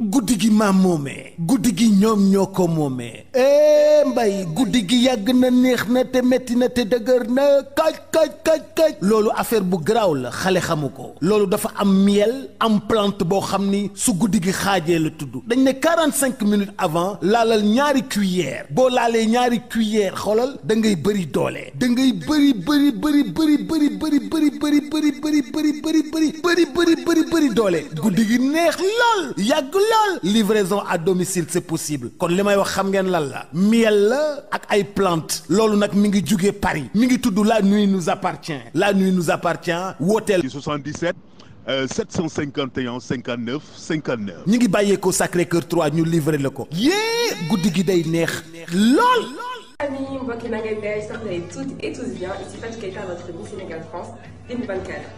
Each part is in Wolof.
guddi gi maam moomee guddi gi ñoom ñoo ko moomee eh mbay guddi gi yàgg na neex na te metti na te dëgër na kaaj kaaj kaaj kaaj loolu affaire bu garaaw la xale xamu ko loolu dafa am miel am plante boo xam ni su guddi gi xaajee la tudd dañ ne quarante cinq minutes avant laalal ñaari cuillère boo laalee ñaari cuillère xoolal dangay bëri doole da ngay bëri bëri bëri bëri bëri bëri bëri bëri bëri bëri bëri bëri bëri bëri bëri bëri doole guddi gi neex lool yàgg livraison à domicile c'est possible kon limay wax xam ngeen lan la miel la ak ay plante lolou nak mi ngi jugee Paris mi ngi tudd la nuit nous appartient la nuit nous appartient wooteel 77 Euh, 751 59 59. ñu ngi ko Sacré Cœur 3 ñu livrer le ko. yéen goudi gi day neex. lol ami mbokki maa ngi lay sax lay toutes et tous bien ici Fatou Keita votre Miss Sénégal France 2024.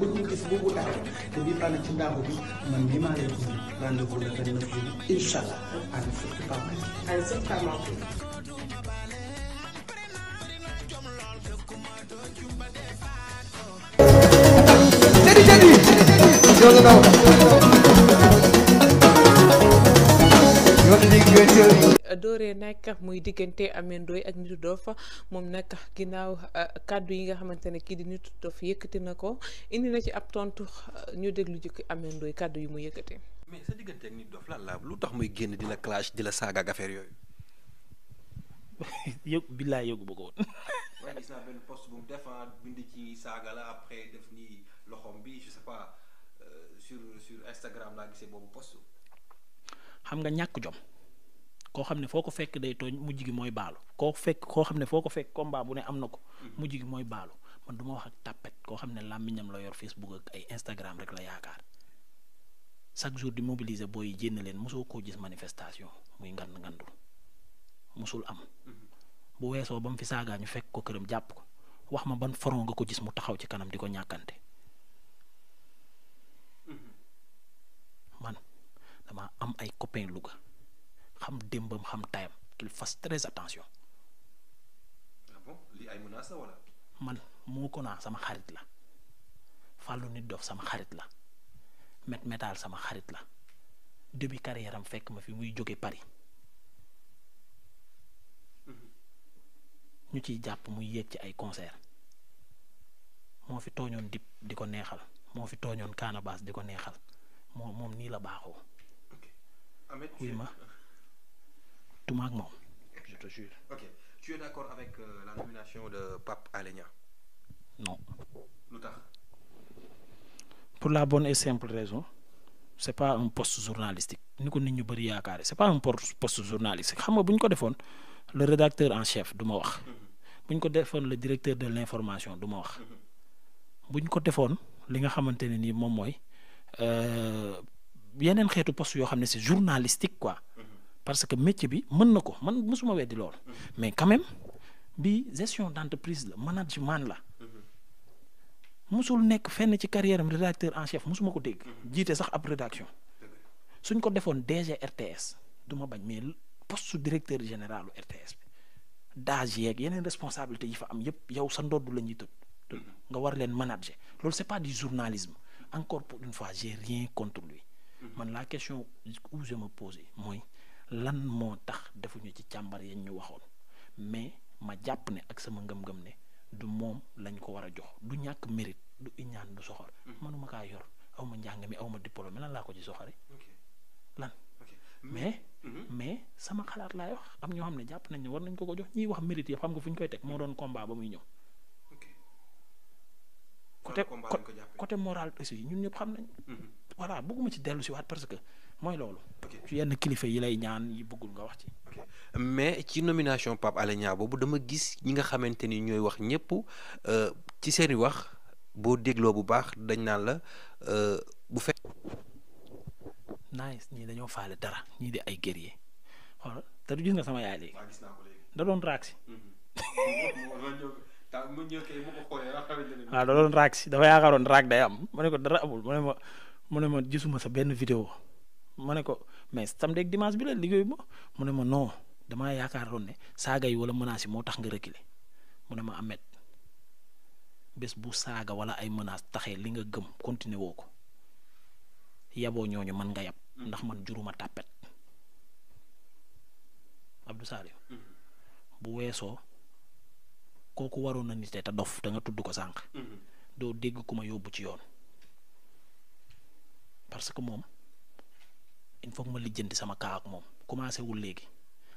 bëgg nga gis boobu daaw te bii pare ci daaw bi man nii maa lay dund rendez-vous le 29 juillet incha allah ànd fukki pàmmal. ànd fukki pàmmal. jadi jadi jangan tahu dooree nag muy diggante Ameth Ndoye ak Nittu Dof moom nekk ginnaaw euh, kàddu yi nga xamante ne kii di Nittu Dof yëkkati na ko indi na ci ab tontu euh, ñu déglu jëkk Ameth Ndoye kàddu yi mu yëkkati. mais sa diggante ak Nittu Dof lan la lu tax muy génn di la clash di la saaga ak affaire yooyu. yëg billaay yëgu ba ko woon. waaye gis naa benn post bu mu def ah, bind ci saaga la après def ni loxoom bi je sais pas euh, sur Instagram laa gisee boobu post. xam nga ñàkk jom koo xam ne foo ko fekk day tooñ mujj gi mooy baalu koo fekk koo xam ne foo ko fekk combat bu ne am na ko mm-hmm. mujj gi mooy baalu man duma ma wax ak tàppet koo xam ne làmmiñam la yor Facebook ak ay Instagram rek la yaakaar chaque jour di mobiliser booy jénn leen mosoo koo gis manifestation muy ngand ngandul mosul am mm-hmm. bu weesoo ba mu fi saagaa ñu fekk ko këram jàpp ko wax ma ban foron nga ko gis mu taxaw ci kanam di ko ñàkkante dama am ay copain Louga xam démbam xam tayam qu'il fasse très attention. Ah lii ay menaces man moo ko naa sama xarit la Fallou nit dof sama xarit la Met Metal sama xarit la début carrière yaram fekk ma fi muy jóge Paris ñu ciy jàpp muy yéeg ci ay concert moo fi tooñoon dip di ko neexal moo fi tooñoon Canabasse di ko neexal moom moom nii la baaxoo oui ma Tout ma je te jure. ok tu es d'accord avec euh, la nomination de Pape Alenia non. pour la bonne et simple raison. c'est pas un poste journalistique Nous n'est c'est pas un poste journalistique xam nga le le rédacteur en chef du ma wax mhm. bu le directeur de l'information du ma wax mhm. bu ñu ko defoon li nga que yeneen xeetu poste yo xamné c'est journalistique quoi parce que métier bi mën nako man musuma weddi lool mais quand même bi gestion d'entreprise la management là musul nek fenn ci carrière rédacteur en chef musuma ko dégg jiite sax ab rédaction suñ ko defoon DG RTS duma bañ mais poste directeur général RTS bi daaj e yenen responsabilité yi fa am yépp yow sa ndodd la ñuy tëdd nga war leen manager lool c'est pas du journalisme encore pour une fois j'ai rien contre lui man la question où je me posais moi lan mo tax defuñu ci càmbar yañ ñu waxon mais ma japp ne ak sama ngëm-ngëm ne du mom lañ ko wara jox du ñak mérite du iñaan du soxor. Mhm. manuma ka yor aw ma njàng mi aw ma diplôme lan laa ko ci soxari lan mais. Mhm. mais sama xalaat laay wax am ñoo xam japp nañ ne war nañ ko ko jox ñi wax mérite yi xam nga fuñ koy tek mo doon combat ba muy ñew côté côté moral aussi ñun ñep xam nañ. Mhm. voilà bëgguma ci dellu si waat parce que mooy loolu. ci yenn kilifa yi lay ñaan yi bëggul nga wax ci. mais ci nomination Pape Alé Niang boobu dama gis ñi nga xamante ni ñooy wax ñëpp euh, ci seeni wax boo dégloo bu baax dañ naan la euh, bu fekk. nice nii dañoo faale dara ñii de ay guerrier xoolal te du gis nga sama yaay léegi. da doon raag si. Mm-hmm. waaw da doon raag si dafa yaakaaroon raag day am ma ne ko dara amul ma ne ma. mu ne ma gisuma sa benn vidéo ma ne ko mais samedi ak dimanche bi la liggéey ma mu ne ma non damaa yaakaaroon ne saaga yi wala menaces yi moo tax nga reculer mu ne ma amet bés bu saaga wala ay menaces taxee li nga gëm continuer woo ko yaboo ñooñu man nga yab. ndax man juruma tàppet Abdou Salim. bu weesoo kooku waroon na nit te dof da nga tudd ko sànq. Mm-hmm. doo dégg ku ma yóbbu ci yoon. parce que mom il faut que ma lijjanti sama ka ak mom commencé wul léegi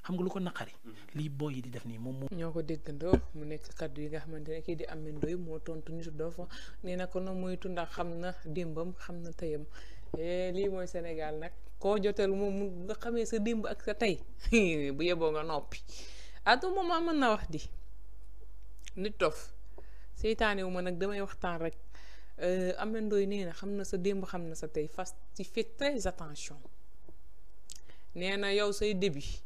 xam nga lu ko naqari. Mhm. lii booy yi di def ni mom ñoko degg ndo mu nek kaddu yi nga xamantene ki kii di Ameth ndoy mo tontu nitu doofa nee na ko na moytu ndax xamna dembam xamna tayam na eh, li moy Sénégal jotel mu nga xamé sa demb ak sa tay bu yebbo nga nopi ma mëna wax di nit wu ma nak damay waxtan rek. Euh, Ameth Ndoye nee na xam na sa démb xam na sa tey fas ci fait très nee na yow say début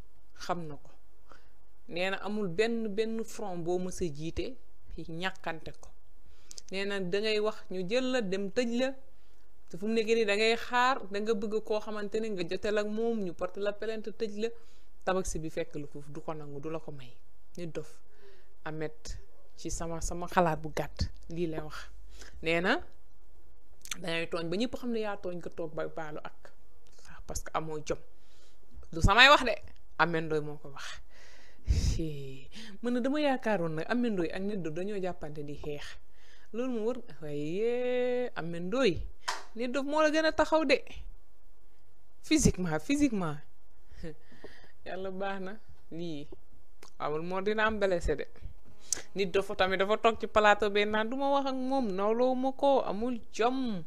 xam na ko nee na amul benn benn front boo mës a jiite ñàkkante ko nee na dangay wax ñu jël la dem tëj la te fu mu da ngay xaar da bëgg koo xamante ne nga jotel ak moom ñu la plainte tëj la tabaski bi fekk lu ko du ko nangu du la ko may nit dof Ameth ci sama sama xalaat bu gàtt lii lay wax neena na dangay tooñ ba ñëpp xam ne yaa tooñ ko toog ba baalu ak parce que amoo jom du samay wax de amendoy Ndoye moo ko wax man dama yaakaaroon nag amendoy ak nit Doff dañoo jàppante di xeex loolu mu wër waye amendoy nit Net Doff moo la gën a taxaw de physiquement physiquement yàlla baax na lii amul moo dina am blessé de nit dafa tamit dafa toog ci plateau bi naan du ma wax ak moom nawloo ma ko amul jom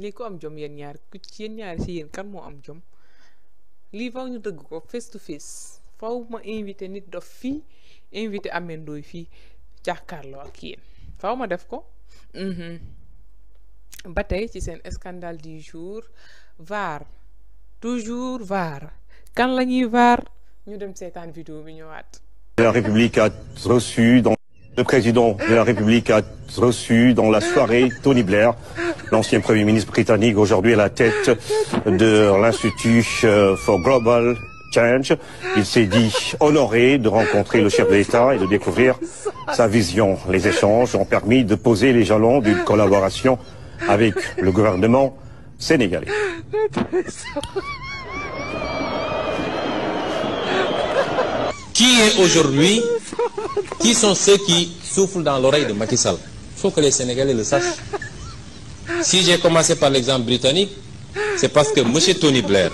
lii ko am jom yéen ñaar ku ci yéen ñaar si yéen kan moo am jom lii faw ñu dëgg ko face to face faw ma invité nit dof fii invité Ameth fii jàkkaarloo ak yéen faw ma def ko mhm. ba tey ci seen scandale du jour VAR toujours VAR kan la ñuy VAR ñu dem seetaan vidéo bi ñëwaat République a reçu le président de la République a reçu dans la soirée Tony Blair, l'ancien Premier ministre britannique, aujourd'hui à la tête de l'Institut euh, for Global Change. Il s'est dit honoré de rencontrer le chef de l'État et de découvrir sa vision. Les échanges ont permis de poser les jalons d'une collaboration avec le gouvernement sénégalais. Qui est aujourd'hui, qui sont ceux qui soufflent dans l'oreille de Macky Sall Il faut que les Sénégalais le sachent. Si j'ai commencé par l'exemple britannique, c'est parce que M. Tony Blair,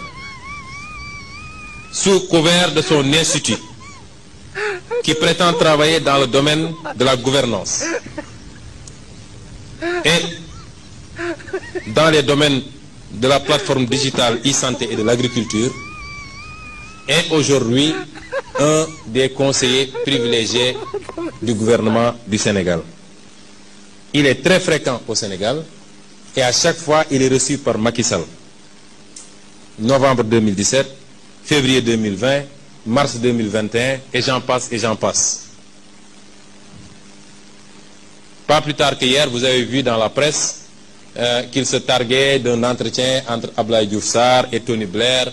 sous couvert de son institut, qui prétend travailler dans le domaine de la gouvernance et dans les domaines de la plateforme digitale e-santé et de l'agriculture, est aujourd'hui un des conseillers privilégiés du gouvernement du Sénégal. Il est très fréquent au Sénégal et à chaque fois, il est reçu par Macky Sall. Novembre 2017, février 2020, mars 2021, et j'en passe, et j'en passe. Pas plus tard qu'hier, vous avez vu dans la presse euh, qu'il se targuait d'un entretien entre Ablaï et Tony Blair,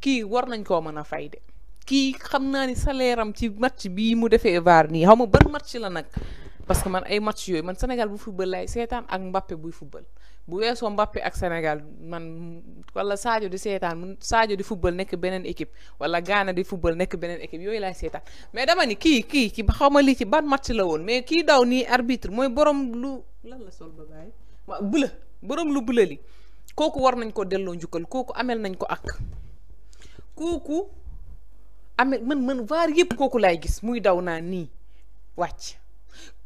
Ki war nañ ko mëna a fay de kii xam ni salaire am ci match bii mu défé VAR ni xawma ban match la Pas parce que man ay match yoy man Sénégal bu football lay seetaan ak Mbappé bu football bu wéso Mbappé ak Sénégal man wala Sadio di seetaan Sadio di football nek benen équipe wala Ghana di football nek benen équipe yoy lay seetaan mais dama ni kii kii ki xawma li ci ban match la won mais ki daw ni arbitre moy borom lu lan la sol ba bàyyi waaw bula borom lu bula li koku war nañ ko delo njukkal koku amel nañ ko ak kooku amee mën man vaar yëpp kooku laay gis muy daw naa nii wàcc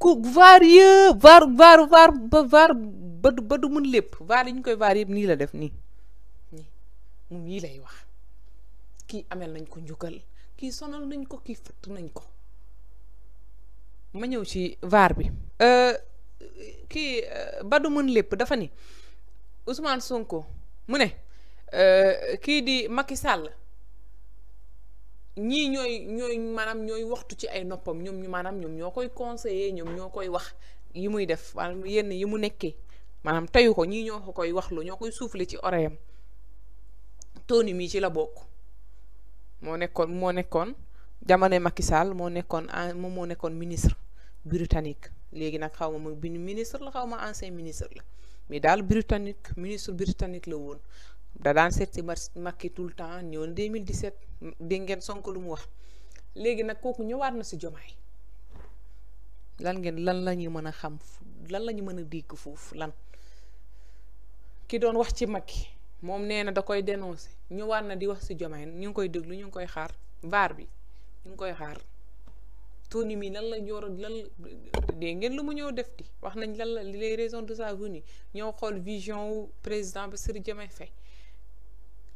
ku vaar yëpp vaar vaar vaar ba du ba mën lépp vaar yi ñu koy vaar yëpp nii la def nii nii mu nii lay wax kii amel nañ ko njukkal kii sonal nañ ko kii fëtt nañ ko ma ñëw ci vaar bi kii ba du mën lépp dafa ni Ousmane Sonko mu ne kii di Macky Sall ñii ñooy ñooy maanaam ñooy waxtu ci ay noppam ñoom ñu maanaam ñoom ñoo koy conseiller ñoom ñoo koy wax yi muy def maanaam yenn yi mu nekkee maanaam teyu ko ñii ñoo ko koy wax waxlu ñoo koy souffler ci oreillam Tony mi ci la bokk moo nekkoon moo nekkoon jamonoy Macky Sall moo nekkoon moom moo nekkoon ministre britannique léegi nag xaw ma mu bi ministre la xaw ma ancien ministre la mais daal britannique ministre britannique la woon da daan seet si Macky tout le temps ñëwoon 2017 di ngeen Sonko lu mu wax léegi nag kooku ñëwaat na si jomaay lan ngeen lan la ñuy mën a xam lan la ñu mën a dégg foofu lan ki doon wax ci Macky moom nee na da koy dénoncé ñëwaat na di wax si jomaay ñu ngi koy déglu ñu ngi koy xaar vaar bi ñu koy xaar Tony mi lan la ñu lan dégg ngeen lu mu ñëw def di wax nañ lan la les raisons de sa venue ñoo xool vision wu président bi Bassirou Diomaye Faye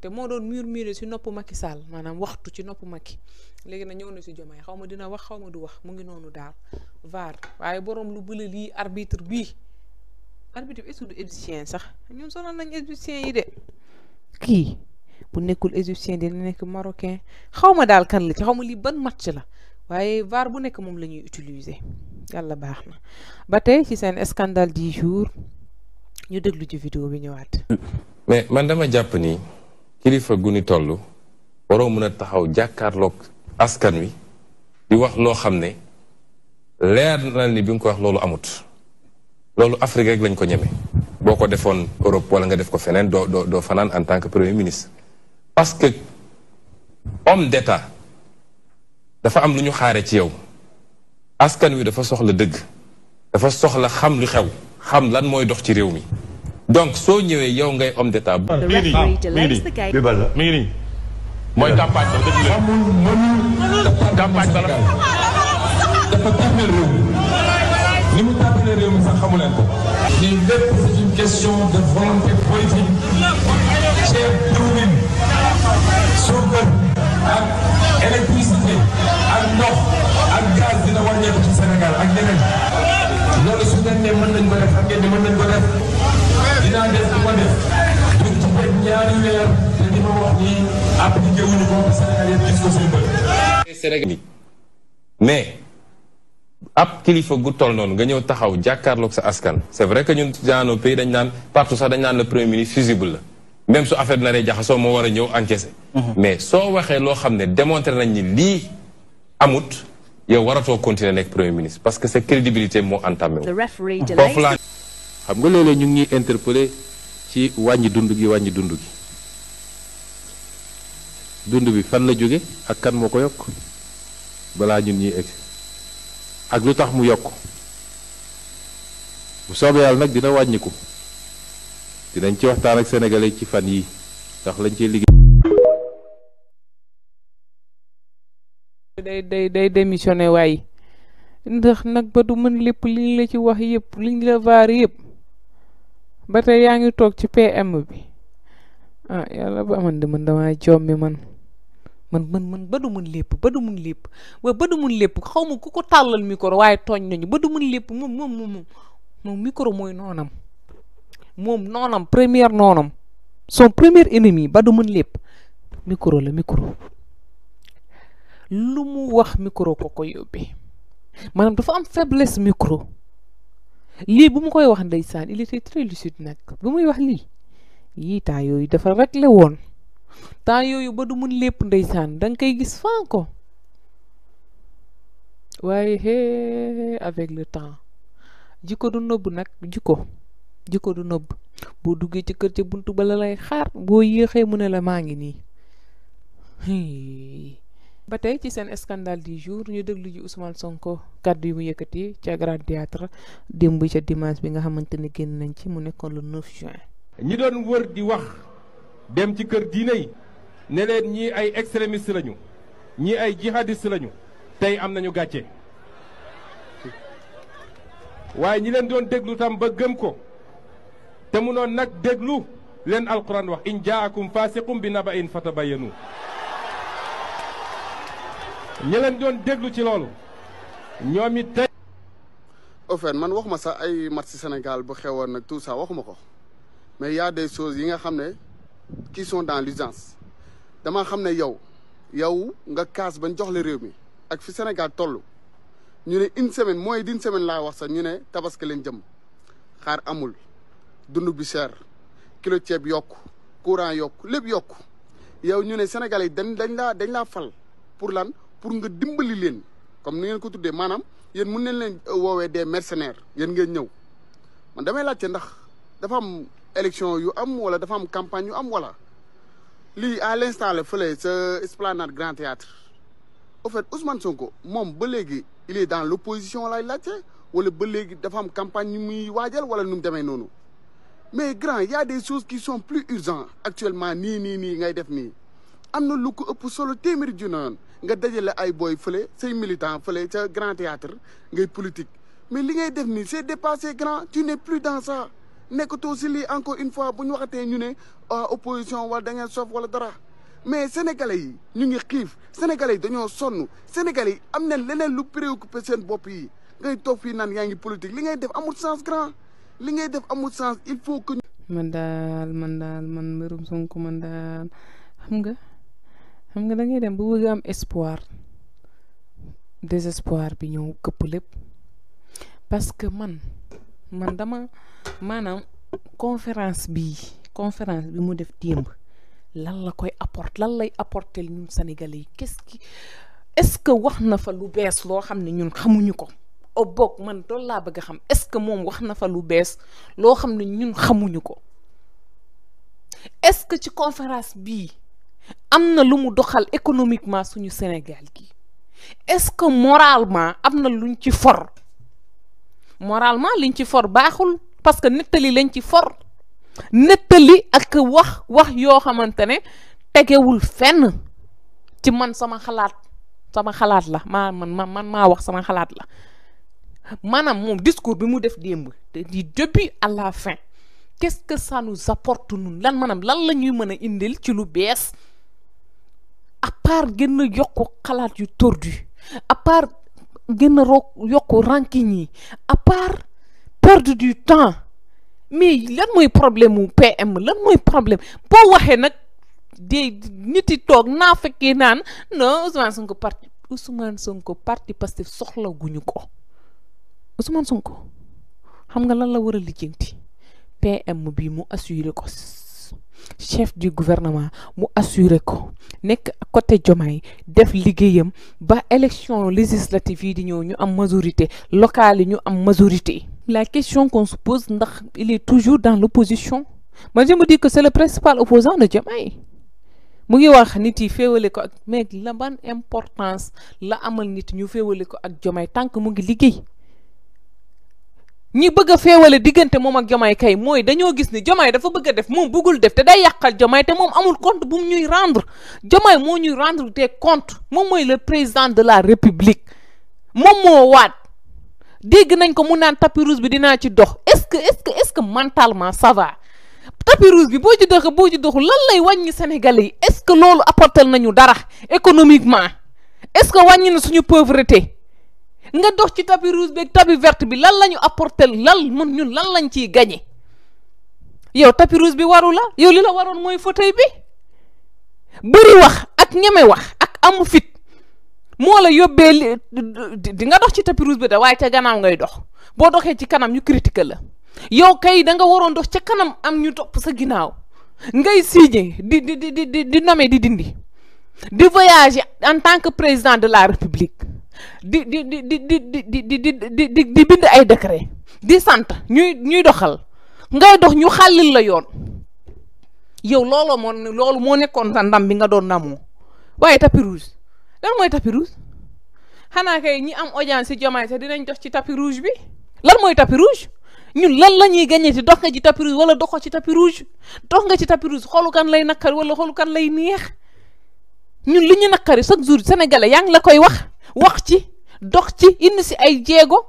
te moo doon murmuré ci nopp Macky Sall maanaam waxtu ci nopp Macky léegi na ñëw na si Diomaye xaw ma dina wax xaw ma du wax mu ngi noonu daal vaar waaye boroom lu bële lii arbitre bii arbitre bi est-ce que du égyptien sax ñun sonal nañ égyptien yi de kii bu nekkul égyptien dina nekk marocain xaw ma daal kan la ci xaw ma lii ban match la waaye vaar bu nekk moom la ñuy utiliser yàlla baax na ba tey ci seen scandale du jour ñu déglu ci vidéo bi ñëwaat. mais man dama jàpp ni. kilifa gu ni toll waroo mën a taxaw jàkkaarloog askan wi di wax loo xam leer na ni bi wax amut lolo Afrique rek lañ ko ñeme boo ko defoon Europe wala nga def ko feneen doo doo doo fanaan en tant que premier ministre parce que homme d'état dafa am lu ñu xaare ci yow askan wi dafa soxla dëgg dafa soxla xam lu xew xam lan dox ci mi donc soo ñëwee yow ngay homme d'état. mi la mi mooy campagne ba la amul dafa tardé réew mi. mu tardé réew mi sax xamu ko. lii lépp c'est une question de ak électricité ak ndox ak gaz dina wàññeeku ci Sénégal ak yeneen. loolu su ngeen ne mën nañ ko def mais ab kilifa gu toll noonu nga ñëw taxaw jàkkaarloog sa askan c'est vrai que ñu ñun jaano pays dañ naan partout sax dañ naan le premier ministre fusible la. même su na naree jaxasoo moo war a ñëw encaissé. Mhm. mais soo waxee loo xam ne démontré nañ ni lii amut. yow waratoo continuer nekk premier ministre parce que sa crédibilité moo entamé wu. foofu laa xam nga léeg ñu ngi ñuy interpellé ci wàññi dund gi wàññi dund gi dund bi fan la jóge ak kan moo ko yokk balaa ñun ñi egg ak lu tax mu yokk bu soobee yàlla nag dina wàññiku dinañ ci waxtaan ak sénégalais ci fan yi ndax lañ cee liggéey. day day day démissionné waay ndax nag ba du mën lépp liñ la ci wax yëpp liñ la vaar yëpp ba tey yaa ngi toog ci PM bi ah yàlla ba man de man jommi man man man man ba du mën lépp ba du mën lépp waaye ba du mën lépp xaw ma ku ko tàllal micro waaye tooñ nañu ba du mën lépp moom moom moom moom micro mooy noonam moom noonam première noonam son première ennemi ba du mën lépp micro la micro lu mu wax micro ko ko yobé manam dafa am faiblesse micro li bu mu koy wax ndeysaan il était très lucide nak bu muy wax li yi ta yoy dafa le won ta yoy ba du mun lepp ndeysaan dang kay gis fanko ko he avec le temps jiko du nëbb nak jiko jiko du bo duggé ci kër ci buntu ba la lay xaar bo yéexee mu ne la ni batay ci sen scandale du jour ñu Songko ji Ousmane Sonko kaddu mu yëkëti ci Grand Théâtre démb ci dimanche bi nga xamanteni nañ ci mu le 9 juin. ñi doon wër di wax dem ci kër diiné ne leen ñi ay extrémiste lañu ñi ay jihadiste lañu tay am nañu gatché waye ñi leen doon deglu tam ba gëm ko te mu non nak deglu leen alcorane wax in jaakum fasiqun binaba'in fatabayanu ñi choses doon déglu ci loolu ñoom it tey. Ofen man waxuma sont ay match Sénégal bu xewoon tout ça mais y a des choses yi nga xam qui sont dans l'urgence dama xam yow yow nga kaas bañ jox la ak fi Sénégal toll ñu une semaine mooy y semaine des wax qui ñu ne leen jëm xaar amul dund bi kilo ceeb yokk courant yokk lépp yokk yow ñu ne Sénégal dañ dañ dañ pour pour nga dimbali len comme ni ngeen ko tuddé manam yeen mun nañ leen woowee des mercenaires yeen ngeen ñew man damay laccé ndax dafa am élection yu am wala dafa am campagne yu am wala li à l'instant le feulé ce esplanade grand théâtre au fait Ousmane Sonko mom ba légui il est dans l'opposition lay laccé wala ba légui dafa am campagne yu muy waajal wala nu démé demee mais grand il y a des choses qui sont plus urgentes actuellement ni ni ni ngay def ni amna lu ko ëpp solo ay grand théâtre politique mais li ngay def c'est dépassé grand tu n'es plus dans ça encore une fois bu ñu ah, opposition wala da ngeen wala dara mais sénégalais yi ñu ngi xiif sénégalais yi dañoo sénégalais yi leneen lu préoccupé seen yi ngay politique li ngay def amul sens grand li ngay def amul sens il faut que. man man xam nga da dem bu bëgg am espoir désespoir bi ñëw këpp lépp parce que man man dama maanaam conférence bi conférence bi mu def démb lan la koy apporte lan lay apporter ñun sénégalais yi quest est-ce que wax na fa lu bees loo xam ne ñun xamuñu ko o oh, man loolu laa bëgg xam est-ce que moom wax na fa lu bees loo xam ne ñun xamuñu ko est-ce que ci conférence bii am na lu mu doxal économiquement suñu Sénégal gi est-ce que moralement am na luñ ci for moralement liñ ci for baaxul parce que nettali lañ ci for nettali ak wax wax yoo xamante ne tegewul fenn ci man sama xalaat sama xalaat la maa man man maa wax sama xalaat la maanaam moom discours bi mu def démb te di depuis à la fin ce que ça nous apporte ñun lan maanaam lan la ñuy mën a indil ci lu bees à part a yokku xalaat yu tordu à part yokku ranking yi à part perdre du temps mais lan mooy problème mu PM lan mooy problème boo waxee nag de nit toog naa fekkee naan non Ousmane Sonko parti Ousmane Sonko parti Pastef soxla guñu ko Ousmane Sonko xam nga lan la war a lijjanti PM bi mu assure ko. chef du gouvernement mu assuré ko nekk côté Diomaye def liggéeyam ba élection législative yi di ñëw ñu am majorité locale yi ñu am majorité. la question qu'on se pose ndax il est toujours dans l'opposition man je me dis c'est le principal opposant de Diomaye mu ngi wax nit yi féewale ko ak mais la ban importance la amal nit ñu féewale ko ak Diomaye tant mu ngi liggéey. ñi bëgg a diggante moom ak jomaay kay mooy dañoo gis ni jomaay dafa bëgg a def moom bëggul def te day yàqal jomaay te moom amul compte bu mu ñuy rendre jomaay moo ñuy rendre des comptes moom mooy le président de la république moom moo waat dégg nañ ko mu naan tapis rouge bi dinaa ci dox est-ce que est-ce que est-ce que mentalement ça va tapis rouge bi boo ci doxee boo ci doxul lan lay wàññi Sénégalais yi est-ce que loolu apporter nañu dara économiquement est-ce que wàññi suñu pauvreté. nga dox ci tapis rouge beeg tapis verte bi lan la ñu apporter lan mun ñun lan lañ ciy gañe yow tapis rouge bi waru la yow li la waroon mooy fauteuil bi bëri wax ak ñeme wax ak amu fit moo la yóbbee li di nga dox ci tapis rouge bi da waaye ca gannaaw ngay dox boo doxee ci kanam ñu critique la yow kay da nga waroon dox ca kanam am ñu topp sa ginnaaw ngay signé di di di di di nommer di dindi di voyager en tant que président de la république di di di di di di di di di di bind ay décret di sant ñuy ñuy doxal ngay dox ñu xàllil la yoon yow looloo moo loolu moo nekkoon sa ndam bi nga doon namoo waaye tapis rouge lan mooy tapis rouge xanaa kay ñi am audience ci Diomaye sax dinañ dox ci tapis rouge bi lan mooy tapis rouge ñun lan la ñuy gagné ci dox nga ci tapis rouge wala doxoo ci tapis rouge dox nga ci tapis rouge xoolu kan lay nakkari wala xoolu kan lay neex ñun li ñu nakkari chaque jour sénégalais yaa ngi la koy wax. wax ci dox ci indi si ay jéego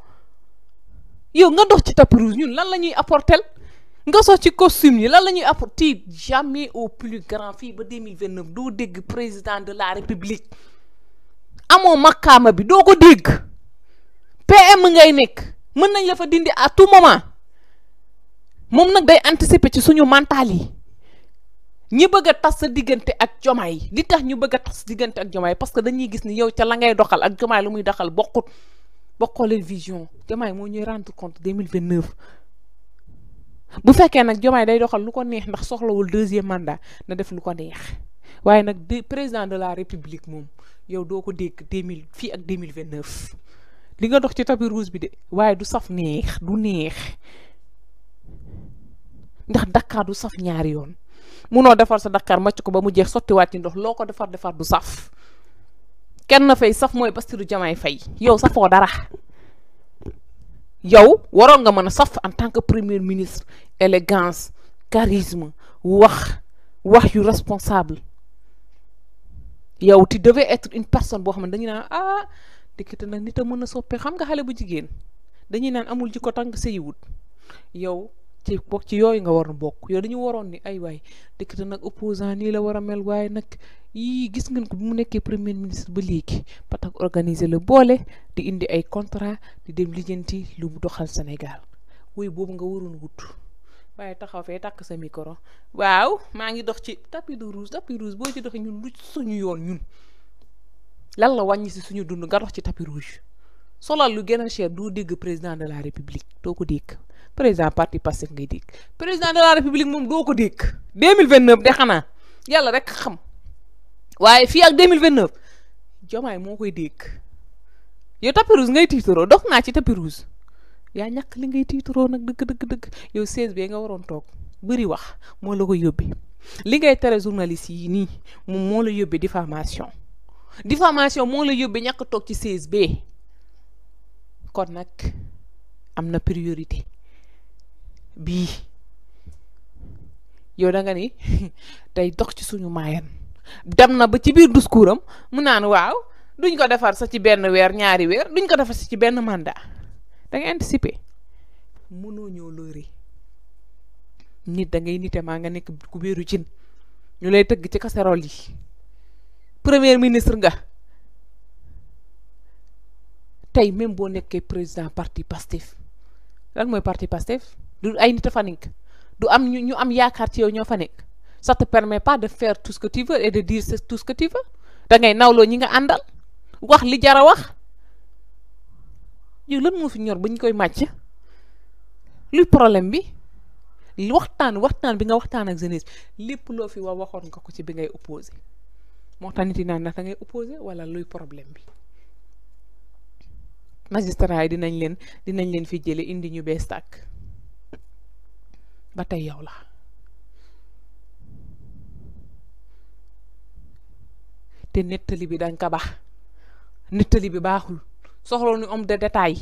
yow nga dox ci tapis rouge ñun lan la ñuy apporter nga sox ci costume yi lan la ñuy apporter jamais au plus grand fii ba deux mille vingt neuf doo dégg président de la république amoo makkaama bi doo ko dégg PM ngay nekk mën nañ la fa dindi à tout moment moom nag day anticiper ci suñu mental yi. ñi bëgg a tas sa diggante ak jomaay li tax ñu bëgg a tas diggante jomaay parce que dañuy gis ni yow ca la ngay doxal ak jomaay lu muy doxal bokkut bokkoo leen vision jomaay moo ñuy rendre compte 2029 bu fekkee nag jomaay day doxal lu ko neex ndax soxlawul deuxième mandat na def ko neex waaye nag président de la république moom yow doo ko dégg mille fii ak 2029 li nga dox ci tapis rouge bi de waaye du saf neex du neex ndax Dakar du saf ñaari yoon muno defar sa Dakar macc ko ba mu jeex sottiwaat ci ndox loo ko defar defar du saf kenn fay saf mooy Bassirou Diomaye fay yow safoo dara yow waroon nga mën a saf en tant que premier ministre élégance charisme wax wax yu responsable yow ti devait être une personne boo xam ne dañu naan ah dikkite nag nit a mën a soppee xam nga xale bu jigéen dañuy naan amul jikko tàng seyiwut yow ci bokk ci yooyu nga waroon bokk yow dañu waroon ni ay waay dëkk te nag opposant nii la war a mel waaye nag yii gis ngeen ko bi mu nekkee premier ministre ba léegi Patak organiser la boole di indi ay contrat di dem lijjanti lu mu doxal Sénégal woy boobu nga waroon wut waaye taxaw fee takk sa micro waaw maa ngi dox ci tapis de rouge tapis rouge boo ci doxee ñun lu suñu yoon ñun lan la wàññi si suñu dund nga dox ci tapis rouge solal lu gën a cher doo dégg président la république doo ko dégg président parti Pastef ngay dégg président de la république moom doo ko dégg 2029 de xanaa yàlla rek xam waaye fii ak 2029 jomaay moo koy dégg yow tapis ngay tiitaroo dox naa ci tapis rouge yaa ñàkk li ngay tiitaroo nag dëgg dëgg dëgg yow seize bi nga waroon tok bëri wax moo la ko yóbbee li ngay tere journaliste yi nii moom moo la yóbbee diffamation diffamation moo la yóbbee ñàkk toog ci seize kon priorité bi, yow da nga ni tay dox ci suñu mayen dem na ba ci biir discoursam mu nan waw duñ ko defar sa ci ben wer ñaari wer duñ ko defar sa ci ben mandat da nga anticiper mënoo ñu lóori nit da ngay nité ma nga nek ku biiru cin ñu lay ci casserole yi premier ministre nga tay même bo nekké président parti Pastef lan moy parti Pastef du ay nit fa nek du am ñu ñu am yaakar ci yow ño fa nek ça te permet pas de faire tout ce que tu veux et de dire tout ce que tu veux da ngay nawlo ñi nga andal wax li jara wax yu lan mo fi ñor buñ koy match luy problème bi waxtaan waxtaan bi nga waxtaan ak jeunesse lepp lo fi wa waxon nga ko ci bi ngay opposer mo taniti na na ngay opposer wala luy problème bi magistrat yi dinañ len dinañ len fi jëlé indi ñu bëstak ba tey yow la te nettali bi danga ko baax nettali bi baaxul soxla nu homme de détail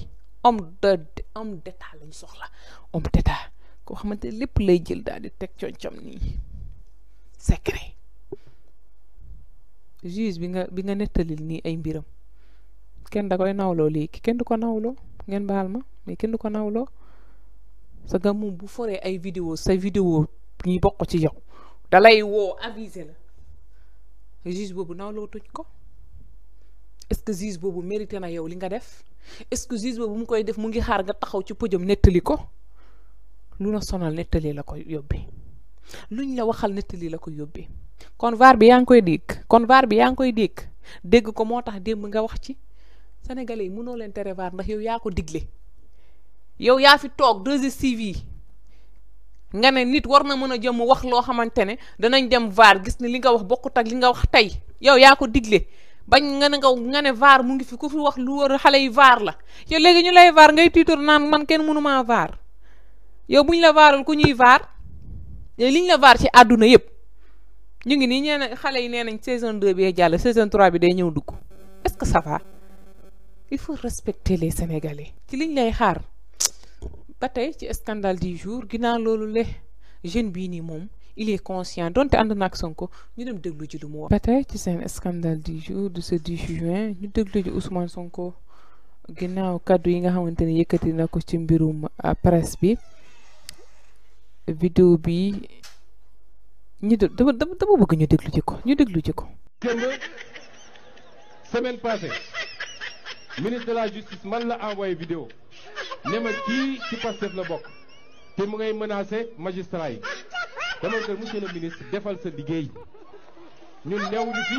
homme de homme d'état lañ soxla homme d'état koo xamante lépp lay jël daal di teg concam nii secret juge bi nga bi nga nettalil nii ay mbiram kenn da koy nawloo lii kenn du ko nawloo ngeen baal ma mais kenn du ko nawloo parce que moom bu foree ay vidéo sa vidéo ñi bokk ci yow dalay woo aviser la juge boobu naw loo tuñ ko est-ce que juge boobu mérité na yow li nga def est-ce que juge boobu mu koy def mu ngi xaar nga taxaw ci podium nettali ko lu la sonal nettali la ko yóbbee luñ la waxal nettali la ko yóbbee kon VAR bi yaa ngi koy dégg kon VAR bi yaa ngi koy dégg dégg ko moo tax démb nga wax ci sénégalais yi mënoo leen tere VAR ndax yow yaa ko digle yow yaa fi toog 2STV vie nga ne nit war na mën a jëm wax loo xamante ne danañ dem vaar gis ne li nga wax bokkut ak li nga wax tey yow yaa ko digle bañ nga ne nga nga ne vaar mu ngi fi ku fi wax lu war xale yi vaar la yow léegi ñu lay vaar ngay tiitur naan man kenn mënumaa vaar yow buñ la vaaral ku ñuy vaar yow liñ la vaar ci àdduna yëpp ñu ngi nii ñee xale yi nee nañ saison 2 bi jàll saison 3 bi day ñëw dugg est-ce que ça il faut respecter les Sénégalais ci liñ lay xaar ba tey ci scandale du jour ginnaaw loolu le jeune bii nii moom il est conscient donte ànd na ak Sonko ñu dem déglu ji lu mu wax. ba tey ci seen scandale du jour de ce 10 juin ñu déglu ji Ousmane Sonko ginnaaw kàddu yi nga xamante ne yëkkati na ko ci mbirum ah, presse bi vidéo bi ñu de dama dama bëgg ñu déglu ji ko ñu déglu ji ko. semaine passée. ministre de la justice man la envoyé vidéo ne ma kii ci Pastef la bokk te mu ngay menacé magistrat dama kër monsieur le ministre defal sa liggéey ñun newuñu fi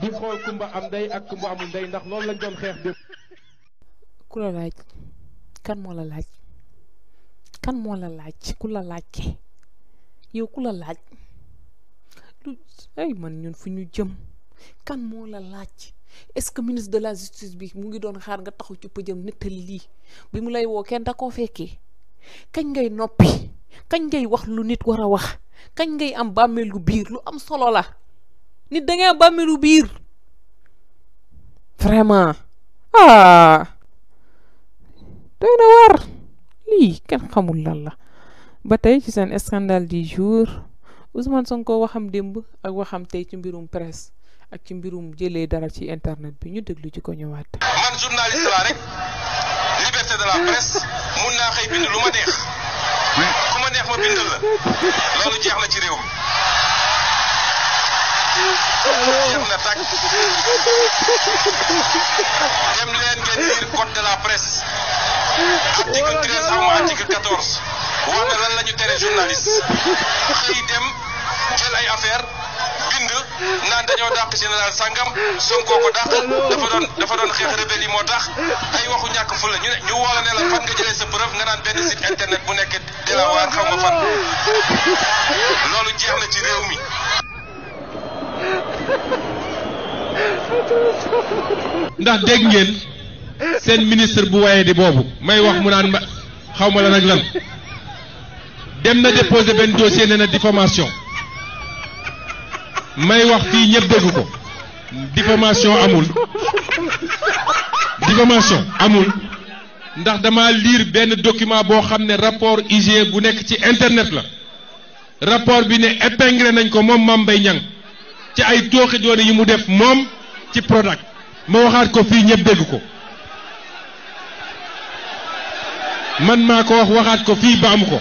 di xool kumba am ndey ak kumba amul ndey ndax loolu lañ doon xeex dépp ku la laaj kan moo la laaj kan moo la laaj ku la laajte yow ku la laaj lu ay man ñun fu ñu jëm kan moo la laaj est-ce que ministre de la justice bi mu ngi doon xaar nga taxu ci pëjam nettali lii bi mu lay woo kenn da koo fekkee kañ ngay noppi kañ ngay wax lu nit war a wax kañ ngay am bàmmeelu biir lu am solo la nit da am bàmmeelu biir vraiment ah doy na war lii kenn xamul lan la ba tey ci seen scandale du jour Ousmane Sonko waxam démb ak waxam tey ci mbirum presse ak ci mbirum jëlé dara ci internet bi ñu dégglu ci ko ñëwaat. man journaliste la rek liberté de la presse mën na xey bind lu ma neex ku ma neex ma bindal la lolu jeex na ci réew mi. dem leen ngeen code de la presse article article lan journaliste dem jël ay affaire bind naan dañoo dàq général sangam Sonko ko dàq dafa doon dafa doon xeex rebelle yi moo tax ay la ñu ne ñu ne la fan nga internet bu nekk fan loolu jeex na ci réew mi. ndax dégg di boobu may wax mu naan ma xaw ma la nag lan dossier diffamation may wax fii ñëpp dégg ko diffamation amul diffamation amul ndax dama liir benn document boo xam ne rapport IGE bu nekk ci internet la rapport bi ne épinglé nañ ko moom Mame Mbaye Niang ci ay tooxi joone yi mu def moom ci Prodac ma waxaat ko fii ñëpp dégg ko man maa ko wax waxaat ko fii baamu ko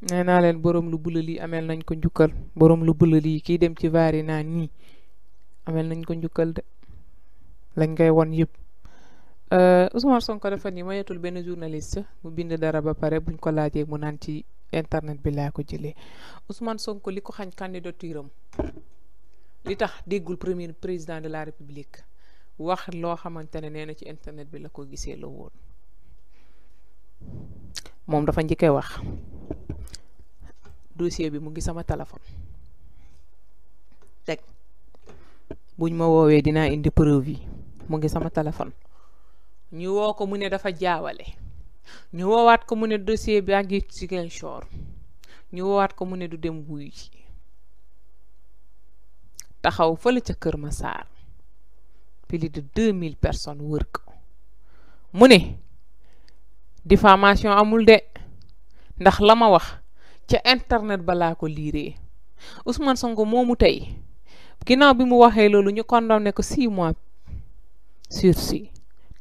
nee naa leen borom lu bula lii ameel nañ ko njukkal borom lu bula lii kii dem ci vaar naa nii ameel nañ ko njukkal de lañ koy won yëpp euh, Ousmane Sonko dafa ni mayetul benn journaliste mu bind dara ba pare buñ ko laajee mu naan ci internet bi laa ko jëlee Ousmane Sonko li ko xañ candidature li tax déggul premier président de la république wax loo xamante ne nee na ci internet bi la ko gisee la woon moom dafa njëkkee wax dossier bi mu ngi sama téléphone teg buñ ma woowee dinaa indi preuve mu ngi sama téléphone ñu woo ko mu ne dafa jaawale ñu woowaat ko mu ne dossier bi ak Ziguinchor ñu woowaat ko mu ne du dem wuyu ji taxaw fële ca Kër Massar plus de deux mille personnes wër mu ne diffamation amul de ndax la ma wax ca internet bala ko liire ousmane songo moomu tey ginnaaw bi mu waxee loolu ñu condamne ko six mois sur si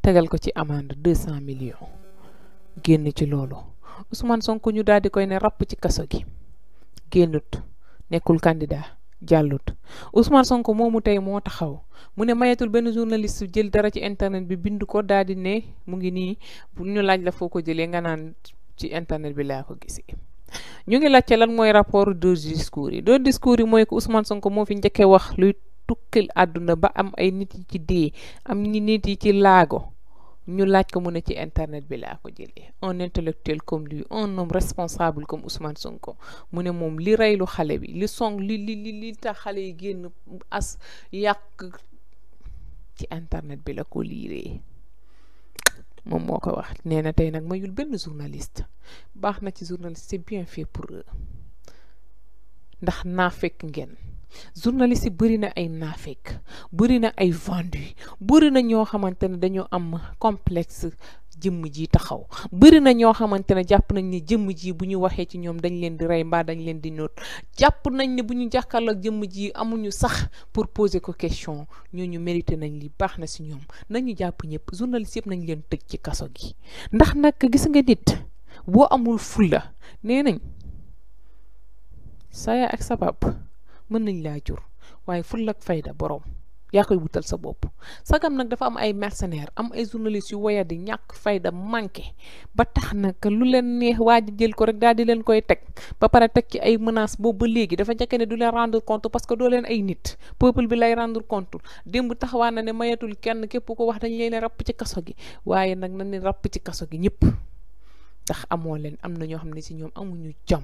tegal ko ci amende deux cent million génn ci loolu ousmane sonko ñu daal di koy ne rapp ci kaso gi génnut nekkul candidat jàllut ousmane sonko moomu tey moo taxaw mu ne mayatul benn journaliste jël dara ci internet bi bind ko daal di ne mu ngi nii ñu laaj la foo ko jëlee nga naan ci internet bi laa ko gisee ñu ngi laajte lan mooy rapport deux discours yi deux discours yi mooy ko Ousmane Sonko moo fi njëkkee wax luy tukkil àdduna ba am ay nit yi ci dee am ñi nit yi ci laago ñu laaj ko mu ne ci internet bi laa ko jëlee un intellectuel comme lui un homme responsable comme Ousmane Sonko mu ne moom li lu xale bi li song li li li tax xale yi génn as yàq ci internet bi la ko liiree. moom moo ko wax nee na tey nag mayul benn journaliste baax na ci journaliste c'est bien fait pour eux ndax naa fekk ngeen journaliste yi bëri na ay naafeq bëri na ay vendu bëri na ñoo xamante ne dañoo am complexe jëmm ji taxaw bëri na ñoo xamante ne jàpp nañ ne jëmm ji bu ñu waxee ci ñoom dañ leen di rey mbaa dañ leen di noot jàpp nañ ne bu ñu jàkkaarloo ak jëmm ji amuñu sax pour poser ko question ñu mérité nañ li baax na si ñoom nañu jàpp ñëpp journaliste yëpp nañ leen tëj ci kaso gi ndax nag gis nga nit boo amul fulla nee nañ saya ak sabab mën nañ laa jur waaye fulla ak fayda boroom yaa koy wutal sa bopp sagam nag dafa am ay mercenaires am ay journalistes yu woya di ñàkk fay fayda manqué ba tax nag lu leen neex waa ji jël ko rek daal di leen koy teg ba pare teg ci ay menaces boobu ba léegi dafa njëkk ne du leen rendre compte parce que doo leen ay nit peuple bi lay rendre compte démb taxawaan na ne mayatul kenn képp ko wax dañ leen rapp ci kaso gi waaye nag nañ ne rapp ci kaso gi ñëpp ndax amoo leen am na ñoo xam ne ci ñoom amuñu jom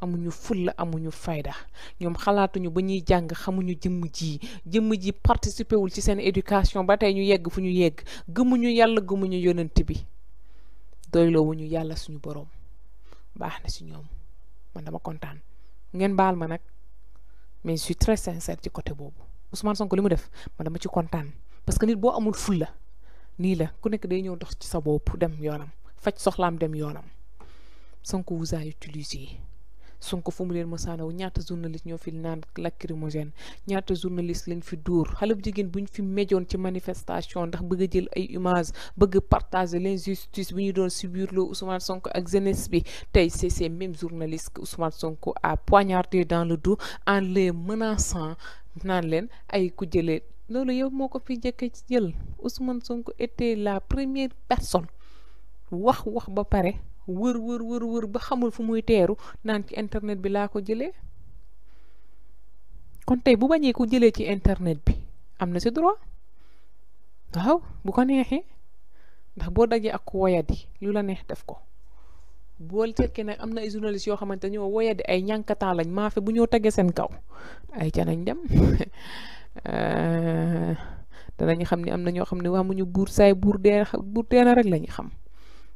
amuñu fulla amuñu fayda ñoom xalaatuñu ba ñuy jàng xamuñu jëmm ji jëmm ji participé wul ci seen éducation ba tey ñu yegg fu ñu yegg gëmuñu yàlla gëmuñu yonent bi doyloowuñu yàlla suñu boroom baax na si ñoom man dama kontaan ngeen baal ma nag mais je tres très sincère ci côté boobu Ousmane Sonko li mu def man dama ci kontaan parce que nit boo amul fulla nii la ku nekk day ñëw dox ci sa bopp dem yoonam faj soxlaam dem yoonam Sonko vous a utilisé Sonko fu mu leen masaana wu ñaata journaliste ñoo fi naan lacrymogène ñaata journaliste lañ fi duur xale bu jigéen bu ñu fi méjoon ci manifestation ndax bëgg jël ay images bëgg a partager l'injustice bu ñu doon subir loo Ousmane Sonko ak jeunesse bi tey c'est ces mêmes journalistes que Ousmane Sonko a poignardé dans le dos en les menaçant naan leen ay ku jële loolu yow moo ko fi njëkk jël Ousmane Sonko était la première personne wax wax ba pare. wër wër wër wër ba xamul fu muy teeru naan ci internet bi laa ko jëlee kon tey bu bañee ko jëlee ci internet bi am na si droit waaw bu ko neexee ndax boo dajee ak ku woyadi lu la neex def ko boo fekkee nag am na ay journaliste yoo xamante ñoo woyadi ay ñànkataan lañ maafe bu ñoo tegee seen kaw ay ca nañ dem euh, danañ xam ne am na ñoo xam ne waa mu ñu buur saay buur dee buur dee na rek lañu xam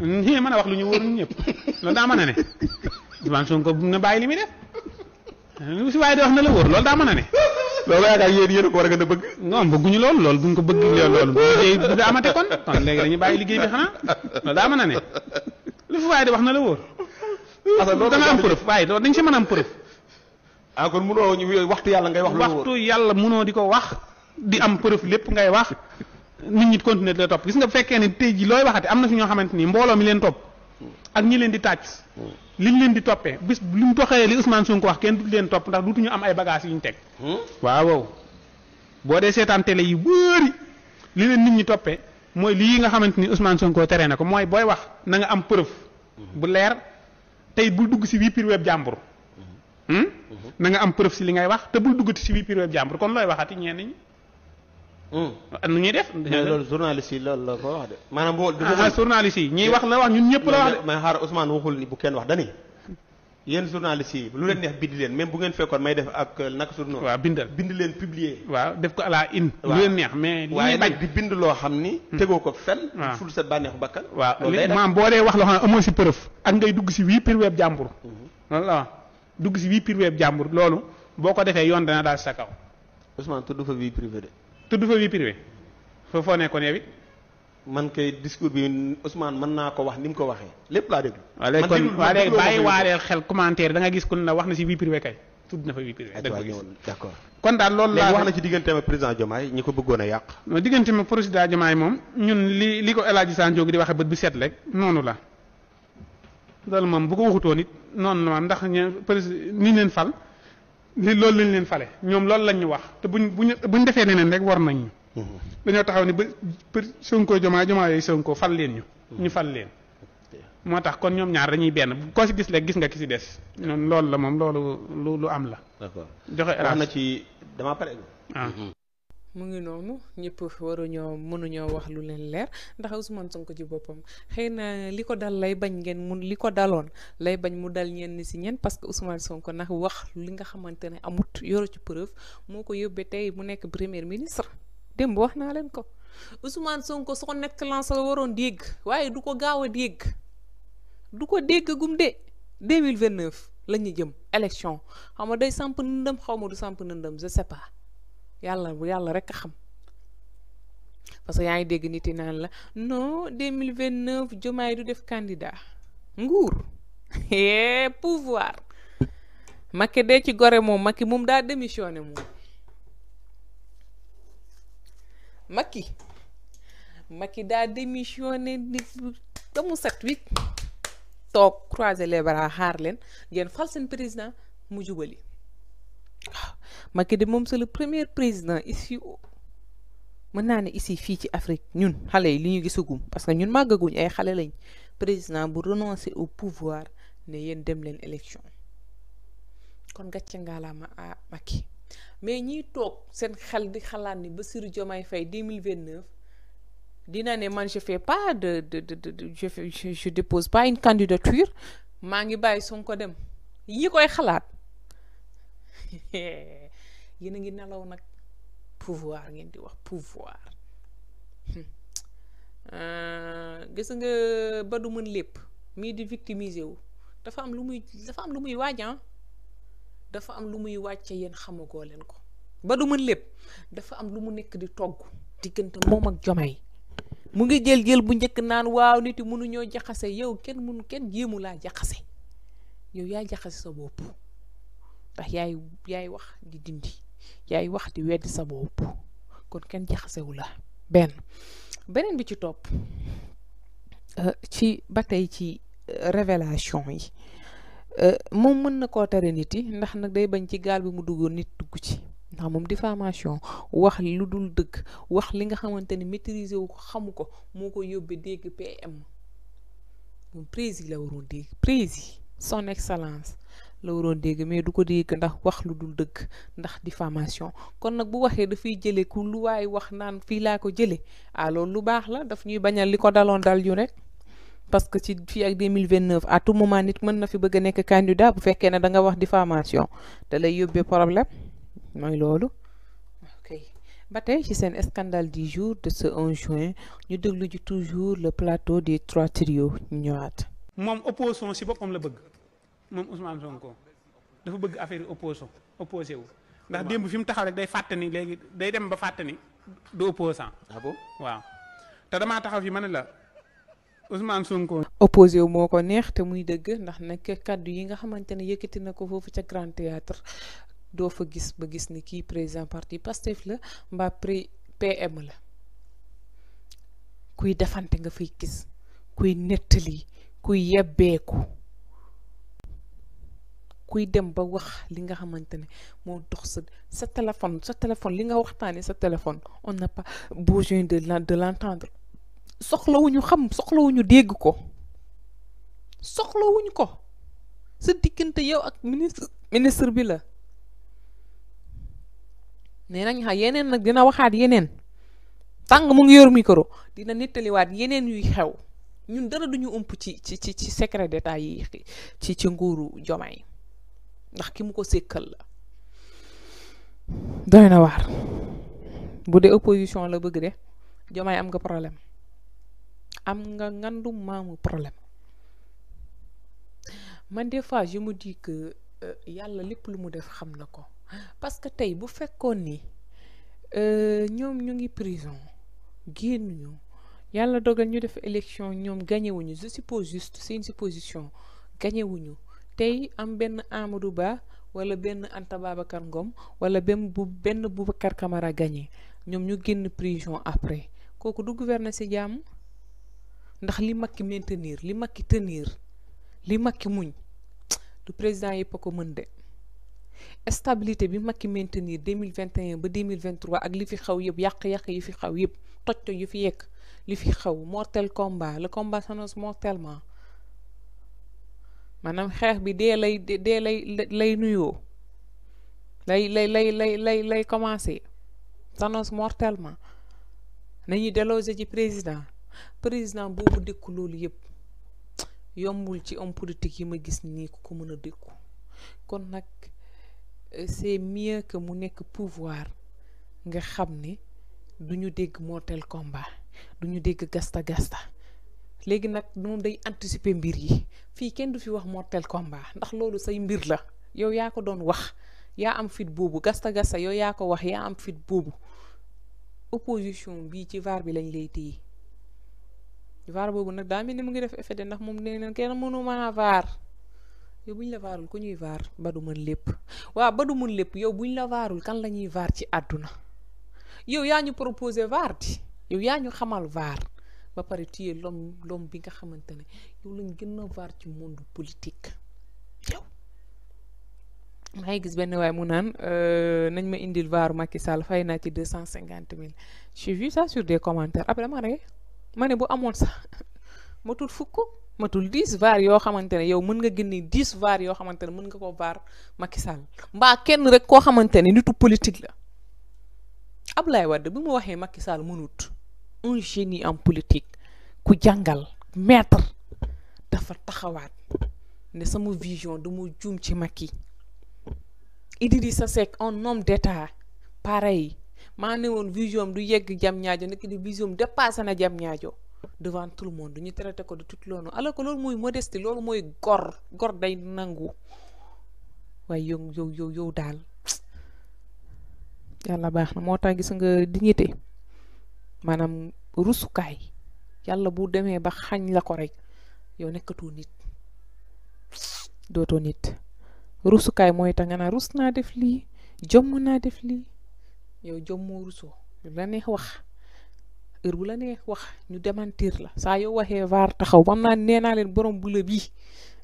ñii mën a wax lu ñu wóor ñëpp loolu daa mën a ne Ousmane Sonko bu na bàyyi li muy def lu si waaye wax na la wóor loolu daa mën a ne. loolu yaakaar yéen yéen ko war a gën a bëgg. non bëgguñu ko bëgg loolu bu liggéey bu daa amate kon bàyyi liggéey bi xanaa daa mën a ne lu fi waaye di wax na la wóor. parce que loolu da nga am preuve waaye loolu dañ si mën a am preuve. ah kon mënoo ñu waxtu yàlla ngay wax. lu wóor yàlla mënoo di ko wax di am preuve lépp ngay wax nit ñi continuer di top topp gis nga bu fekkee ne tey ji looy waxati am na fi ñoo ni mbooloo mi leen topp ak ñi leen di tàcc liñ leen di toppee bis li mu doxee li Ousmane Sonko wax kenn du leen top ndax duutuñu am ay bagages yu ñu teg hmm? waaw waaw boo dee seetaan télé yi bëri li leen nit ñi toppee mooy lii nga xamante ni Ousmane Sonko tere na ko mooy booy wax na nga am preuve bu leer tey bul dugg si wii pir web jàmbur hmm? Hmm? na nga am preuve si li ngay wax te bul duggati si wii pir web jàmbur kon looy waxati ñenn ñi Mm. nu ñuy def. mais loolu journaliste la ko wax de. maanaam boo du ah, ah, journaliste yi ñiy wax na wax ñun ñëpp la wax de. mais xaar Ousmane waxul ni bu kenn wax dani yéen journaliste lu leen neex bi di leen même bu ngeen fekkoon may def ak euh, naka suñu. waaw bindal bind leen publier. waaw def ko à la lu leen neex mais. li ñuy bañ bind loo xam ni. Hmm. tegoo ko fenn. waaw ful sa bànneexu bakkan. waaw li maam boo dee wax loo xam ne amoo si preuve. ak ngay dugg si wii pire web jàmbur. Mm-hmm. loolu la dugg si wii pire jàmbur loolu boo ko defee yoon dana daal sa kaw. Ousmane tudd tudd fa vie privée foo foo nekkoon yow it man kay discours bi Ousmane mën naa ko wax ni mu ko waxee lépp laa déglu. man déglu kon waaye léegi bàyyi xel commentaire da nga gis ku ne wax na si vie privée kay tudd na fa vie privée. d'accord kon daal loolu laa wax na ci digganteem ak président Diomaye ñi ko bëggoon a yàq. non digganteem ak président Diomaye moom ñun li li ko El Hadj Sanjoog di waxee bët bu set rek noonu la loolu moom bu ko waxutoon it noonu la ndax ñu président ni leen fal. li loolu lañ leen fale ñoom loolu lañ ñu wax te buñ buñ buñ defee neneen rek war nañ ñu. Mhm. dañoo taxaw ni ba Sonko Diomaye Diomaye yooyu Sonko fal leen ñu. Mhm. ñu fal leen. moo tax kon ñoom ñaar dañuy benn koo si gis léegi gis nga ki ci des. noonu loolu la moom loolu lu lu am la. d'accord joxe wax na ci dama pare. Ah. Mhm. mu ngi noonu ñëpp waruñoo mënuñoo wax lu leen leer ndax Ousmane Sonko ci boppam xëy na li ko dal lay bañ ngeen mun li ko daloon lay bañ mu dal ñenn si ñenn parce que Ousmane Sonko nag wax li xamante ne amut yoru ci preuve moo ko yóbbee tey mu nekk premier ministre démb wax naa leen ko Ousmane Sonko son excellence la waroon dégg waaye du ko gaaw a dégg du ko dégg gum de 2029 la ñu jëm élection xam nga day samp nëndam xaw ma du samp nëndam je sais yàlla bu yàlla rek a xam parce que yaa ngi dégg nit yi naan la non deux mille vingt neuf Diomaye du def candidat nguur yee eh, pouvoir Macky dee ci gore moom Macky moom daa démissionné moom Macky Macky daa démissionné di ba set wicc toog croiser les bras xaar leen ngeen fal seen président mu jubali Macky de c'est le premier président ici mën ici fi ci Afrique ñun xalé li ñu gisagum parce que ñun màggaguñ ay xalé lañ président bu renoncer au pouvoir ne yeen dem len élection kon gàcce ngaalaama a Macky mais ñi tok sen xel di xalaat ni Bassirou Diomaye Faye 2029 dina ne man je fais pas de de de je je je dépose pas une candidature ma ngi bàyyi Sonko dem yi koy xalaat. yéen a ngi nelaw nag pouvoir ngeen di wax pouvoir euh, gis nga ba du mën lépp mii di victimiser wu dafa am lu muy dafa am lu muy waaj ah. dafa am lu muy wàcce yéen xamagoo leen ko ba du mën lépp dafa am lu mu nekk di togg diggante moom ak Diomaye mu ngi jël jël bu njëkk naan waaw nit yi mënuñoo jaxase yow kenn mënu kenn jéemu laa jaxase yow yaa jaxase sa bopp ndax yaay yaay wax di dindi yaay wax di weddi sa bopp kon kenn jaxasewu la benn beneen bi ci topp euh, ci ba tey ci euh, révélation yi euh, moom mën na koo tere nit yi ndax nag day bañ ci gaal bi mu duggoon nit dugg ci ndax moom diffamation wax lu dul dëgg wax li nga xamante ni maîtriser wu ko xamu ko moo ko yóbbee dégg PM moom prési la waroon dégg prési son excellence la waroon dégg mais du ko dégg ndax wax lu dul dëgg ndax diffamation kon nag bu waxee dafay jëlee ku lu waay wax naan fii laa ko jëlee ah loolu lu la daf ñuy bañal li dal yu rek parce que ci fii ak 2029 à tout moment nit mën na fi bëgg a candidat bu fekkee ne da nga wax diffamation te lay yóbbee problème mooy loolu ok ba ci seen scandale du jour de ce 1 juin ñu déglu ji toujours le plateau des trois trios ñu ñëwaat opposition si boppam la bëgg moom Ousmane Sonko dafa bëgg affaire opposition opposé wu ndax démb fi mu taxaw rek day fàtte léegi day dem ba fàtte ni du opposant ah bon waaw te dama taxaw fi ma ne la Ousmane Sonko. opposé wu moo ko neex te muy dëgg ndax nag kàddu yi nga xamante ne yëkkati na ko foofu ca Grand Théâtre doo fa gis ba gis ni kii président parti Pastef la mbaa pré PM la kuy defante nga fay gis kuy nettali kuy yebbeeku kuy dem ba wax li nga xamante ne moo dox sa téléphone sa téléphone li nga waxtaane sa téléphone on n'a pas besoin de de l'entendre soxlawuñu xam soxlawuñu dégg ko soxlawuñ ko sa diggante yow ak ministre ministre bi la nee nañ xa yeneen nag dina waxaat yeneen tàng mu ngi yor micro dina nettaliwaat yeneen yuy xew ñun dara duñu ëmp ci ci ci ci secret d'état yi ci ci nguuru Diomaye ndax ki mu ko la doy na waar bu dee opposition la bëgg de Diomaye am nga problème am nga ngandum maamu problème man des fois je me dis que euh, yàlla lépp lu mu def xam na ko parce que tey bu fekkoon ni euh, ñoom ñu ngi prison génnuñu yàlla dogal ñu def élection ñoom wuñu je suppose juste c'est une supposition wuñu. tey am benn Amadou Ba wala benn Anta Ngom wala benn bu benn Boubacar Camara gagné ñoom ñu génn prison après kooku du gouverner ci jàmm ndax li mag ki maintenir li makki tenir li ki muñ lu président yëpp a ko mën de stabilité bi makki maintenir 2021 ba 2023 ak li fi xaw yëpp yàq-yàq yi fi xaw yëpp toj toj yu fi yekk li fi xaw mortel combat le combat s'annonce mortellement maanaam xeex bi dee lay dee lay lay nuyoo lay lay lay lay lay lay commencé s'annonce mortellement nañuy déloger ci président président boobu dëkku loolu yëpp yombul ci homme politique yi ma gis nii ku ko mën a dékku kon nag euh, c'est mieux que mu nekk pouvoir nga xam ni du ñu dégg mortel combat du ñu dégg gasta gasta léegi nag moom day anticiper mbir yi fii kenn du fi wax mortel combat ndax loolu say mbir la yow yaa ko doon wax yaa am fit boobu gasta gasta yow yaa ko wax yaa am boobu opposition bii ci vaar bi lañ lay téye vaar boobu nag daa mel ni mu ngi def effet ndax moom nee na kenn mënu maa vaar yow bu ñu la ñuy vaar ba mën lépp waaw ba mën lépp yow bu ñu kan la ñuy ci àdduna yow yaa ñu proposé vaar di yow yaa ñu xamal vaar. ba pare tuer l'homme l'homme bi nga xamante ne lañ gën a vaar ci monde politique yow maa ngi gis benn waaye mu naan euh, nañ ma indil vaaru Macky Sall fay naa ci deux cent cinquante mille j'ai vu ça sur des commentaires après ma ma ne bu amoon sax matul fukk matul dix vaar yoo xamante ne yow mën nga génne dix vaar yoo xamante ne mën nga ko vaar Macky mbaa kenn rek koo xamante ne nitu politique la Ablaye Wade bi mu waxee Macky Sall mënut un génie en politique ku jangal maître dafa taxawat ne sama vision du mu juum ci Macky Idrissa sek un homme d'état pareil vision du yegg jam ñaajo nekk di vision dépassé na jam ñaajo devant tout le monde ñu traité ko de tout lono alors que lool moy modeste lool moy gor gor day nangu way yow yow yow dal, yalla yàlla na moo nga dignité maanaam rusukaay yàlla bu demee ba xañ la ko rek yow nekkatu nit dooto nit rusukaay mooy tax nga naa rus naa def lii jomm naa def lii yow jommoo rusoo lu la neex wax heure bu la neex wax ñu démentir la saa yow waxee vaar taxaw bam naa nee naa leen borom bu la bii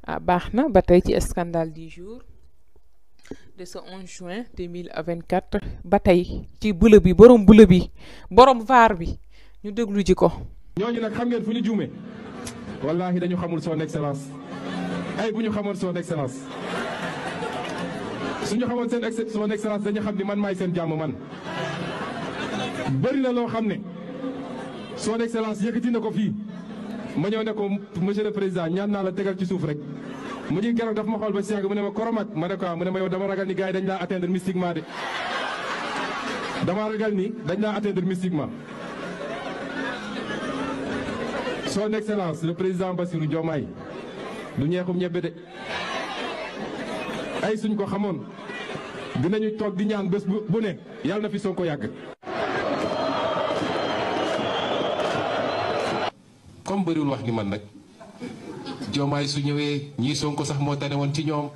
ah, baax na ba tey ci scandale du jour de ce 11 juin 2024 ba tey ci bula bi borom bula bi borom vaar bi ñu déglu ji ko. ñooñu nag xam ngeen fu ñu juumee wallaahi dañu xamul son excellence ay bu ñu xamoon son excellence suñu xamoon seen ex son excellence dañu xam ni man maay seen jàmm man. bëri na loo xam ne son excellence yëkkati na ko fii ma ñëw nekkoo ko monsieur le président ñaan naa la tegal ci suuf rek. mu ji keroog daf ma xol ba si yàgg mu ne ma koromak ma ne ko mu ne ma yow dama ragal ni gaay dañ la atteindre mystiquement de dama ragal ni dañ la atteindre mystiquement son excellence le président Bassirou diomay du ñeexum ñebbe de ay suñ ko xamone dinañu tok di ñaan bés bu bu ne yàlla na fi ko yàgg comme bëriwul wax ni man nak Diomaye su ñëwee ñii Sonko sax moo tane woon ci ñoom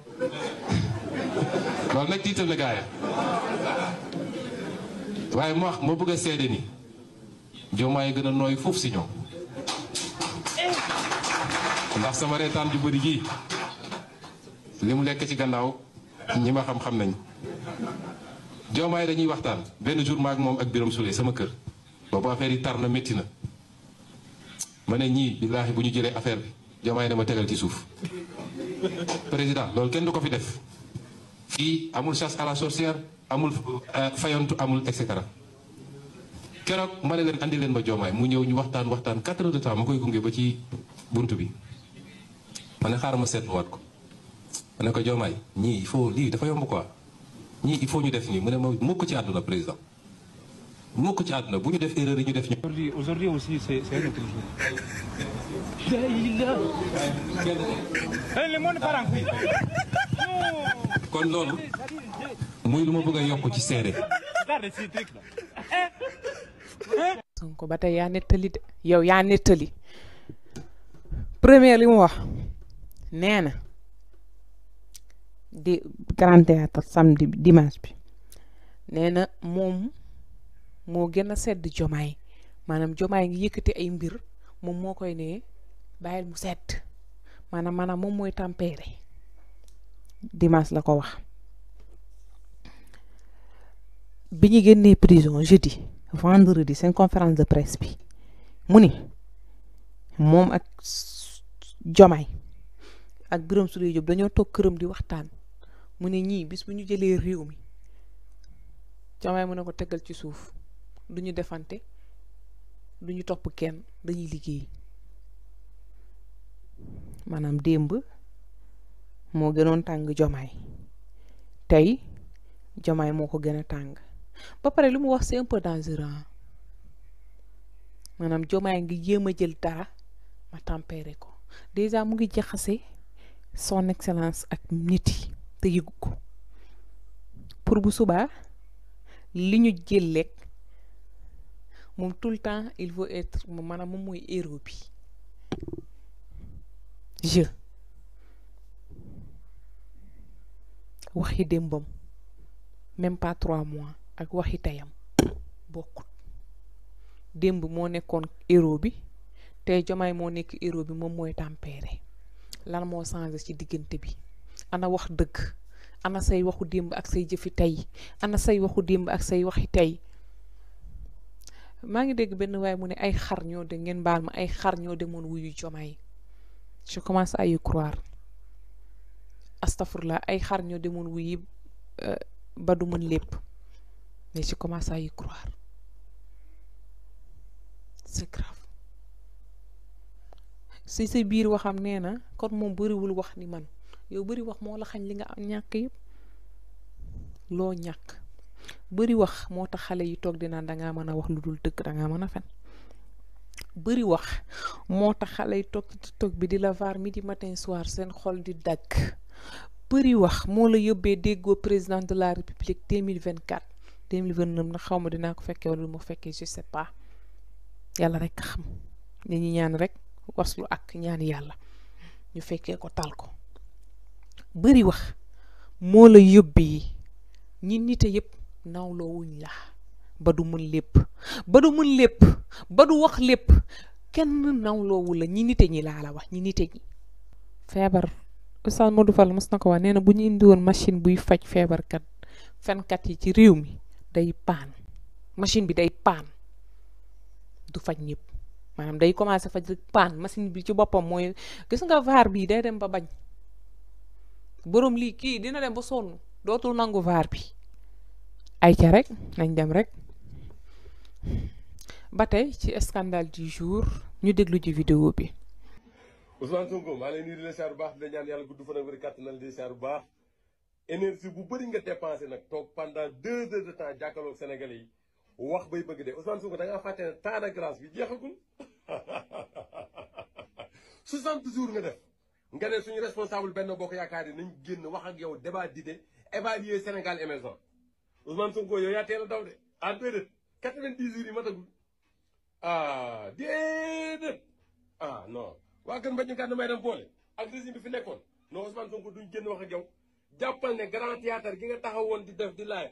loolu nag tiital na gaaya waaye mu wax moo bëgg a seede ni Diomaye gën a nooy foofu si ñoom ndax sama reetaan ju bëri ji li mu lekk ci gannaaw ñi ma xam-xam nañ Diomaye dañuy waxtaan benn jour maag moom ak Birame Souleye sama kër boobu affaire yi tar na métti na ma ne ñii billaahi bu ñu jëlee affaire bi jomaay dama tegal ci suuf président loolu kenn du ko fi def fii amul chasse à la sorcière amul euh, fayantu amul et cetera keroog ma ne leen indi leen ma joomaay mu ñëw ñu waxtaan waxtaan 4 heures de temps ma koy gunge ba ci bunt bi ma ne xaaral ma seetluwaat ko ma ne ko joomaay ñii il faut lii dafa yomb quoi ñii il faut ñu def nii mu ne ma mukk ci àdduna président. mukk ci àdduna bu ñu def erreur ñu def ñu. aujourd'hui aujourd'hui eh, kon loolu. muy lu ma bëgg a yokk ci seere. Sonko ba te yaa nettali de yow yaa nettali première li mu wax nee na di grand théâtre samedi dimanche bi nee na moo gën a sedd jomaay maanaam jomaay ngi yëkkati ay mbir moom moo koy ne bàyyil mu sedd maanaam maanaam moom mooy tempéré Dimas la ko wax bi ñu génnee prison jeudi vendredi seen conférence de presse bi mu ni moom ak jomaay ak Birame Souleye Diop dañoo toog këram di waxtaan mu ne ñii bis bu ñu jëlee réew mi jomaay mu ne ko tegal ci suuf du ñu defante du ñu topp kenn dañuy liggéey maanaam démb moo gënoon tàng jomaay tey jomaay moo ko gën a tàng ba pare lu mu wax c'est un peu dangereux maanaam jomaay ngi jéem a jël dara ma tempéré ko déjà mu ngi jaxase son excellence ak nit yi te yëgu ko pour bu subaa li ñu jël lekk moom tout le temps il veut être mana moom mooy héros bi je waxi démbam même pas trois mois ak waxi teyam bokkut démb moo nekkoon héros bi te jomaay moo nekk héros bi moom mooy tempeere lan moo changé ci diggante bi ana wax dëgg ana say waxu démb ak say jëfi tey ana say waxu démb ak say waxi tey maa ngi dégg benn waaye mu ne ay xar ñoo de ngeen baal ma ay xar ñoo demoon wuyu jomay je commence à croire astafurla ay xar ñoo demoon wuyu euh, ba du mën lépp mais je commence à y croire c'est grave si sa biir waxam nee na kon moom bëriwul wax ni man yow bëri wax moo la xañ li nga ñàkk yëpp loo ñàkk bëri wax moo tax xale yi tok dina da nga mëna wax luddul dëkk da nga mëna a fen bëri wax moo tax yi tok tok bi di la var midi matin soir sen xol di dag bëri wax mo la yóbbee déggo président de la république 2024 2029 na xawma dina ko féké wala mo féké je sais pas yalla rek xam ni ñi ñaan rek waslu ak ñaan yalla ñu féké ko tal ko bëri wax mo la yobbi ñi nité yépp wuñ la ba du mën lepp ba du mën lepp ba du wax lepp kenn wu la ñi nité ñi la la wax ñi nité ñi fièvre oustad Modou Fall mos na ko wax nee bu ñu indi won machine buy faj fen kat yi ci réew mi day pan machine bi day pan du fajj ñëpp manam day commencé faj rek pan machine bi ci bopam moy gis nga var bi day dem ba bañ borom li ki dina dem ba sonu dootul nangu var bi ayca rek nañ dem rek batay ci scandale du jour ñu déglu ci vidéo bi. Ousmane Sonko lay leen le siyaar bu baax di ñaan yalla gudd fan ak wér kàttanal le siyaar bu baax énergie bu bari nga dépenser nak tok pendant 2 heures de temps jàkkaarloog Sénégalais wax bay bëgg dé Ousmane Sonko da nga faté ne temps de grâce bi jeexagul 60 jours nga def nga né suñu responsable benn bokk yaakaar yi nañ génn wax ak yow débat d'idées évaluer Sénégal émergent Ousmane Sonko yow yaa teel a daw de ah déedéet quatre-vingt-dix jours yi matagul ah déedéet ah non waa kër Mbadji Kane may dem boole ak régime bi fi nekkoon non Ousmane Sonko duñ génn wax ak yow jàppal ne grand théâtre gi nga taxawoon di def di laaj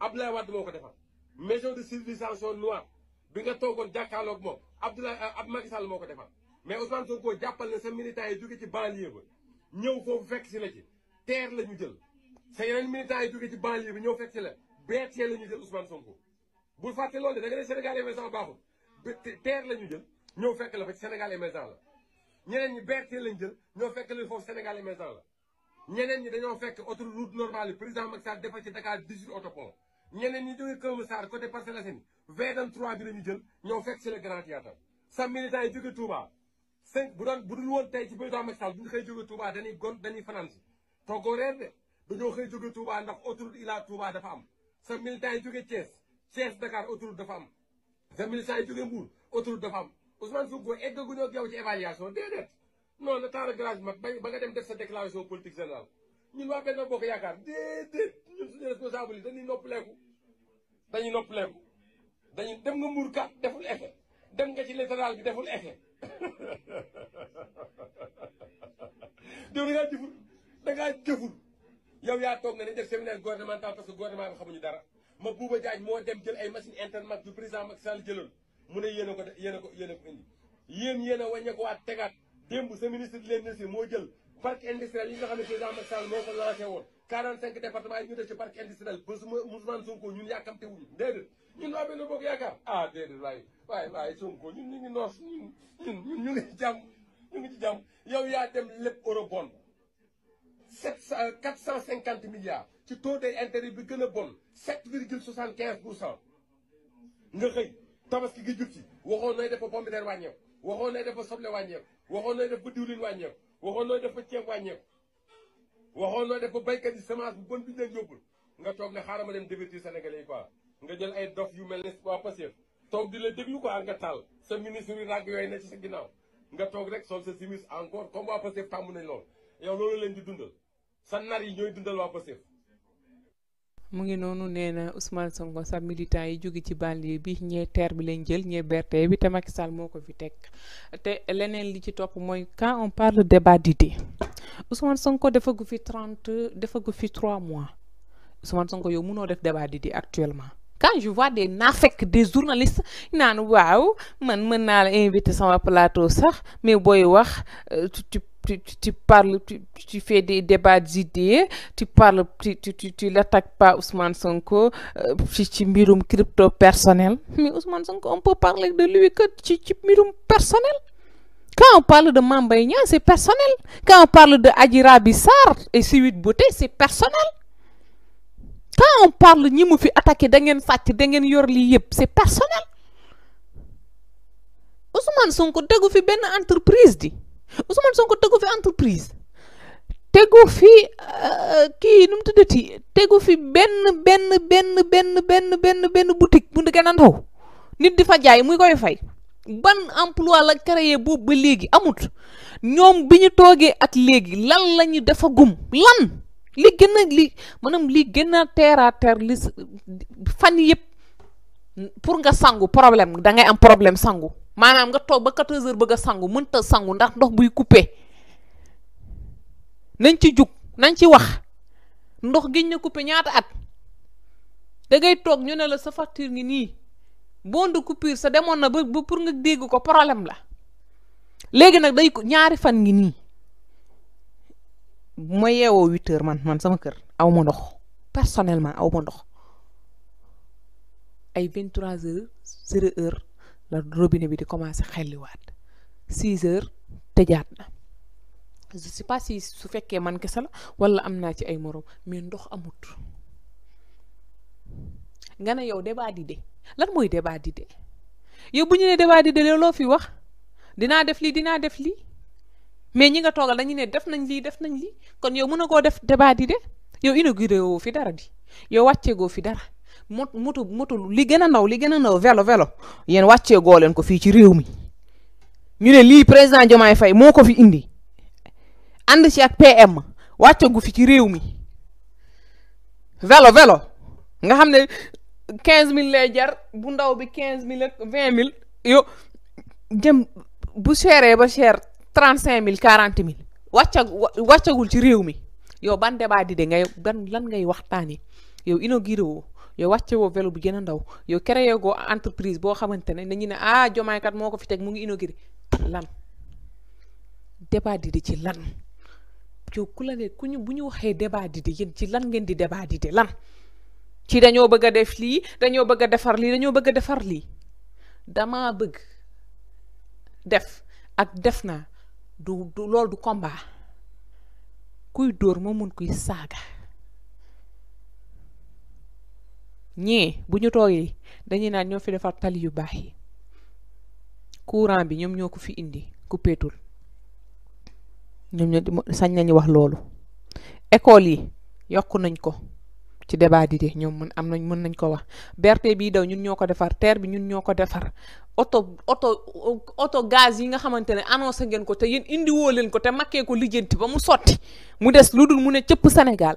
Abdoulaye Wade moo ko defar maison de civilisation noire bi nga toogoon jàkkaarloog moom Abdoulaye ah, ab Macky Sall moo ko defar mais Ousmane Sonko jàppal ne sa militant yi jóge ci banlieue ba ñëw foofu fekk si la ci terre la ñu jël. sa yeneen militants yi jógee ci banlieue bi ñëw fekk ci la BRT la ñu jël Ousmane Sonko bul fàtte loolu de da Sénégal émergent baaxul TER la ñu jël la fa jël ñoo fekk la foofu Sénégal émergent la ñeneen ñi dañoo fekk autoroute normale yi président Macky Sall defal ci Dakar 18 autopont ñeneen ñi jógee Kër Massar côté Parcelles Assainies V23 bi la jël ñoo fekk ci la Grand Théâtre sa militants yi jóge Touba cinq bu doon bu dul woon tey ci président Macky Sall duñu koy jóge dañoo xëy jóge Touba ndax autoroute Ila Touba dafa am sa militant yi jóge Thiès Thiès Dakar autoroute dafa am sa militant yi jóge Mbour autoroute dafa am Ousmane Sonko eggaguñoo ak yow ci évaluation déedéet non le temps de grâce mat ba nga dem def sa déclaration politique générale ñun waa benn bokk yaakaar déedéet ñun suñu responsable yi dañuy noppaleeku dañuy noppaleeku dañuy dem nga Mbour kat deful effet dem nga ci littoral bi deful effet yow da ngaa yow yaa toog nga ne def séminaire gouvernemental parce que gouvernement bi xamuñu dara ma Bouba Diagne moo dem jël ay machine intermax du président Macky Sall jëloon mu ne yéen a ko yéen a ko yéen a ko indi yéen yéen a wàññe ko waat tegaat démb sa ministre de l'industrie moo jël parc industriel yi nga xam ne président Macky Sall moo ko lancé woon 45 départements yi ñu def ci parc industriel ba su ma Ousmane Sonko ñun yàkkamte wuñu déedéet ñun waa benn bokk yaakaar ah déedéet waaye waaye waaye Sonko ñun ñu ngi noos ñun ñun ñu ngi jàmm ñu ngi ci jàmm yow yaa dem lépp eurobond sept cent quatre cent cinquante milliards ci taux d'intérêt bi gën a bon sept virgule soixante quinze pour cent nga xëy tabaski gi jub si waxoon nooy def ba pombiteer wàññeeku waxoon nooy def ba soble wàññeeku waxoon nooy def ba diwlin wàññeeku waxoon nooy def ba ceeb wàññeeku waxoon nooy def ba béykat yi semence bu bon bi ñu leen nga toog ne xaaral ma dem dévertir Sénégalais yi quoi nga jël ay dof yu mel ne waa Pastef toog di la déglu quoi nga taal sa ministre yu ràgg yooyu ne ci sa nga toog rek sol sa simis encore comme waa Pastef tàmm yow loolu leen di dundal sanari nar dundal wa Pastef mu ngi noonu nee Ousmane Sonko sa militant yi joggi ci banlieue bi ñe terre bi lañ jël ñe berte bi té Macky Sall moko fi teg té leneen li ci top moy quand on parle débat d'idées Ousmane Sonko gu fi 30 trente gu fi 3 mois Ousmane Sonko yow mëno def débat d'idées actuellement. quand je vois des nafek des journalistes naan waaw man mën naa la inviter sama plateau sax mais boy wax euh, tu tu, tu, parles, tu, tu, fais des débats d'idées, tu parles, tu, tu, l'attaques pas Ousmane Sonko, si euh, tu mirum crypto personnel. Mais Ousmane Sonko, on peut parler de lui que tu, mirum personnel. Quand on parle de Mambaïnia, c'est personnel. Quand on parle de Adira Bissar et huit Beauté, c'est personnel. Quand on parle de Nimoufi attaqué Dengen Fati, Dengen Yorli c'est personnel. Ousmane Sonko, tu as une entreprise. Dit. Ousmane Sonko tegu fi entreprise tegu fi euh, kii nu mu tuddati tegu fi benn benn benn benn benn benn benn boutique bu ndeke na ndaw nit di fa jaay muy koy fay ban emploi la créé boobu ba léegi amut ñoom bi ñu toogee ak léegi lan la ñu dafa gum lan li gën a li maanaam li gën a terre à li fan yëpp pour nga sangu problème da ngay am problème sangu manam nga tok ba 14 heures bëgg sangu mën ta sangu ndax ndox buy coupé nañ ci juk nañ ci wax ndox giñ na coupé ñaata at da ngay tok ñu ne la sa facture ngi ni bondu coupure sa demon na ba pour nga dégg ko problème la légui nak day ñaari fan ngi ni ma yeewoo huit heures man man sama kër awuma ndox personnellement awuma ndox ay vingt trois heures zéro heure la robinet bi di commencé xelliwaat six heures tëjaat na je sais pas si su fekkee man kese la wala am naa ci ay morom mais ndox amut nga ne yow débat d'idée lan mooy débat de yow bu ñu ne di d'idée loo fi wax dinaa def lii dinaa def li mais ñi nga toogal dañu ne def nañ lii def nañ lii kon yow mën a koo def débat d'idée yow inauguré woo fi dara di yow wàccee goo fi dara mot moto moto li gën a ndaw li gën a ndaw vélo vélo yéen wàccee goo leen ko fii ci réew mi ñu ne lii président Diomaye fay moo ko fi indi ànd ci ak PM wàcce gu fi ci réew mi vélo vélo nga xam ne quinze mille lay jar bu ndaw bi quinze mille vingt mille yo jëm bu seeree ba seer trente cinq mille quarante mille wàccag wàccagul ci réew mi yow ban débat di de ban lan ngay waxtaani yow inauguré woo yow wàcce woo vélo bi gën a ndaw yow créé goo entreprise boo xamante ne dañu ne ah Diomaye kat moo ko fi teg mu ngi inauguré lan débat di di ci lan yow ku la ne ku ñu bu ñu waxee débat di di yéen ci lan ngeen di débat di lan ci dañoo bëgg a def lii dañoo bëgg a defar lii dañoo bëgg defar lii dama bëgg def ak def naa du du lool du combat kuy dóor moo mun kuy saaga ñii bu ñu toogee dañuy naan ñoo fi defar tali yu baax yi courant bi ñoom ñoo ko fi indi ku péetul sañ nañu wax loolu école yi yokk nañ ko ci débat di de ñoom mën am nañ mën nañ ko wax BRT bii daw ñun ñoo ko defar teer bi ñun ñoo ko defar oto oto oto gaz yi nga xamante ne annoncé ngeen ko te yéen indi woo leen ko te makkee ko lijjanti ba mu sotti mu des lu dul mu ne cëpp Sénégal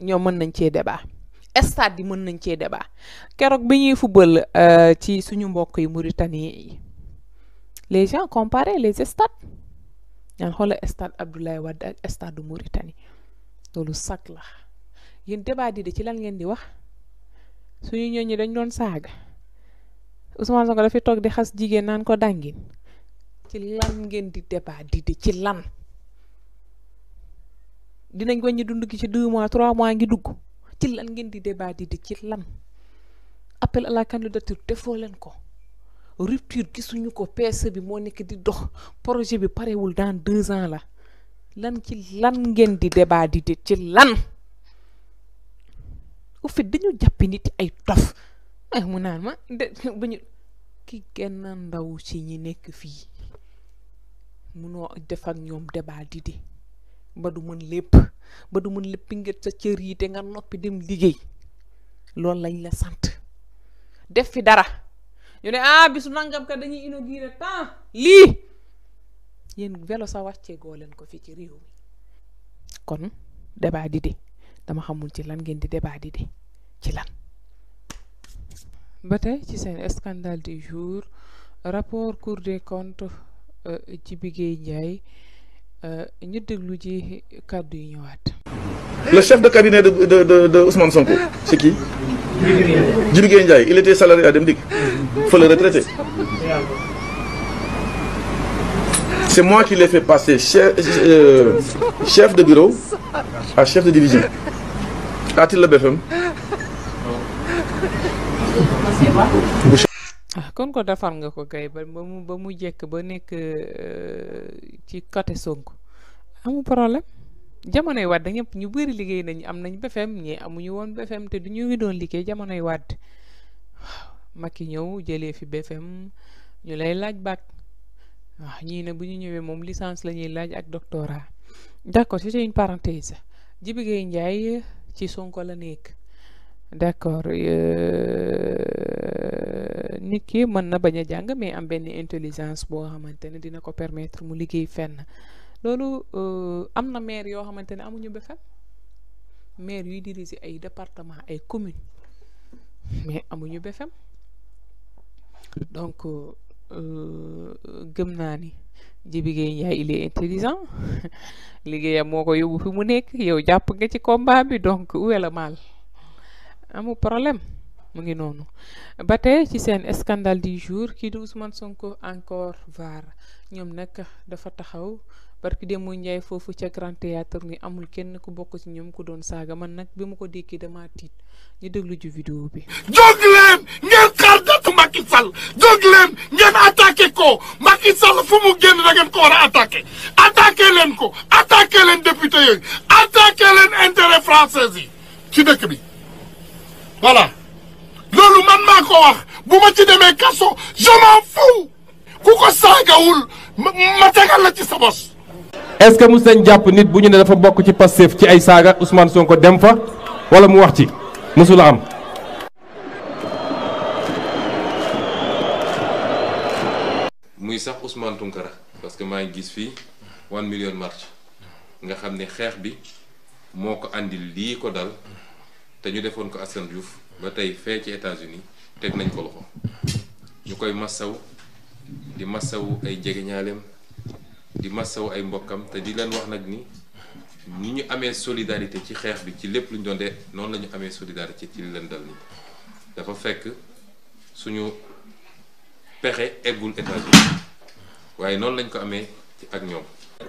ñoom mën nañ cee débat estade di mën nañ ci débat kérok biñuy football euh ci suñu mbokk yi Mauritanie les gens comparer les stades ñan xol stade Abdoulaye Wade ak stade du Mauritanie lolu sak la yeen débat di ci lan ngeen di wax suñu ñooñu dañ doon Ousmane Sonko tok di xass jigen nan ko dangin ci lan ngeen di débat di ci lan dinañ ñi dund ci 2 mois 3 mois ngi dugg ci lan ngeen di débat di ci lan appel à la candidature defoo leen ko rupture gisuñu ko peese bi moo nekk di dox projet bi parewul dans deux ans la lan ci lan ngeen di débat di ci lan au fait dañu jàppi nit ay tof ay ah, mu naan ma de ki genn ndaw ci ñi nekk fii munoo def ak ñoom débat di ba du mën lépp ba du mën lépp pingat sa cër yi te nga noppi dem liggéey loolu lañ la sant def fi dara ñu ne ah bisu nangam ka dañuy inauguré temps lii yéen vélo sa wàccee goo leen ko fii ci réew mi kon débat d'idées dama xamul ci lan ngeen di débat d'idées ci lan ba tey ci seen scandale du jour rapport Cour des comptes euh, Djiby Guèye Ndiaye Euh, le chef de cabinet de Ousmane Sonko c'est qui. il était salarié à faut le retraiter. c'est moi qui l'ai fait passer euh, chef de bureau à chef de division a-t-il le BFM ah kon ko defar nga ko kay ba mu ba mu jekk ba nekk euh, ci côté Sonko amu problème jamonoy Wade ñëpp ñu bëri liggéey nañ am nañ BFM ñi amuñu woon BFM te du ñu ngi doon liggéey jamonoy Wade waaw Macky ñëw jëlee fi BFM ñu lay laaj bac waa ñii ne bu ñu ñëwee moom licence lañuy laaj ak doctorat d'accord c'est une parenthèse Jibi Gueye Ndiaye ci Sonko la nekk. d'accord euh, nit ki mën na bañ a mais am benn intelligence boo xamante dina ko permettre mu liggéey fenn loolu euh, am na maire yoo xamante amuñu amuñu fenn maire yuy diriger ay département ay commune mais amuñu fenn donc euh, gëm naa ni Jibi Gueye Ndiaye il est intelligent liggéeyam moo ko yóbbu fi mu nekk yow jàpp nga ci combat bi donc où est mal amul problème mu ngi noonu ba tey ci seen scandale du jour kii di Ousmane Sonko encore var ñoom nag dafa taxaw barki dem mu njaay foofu ca Grand Théâtre ni amul kenn ku bokk ci ñoom ku doon saaga man nag bi mu ko déggee dama tiit ñu déglu ju vidéo bi jóg ngeen xaar datu Macky ngeen attaqué ko Macky fu mu génn da ko war a attaqué attaqué leen ko attaqué leen député yooyu attaqué leen intérêt français yi ci dëkk bi voilà loolu man maa ko wax bu ma ci demee kaso je m'en fous ku ko saagawul ma tegal la ci sa bos. est-ce que mu sañ jàpp nit bu ñu ne dafa bokk ci Pastef ci ay saaga Ousmane Sonko dem fa wala mu wax ci mësula am. muy sax Ousmane Tounkara parce que maa ngi gis fii 1 million marche nga xam ne xeex bi moo ko andi lii ko dal. te ñu defoon ko assan Diouf ba tey fee ci États-Unis teg nañ ko loxo ñu koy massaw di massawu ay jegeñaaleem di massawu ay mbokkam te di leen wax nag ni ni ñu amee solidarité ci xeex bi ci lépp lu ñu doon dee noonu la ñu amee solidarité ci li leen dal nii dafa fekk suñu pexe eggul états waaye noonu lañ ko amee ci ak ñoom.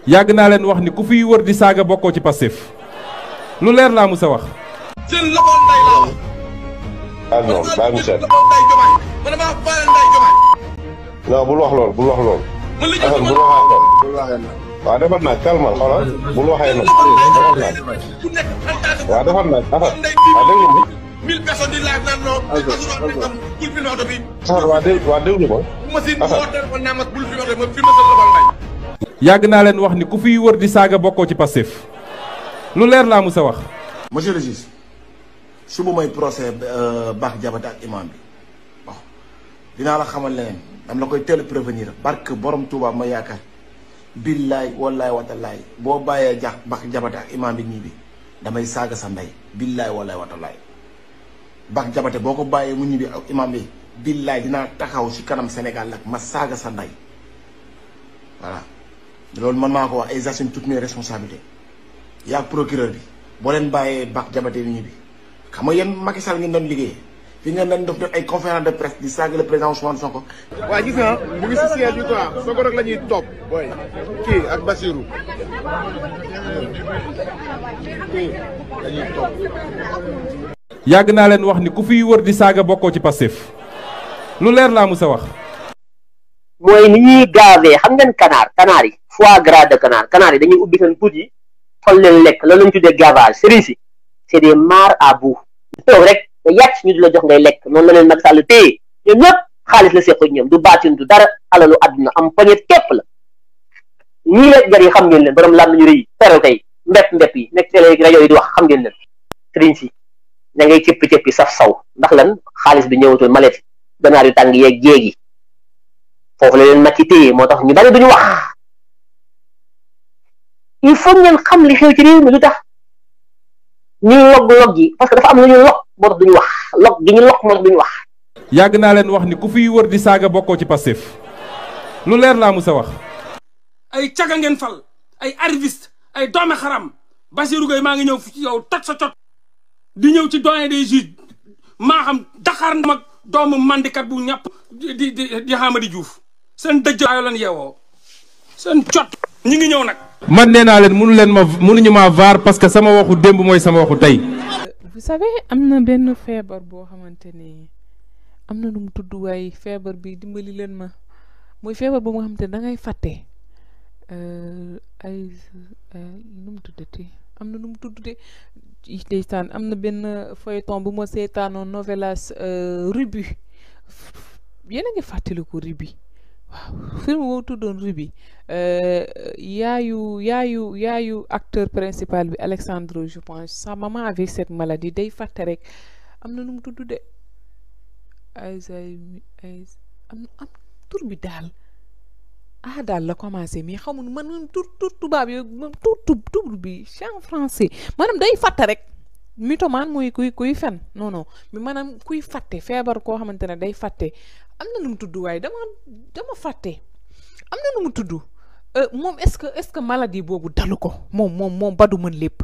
yàgg naa leen wax ni ku fiy wër di saaga bokkoo ci Pastef lu leer laa musa wax. seen loxo nday laa wax. ah non lool bul wax lool. man li ñu bul waxaat lool. Ah, yàgg naa leen wax ni ku fiy wër di saaga bokkoo ci Pastef lu leer laa musa wax. monsieur le suba may procès euh, Bah Diakhaté ak imam bi bon dinaa la xamal leneen dam la koy teel prévenir barke borom Touba ma yaakaar billaay wallaay watalaay boo bàyyee jax Bah Diakhaté ak imam bi nii bi damay saaga sa ndey billaay wallaay watalaay Bah jabate boo ko bàyyee mu ñibbi ak imam bi billaay dinaa taxaw si kanam Sénégal nag ma saaga sa ndey voilà loolu man maa ko wax ay j'assume toutes mes responsabilités yaa procureur bi boo leen bàyyee Bah Diakhaté bi xam nga yéen Macky Sall ngeen doon liggéey fi ngeen doon def ay conférence de presse di saaga le président Ousmane Sonko. waa gis nga mu ngi ci siège bi quoi Sonko rek lañuy top boy ki ak Bassirou kii la wax ni ku fi wër di saga bokko ci passif lu leer la musa wax. moy ni ñi gaawee xam ngeen canard canard foie gras de canard canard dañuy ubbi sen put yi xol leen lek la lañ tuddee gavage cerise c'est des mar à bout rek nga ñu di jox ngay lekk noonu la leen Macky téye ñoom ñëpp xaalis la ñoom du baatin du dara alalu àdduna am poñet képp la ñii leen jar yi xam ngeen leen borom lan ñu rëy feral tey mbépp mbépp yi nekk télé rajo yi di wax xam ngeen leen trin si da ngay saf saw ndax lan xaalis bi ñëwatul malet ganaar yu tàng yeeg jéegi foofu la leen Macky téye moo tax ñu bari duñu wax il faut ngeen xam li xew ci réew mi lu tax ñuy log log yi parce dafa am lu ñu log moo tax duñu wax log ñu log moo tax duñu wax. yàgg naa leen wax ni ku fiy wër di saaga bokkoo ci Pastef lu leer laa musa wax. ay caga ngeen fal ay arriviste ay doome xaram Bassirou Gueye maa ngi ñëw fi yow toj sa cot di ñëw ci doyen de juges maa xam Dakar mag doomu mandikat bu ñàpp di di di juuf Diouf dëj dëjjaayo lan yeewoo seen cot ñu ngi ñëw nag. man nee leen mënu leen ma mënuñu maa vaar parce que sama waxu démb mooy sama waxu tey. vous savez am na benn feebar boo xamante ni am na nu mu tudd feebar bi dimbali leen ma mooy feebar boobu nga xamante ne dangay ngay fàtte euh, ay euh, nu mu tuddati am na nu mu tuddati ndeysaan am na benn feuilleton bu ma seetaanoo novelas euh, Rubi yéen a ngi fàttaliku Rubi waaw boo tuddoon Rubi. Euh, yayu yayu yaayu acteur principal bi Alexandre je pense sa maman avait cette maladie day fàtte rek am na nu mu tudd de am am tur bi daal ah daal la commencé mais xamul man man tur tur tubaab yooyu tur tur bi en day fàtte rek mythomane mooy kuy kuy fen non non mais kuy fàtte feebar koo xamante ne day fàtte am na nu mu tudd waaye dama dama fàtte am na nu mu tudd. Euh, moom est-ce que est-ce que maladie boobu dalu ko moom moom moom ba du mën lépp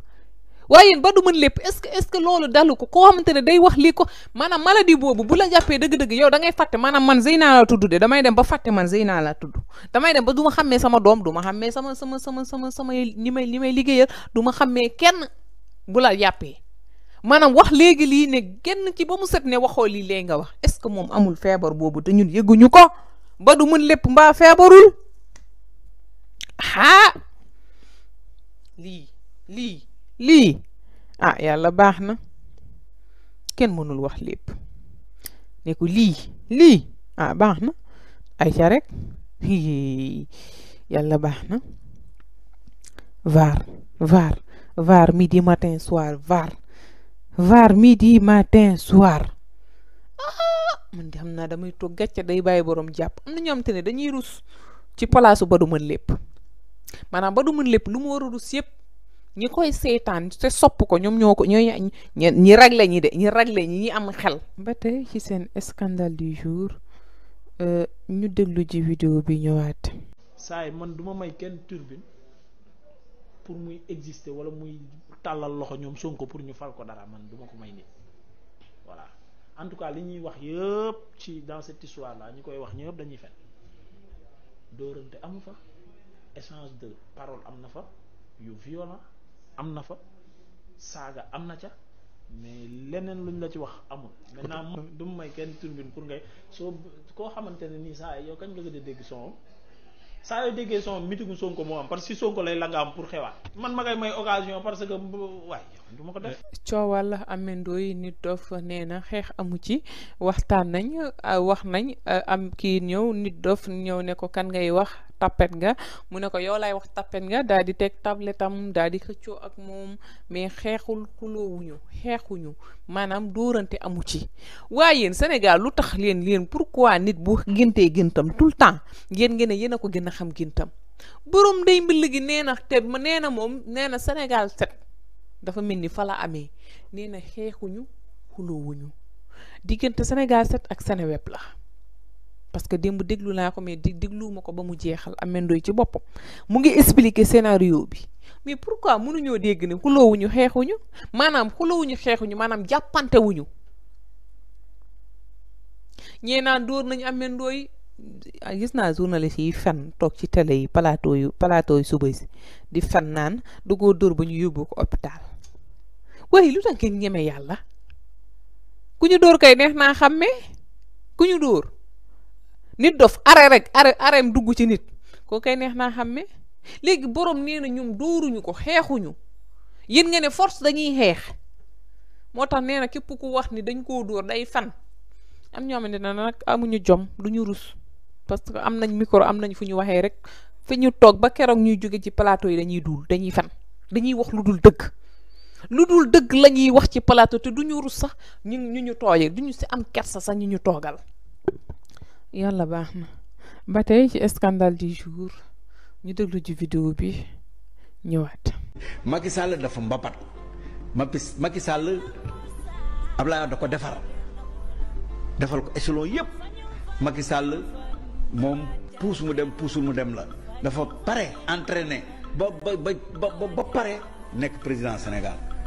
waaye ba du mën lépp est-ce que est-ce que loolu dalu ko koo xamante ne day wax lii ko maanaam maladie boobu bu la jàppee dëgg-dëgg yow da ngay fàtte maanaam man Zeyna laa tudd de damay dem ba fàtte man Zeyna laa tudd damay dem ba du xam xàmmee sama doom du ma xàmmee sama sama sama sama sama ñi may ñi may liggéeyal du ma xàmmee kenn bu la yàppee maanaam wax léegi lii ne genn ci ba mu set ne waxoo lii léegi nga wax est-ce que moom amul feebar boobu te ñun yëgguñu ko ba du mën lépp mbaa feebarul. xaa lii lii lii ah yàlla baax na kenn mënul wax lépp nekku lii lii ah baax na ay ca rek yàlla baax na vaar vaar vaar midi matin soir vaar vaar midi matin soir ah, man di xam naa damay toog gàcce day bàyyi borom jàpp am na ñoo xam te dañuy rus ci palaasu ba du mën lépp manam ba du mën lepp lu mu waru du sepp ñi koy setan te sopp ko ñom ñoko ñoy ñooy ñi ragle ñi de ñi ragle ñi ñi am xel ba tey ci sen scandale du jour ñu déglu ji vidéo bi ñëwaat say man duma may kenn turbine pour muy exister wala muy talal loxo ñom Sonko pour ñu fal ko dara man duma ko may nit voilà en tout cas li ñuy wax yépp ci dans cette histoire là ñi koy wax ñëpp dañuy fen doorante amu fa échange de parole am na fa yu violent am na fa saaga am na ca mais leneen luñ la ci wax amul maintenant du mu may kenn turbine pour ngay soo koo xamante ne nii saa yow kañ nga gën a dégg son saa yoo déggee son mitigu Sonko moo am parce que si Sonko lay la nga am pour xewaat man ma ngay may occasion parce que waay ma ko def. coowal amendo yi nit dof nee na xeex amu ci waxtaan nañ euh, wax nañ euh, am kii ñëw nit dof ñëw ne ko kan ngay wax tappet nga mu ne ko yow lay wax tappet nga daal di teg tabletam daal di xëccoo ak moom mais xeexul xuloowuñu xeexuñu maanaam dóorante amu ci waaye yéen Sénégal lu tax leen leen pourquoi nit bu géntee géntam tout le temps ngeen ngeen a yéen a ko gën a xam géntam borom day mbill gi nee na te nee moom nee na Sénégal set dafa mel ni fa la amee nee na xeexuñu xuloowuñu diggante Sénégal set ak Seneweb la parce que démb déglu naa ko mais dégluwuma ko ba mu jeexal amendoy ci boppam mu ngi expliquer scénario bi mais pour pourquoi mënuñoo dégg ne xuloowuñu xeexuñu maanaam xuloowuñu xeexuñu maanaam jàppantewuñu ñee naan dóor nañu amendooy ah, gis naa journaliste yi fen toog ci télé yi plateau yu plateau suba si di fen naan da koo dóor ba ñu yóbboo ko hôpital waaye lu tax ngeen ñeme yàlla ku ñu dóor kay neex naa xàmmee ku ñu dóor nit dof are rek are areem dugg ci nit koo kay neex naa xàmmee léegi borom nee na ñoom dóoruñu ko xeexuñu yéen nga ne force dañuy xeex moo tax nee na képp ku wax ni dañ koo dóor day fan am ñoo xamante ne na nak amuñu jom du ñu rus parce que am nañ micro am nañ fu ñu waxee rek fu ñu toog ba keroog ñuy jóge ci plateau yi dañuy dul dañuy fan dañuy wax lu dul dëgg lu dul dëgg la ñuy wax ci plateau te du ñu rus sax ñu ñu ñu tooyee du ñu si am kersa sax ñu ñu toogal. yàlla baax na ba tey ci scandale du jour ñu déglu ci vidéo bi ñëwaat. Macky Sall dafa mbapat Macky Sall Abdoulaye Wade da ko defar defal ko échelon yépp Macky Sall moom puus mu dem puusul mu dem la dafa pare entraîné ba ba ba ba pare nekk président Sénégal.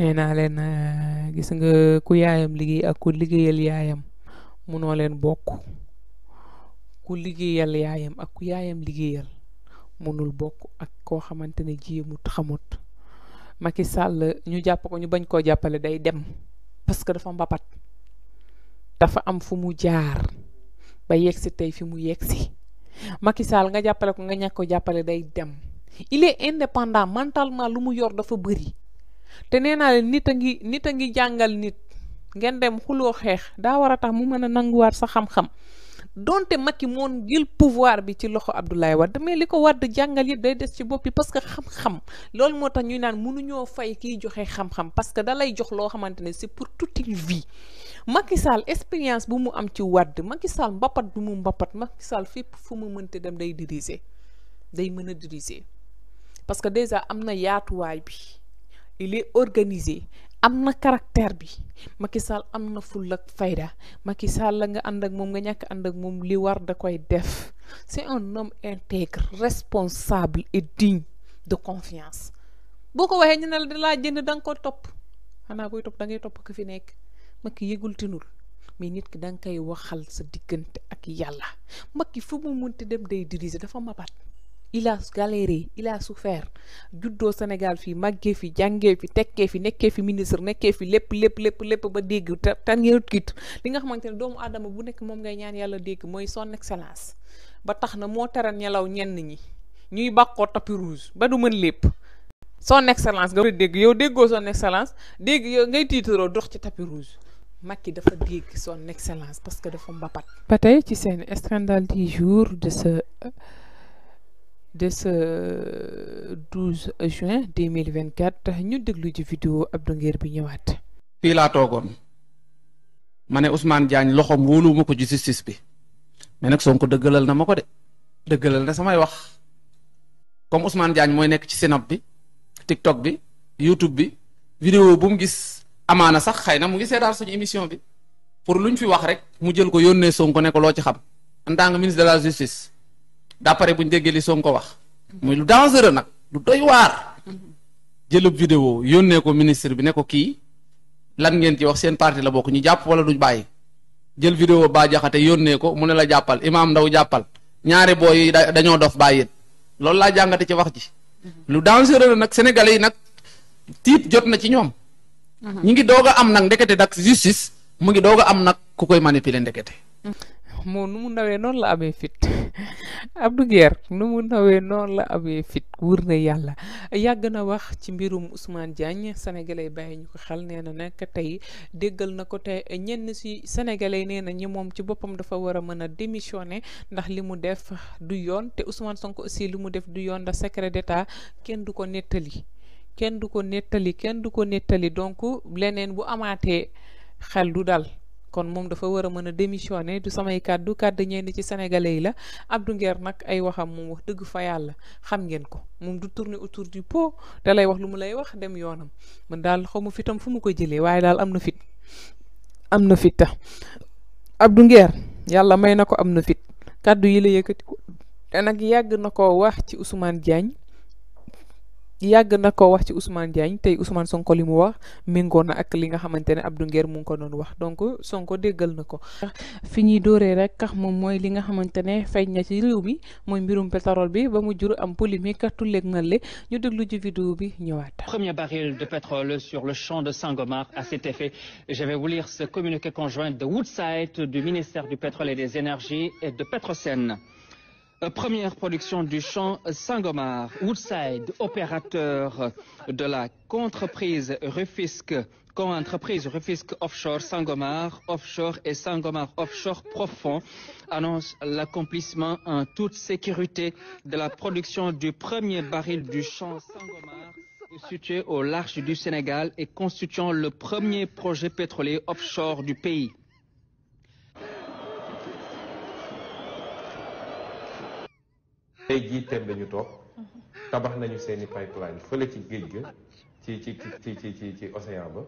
neena len gis nga ku yaayam ligi ak ku liggéeyal yaayam munoo len bok ku liggéeyal yaayam ak ku yaayam liggéeyal munul bok ak ko xamantene ne jéemut xamut Macky Sall ñu japp ko ñu bañ ko jappalé day dem parce que dafa mbapat dafa am fu mu jaar ba yeksi tay fi mu yegsi Macky Sall nga jappalé ko nga ñàkk ko day dem il est indépendant mentalement lu mu yor dafa bëri te nee naa leen nit a ngi nit a ngi jàngal nit ngeen dem xuloo xeex daa war a tax mu mën a nanguwaat sa xam-xam donte Macky moon jël pouvoir bi ci loxo Abdoulaye war mais li ko wadd jàngal yi day des ci bopp bi parce que xam-xam loolu moo tax ñuy naan mënuñoo fay kiy joxe xam-xam parce que da lay jox loo xamante ne c'est pour toute une vie Macky Sall expérience bu mu am ci Wade Macky Sall mbappat bu mu mbappat Macky Sall fépp fu mu mënte dem day diriger day mën a diriger parce que déjà am na yaatuwaay bi. il est organisé am na caractère bi Macky Sall am na fulla ak fayda Macky la nga ànd ak moom nga ñàkk ànd ak moom li war da koy def c'est un homme intègre responsable et digne de confiance boo ko waxee ñu ne la da laa jënd da nga topp xanaa booy topp dangay topp ki fi nekk Macky yëgul tinul mais nit ki da nga koy waxal sa diggante ak yàlla ki fu mu munti dem day diriger dafa mabat il a galéré il a souffert Judo Sénégal fi màggee fi jangé fi tekkee fi fi ministre nekkee fi lépp lépp lépp lépp ba dégg te te ngeen kit li nga xamante doomu adama bu nekk mom ngay ñaan Yalla dégg moy son excellence ba tax na moo tere ñelaw ñenn ñi ñuy bakko tapis rouge ba du mën lépp son excellence nga dégg yow déggo son excellence dégg yow ngay tiitaroo dox ci tapis rouge Macky dafa dégg son excellence parce que dafa mbapat ba tey ci seen scandale du jour de ce de ce 12 euh, juin 2024 ñu déglu ci vidéo Abdou Nguer bi ñëwaat. fii laa toogoon ma ne Ousmane Diagne loxoom ma ko ci justice bi mais nag Sonko dëggalal na ma ko de dëggalal na samay wax comme Ousmane Diagne mooy nekk ci Sénap bi TikTok bi YouTube bi vidéo bu mu gis amaana sax xay na mu ngi seetaan suñu émission bi pour luñ fi wax rek mu jël ko yónnee Sonko ne ko loo ci xam en tant que ministre de la justice. d'après bu ñu déggee li Sonko wax muy lu dangereux nag lu doy waar jëlub vidéo yónnee ko ministre bi ne ko kii lan ngeen ci wax seen parti la bokk ñu jàpp wala duñ bàyyi jël vidéo ba jaxate yónnee ko mu ne la jàppal imaam ndaw jàppal ñaari booy yi dañoo dof bàyyi loolu laa jàngate ci wax ji lu dangereux nag sénégalais yi nag tiit jot na ci ñoom ñu ngi doog am nag ndekete nag justice mu ngi doog am nag ku koy manipuler ndekete moo nu mu nawee noonu la amee fit Abdou Nguer nu mu nawee noonu la amee fit wur na yàlla yàgg na wax ci mbirum Ousmane Diagne sénégalais yi bàyyi ñu ko xel nee na tey déggal na ko te ñenn si sénégalais yi nee na ñi moom ci boppam dafa war a mën a démissionner ndax li mu def du yoon te Ousmane Sonko aussi li mu def du yoon ndax secret d'état kenn du ko nettali kenn du ko nettali kenn du ko nettali donc leneen bu amaatee xel du dal. kon moom dafa war a mën a démissionner du samay kàddu kàddu ñenn ci sénégalais yi la Abdou Nguer nag ay waxam mu wax dëgg fa yàlla xam ngeen ko moom du tourner autour du pot wax lu mu lay wax dem yoonam man daal xaw fitam fu mu ko jëlee waaye daal am na fit am na fit ta Abdou Nguer yàlla may na ko am fit kàddu yi la ko wax ci Ousmane Diagne yàgg na ko wax ci Ousmane Diagne tey Ousmane Sonko li mu wax méngoo na ak li nga xamante ne Abdou Nguer mu ngi ko doon wax donc Sonko déggal na ko. fi ñuy dóoree rek kax moom mooy li nga xamante ne feeñ na ci réew mi mooy mbirum pétrole bi ba mu jur am polémique tulleeg ngale ñu déglu ci vidéo bi ñëwaat. premier baril de pétrole sur le champ de Saint-Gomar à cet effet je vais vous lire ce communiqué conjoint de Woodside du ministère du pétrole et des énergies et de Petrosen. Euh, première production du champ Saint-Gomard, Woodside, opérateur de la contreprise Refisque, co-entreprise Refisque Offshore Saint-Gomard Offshore et Saint-Gomard Offshore Profond, annonce l'accomplissement en toute sécurité de la production du premier baril du champ Saint-Gomard situé au large du Sénégal et constituant le premier projet pétrolier offshore du pays. tey jii tembe ñu toog tabax nañu seeni pipeline fële ci géej ga ci ci ci ci ci ci océan ba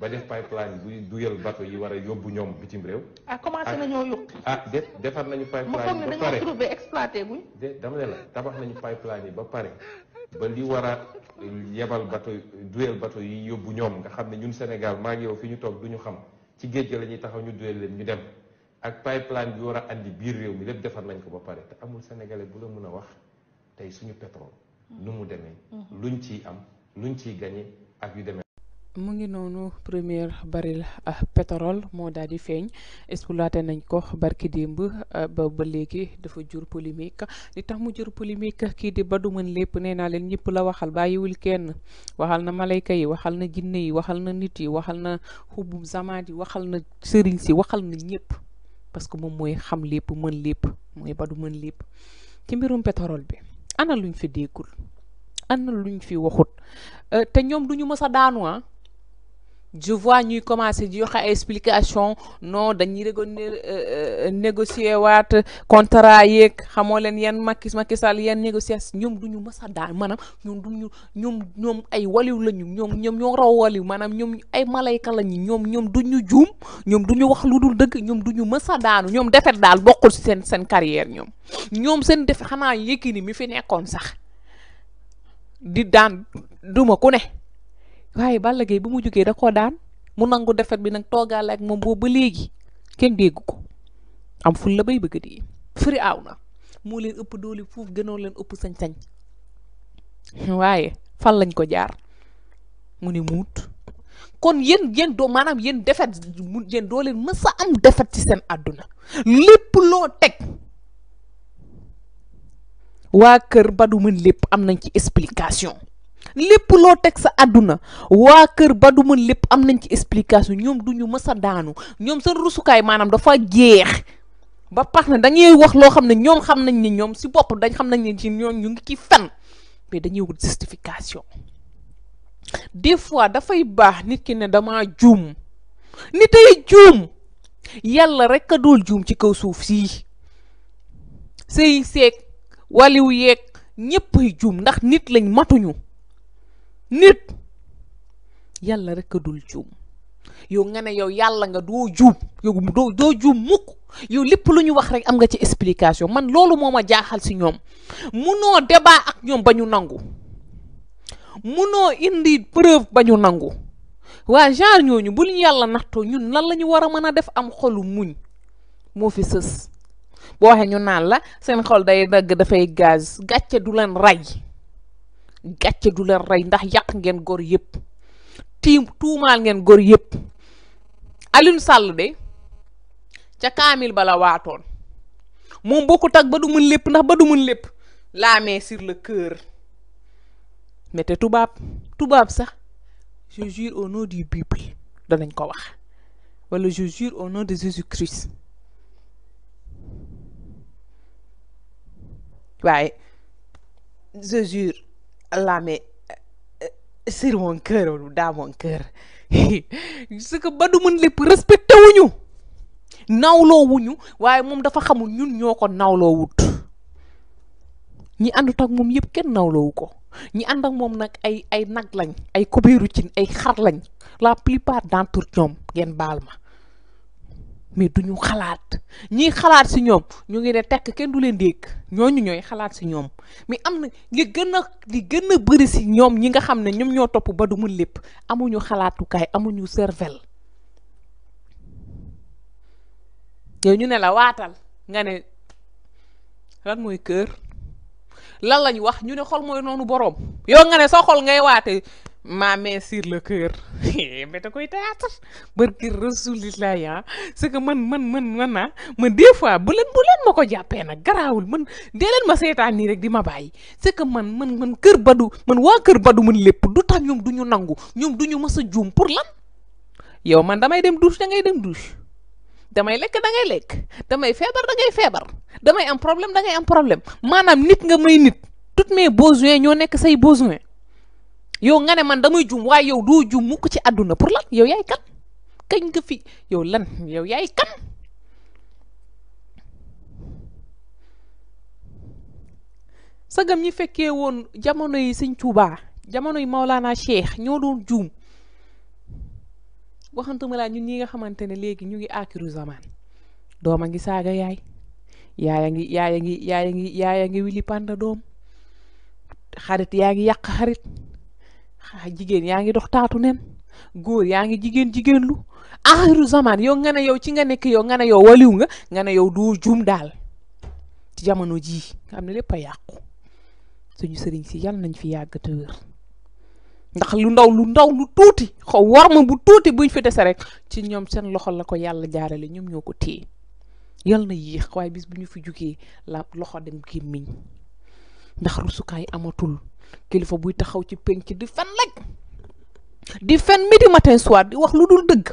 ba def pipeline buy duyal bateau yi wara yóbbu ñoom bitim réew. ah commencé ah, nañoo yokk. ah defar nañu pipeline. ba pare ma tabax nañu pipeline yi ba pare ba li war a yebal bateau duyal bateau yi yóbbu ñoom nga xam ne ñun Sénégal maa ngi yow fi ñu toog du ñu xam ci géej gi la ñuy taxaw ñu duyal leen ñu dem. ak pipeline bi war a andi biir réew mi lépp defar nañ ko ba pare te amul sénégalais bu la mën a wax tey suñu pétrole nu mu demee mhm. luñ ciy am luñ ciy gañe ak yu demee mu ngi noonu premier baril ah, pétrole moo daal di feeñ exploité nañ ko barki démb ah, ba ba léegi dafa jur polémique li tax mu jur polémique kii di ba du mën lépp nee naa leen ñëpp la waxal bàyyiwul kenn waxal na malayka yi waxal na jinne yi waxal na nit yi waxal na xubub zamaat yi waxal na sëriñ si waxal na ñëpp parce que moom mooy xam lépp mën lépp mooy ba du mën lépp ci mbirum pétrole bi ana luñ fi déggul ana luñ fi waxut euh, te ñoom duñu mës a daanu ah. je vois ñuy commencé di joxe ay explication non dañuy régo euh, euh, négocier waat contrat yeeg xamoo leen yan Macky Macky Sall yan négociation ñoom du ñu mës a daal maanaam ñoom du ñoom ñoom ay waliw lañu ñoom ñoom ñoo raw waliw maanaam ñoom ay malayka lañu ñoom ñoom du ñu juum ñoom du ñu wax lu dul dëgg ñoom du ñu mës a daanu ñoom defet daal bokkul si seen seen carrière ñoom ñoom seen defe xanaa ni mi fi nekkoon sax di daan duma ku ne waaye Balla Gaye bu mu jógee da koo daan mu nangu defet bi nag toogaale ak moom boobu ba léegi kenn dégg ko am ful la bay bëgg di firi aaw na moo leen ëpp doole fuuf gënoo leen ëpp sañ-sañ waaye fan lañ ko jaar mu ne muut kon yéen yéen doo maanam yéen defet yéen dooleen leen mës a am defet ci seen àdduna lépp loo teg waa kër ba du mën lépp am nañ ci explication lépp loo teg sa àdduna waa kër ba du ma lépp am nañ ci explication ñoom du ñu mës daanu ñoom seen rusukaay maanaam dafa jeex ba pax na dañuy wax loo xam ne ñoom xam nañ ni ñoom si bopp dañ xam nañ ne ci ñoom ñu ngi ci fen mais dañuy wut justification des dafay baax nit ki ne dama juum nitay juum yàlla rek a dul juum ci kaw suuf sii sëy seek waliw yeeg ñëppay juum ndax nit lañ matuñu nit yàlla rek a dul juum yow nga ne yow yàlla nga doo juum yow doo doo juum mukk yow lépp lu ñu wax rek am nga ci explication man loolu moom a jaaxal si ñoom munoo débat ak ñoom ba ñu nangu munoo indi preuve ba ñu nangu waa genre ñooñu bu ñu yàlla naxtoo ñun lan la ñu war a mën a def am xolu muñ moo fi sës boo waxee ñu naan la seen xol day dagg dafay gaz gàcce du leen raj gàcce du leen rey ndax yàq ngeen góor yëpp tiim tuumaal ngeen góor yëpp Alioune Sall de ca kaamil bala waatoon moom ko tag ba du mën lépp ndax ba du mën lépp la sur le cœur mais te tubaab tubaab sax je jure au nom du Bible danañ ko wax wala je jure au nom de Jésus-Christ waaye là mais sur mon cœur ou dans mon cœur ba du mën lépp respecté nawloowuñu waaye moom dafa xamul ñun ñoo ko nawloo wut ñi àndut ak moom yëpp kenn nawloowu ko ñi ànd ak moom nag ay ay nag lañ ay kubéeru cin ay xar lañ la plupart d'entre ñoom ngeen baal ma mais duñu xalaat ñiy xalaat si ñoom ñu ngi ne tekk kenn du leen dégg ñooñu ñooy xalaat si ñoom mais am na li gën a li gën a bëri si ñoom ñi nga xam ne ñoom ñoo topp ba du mun lépp amuñu xalaatukaay amuñu servel yow ñu ne la waatal nga ne lan mooy kër lan lañ wax ñu ne xol mooy noonu boroom yow nga ne soo xol ngay waate ma main sur le cœur mbéta koy théâtre barki rasulillahi ah c'est que man man man man ah man des fois bu leen ma ko jàppee nag garaawul man dee leen ma seetaan nii rek di ma bàyyi c'est que man man man kër badu man waa kër badu man lépp du tax ñoom du ñu nangu ñoom du ñu mës a juum pour lan yow man damay dem douche da ngay dem douche damay lekk da lekk damay feebar da feebar damay am problème da am problème maanaam nit nga may nit toutes mes besoins ñoo nekk say besoins yow nga ne man damay jum waaye yow doo jum ko ci àdduna pour lan yow yaay kan kañ nga fi yow lan yow yaay kan sagam ñi fekkee woon jamono yi sëñ Tuubaa jamono yi Maolana Cheikh ñoo doon juum waxantuma laa ñun ñi nga xamante ne léegi ñu ngi akiru zaman doom a ngi saaga yaay yaaya ngi yaaya ngi yaaya ngi yaaya wili panda doom xarit yaa ngi yàq xarit Ah, jigéen yaa ngi dox taatu nen góor yaa ngi jigéen jigéen lu aaxiru zaman yow nga ne yow ci nga nekk yow nga ne yow waliw nga nga ne yow doo juum daal ci jamono jii nga xam ne lépp a yàqu suñu sëriñ si yàlla nañ fi yàgg wér ndax lu ndaw lu ndaw lu tuuti xaw war ma bu tuuti buñ fi dese rek ci ñoom seen loxo la ko yàlla jaarale ñoom ñoo ko téye yal na yéex waaye bis bu ñu fi jugee la loxo dem gémmiñ ndax rusukaay amatul kilifa buy taxaw ci penc di fen lek di fen midi matin soir di wax lu deug dëgg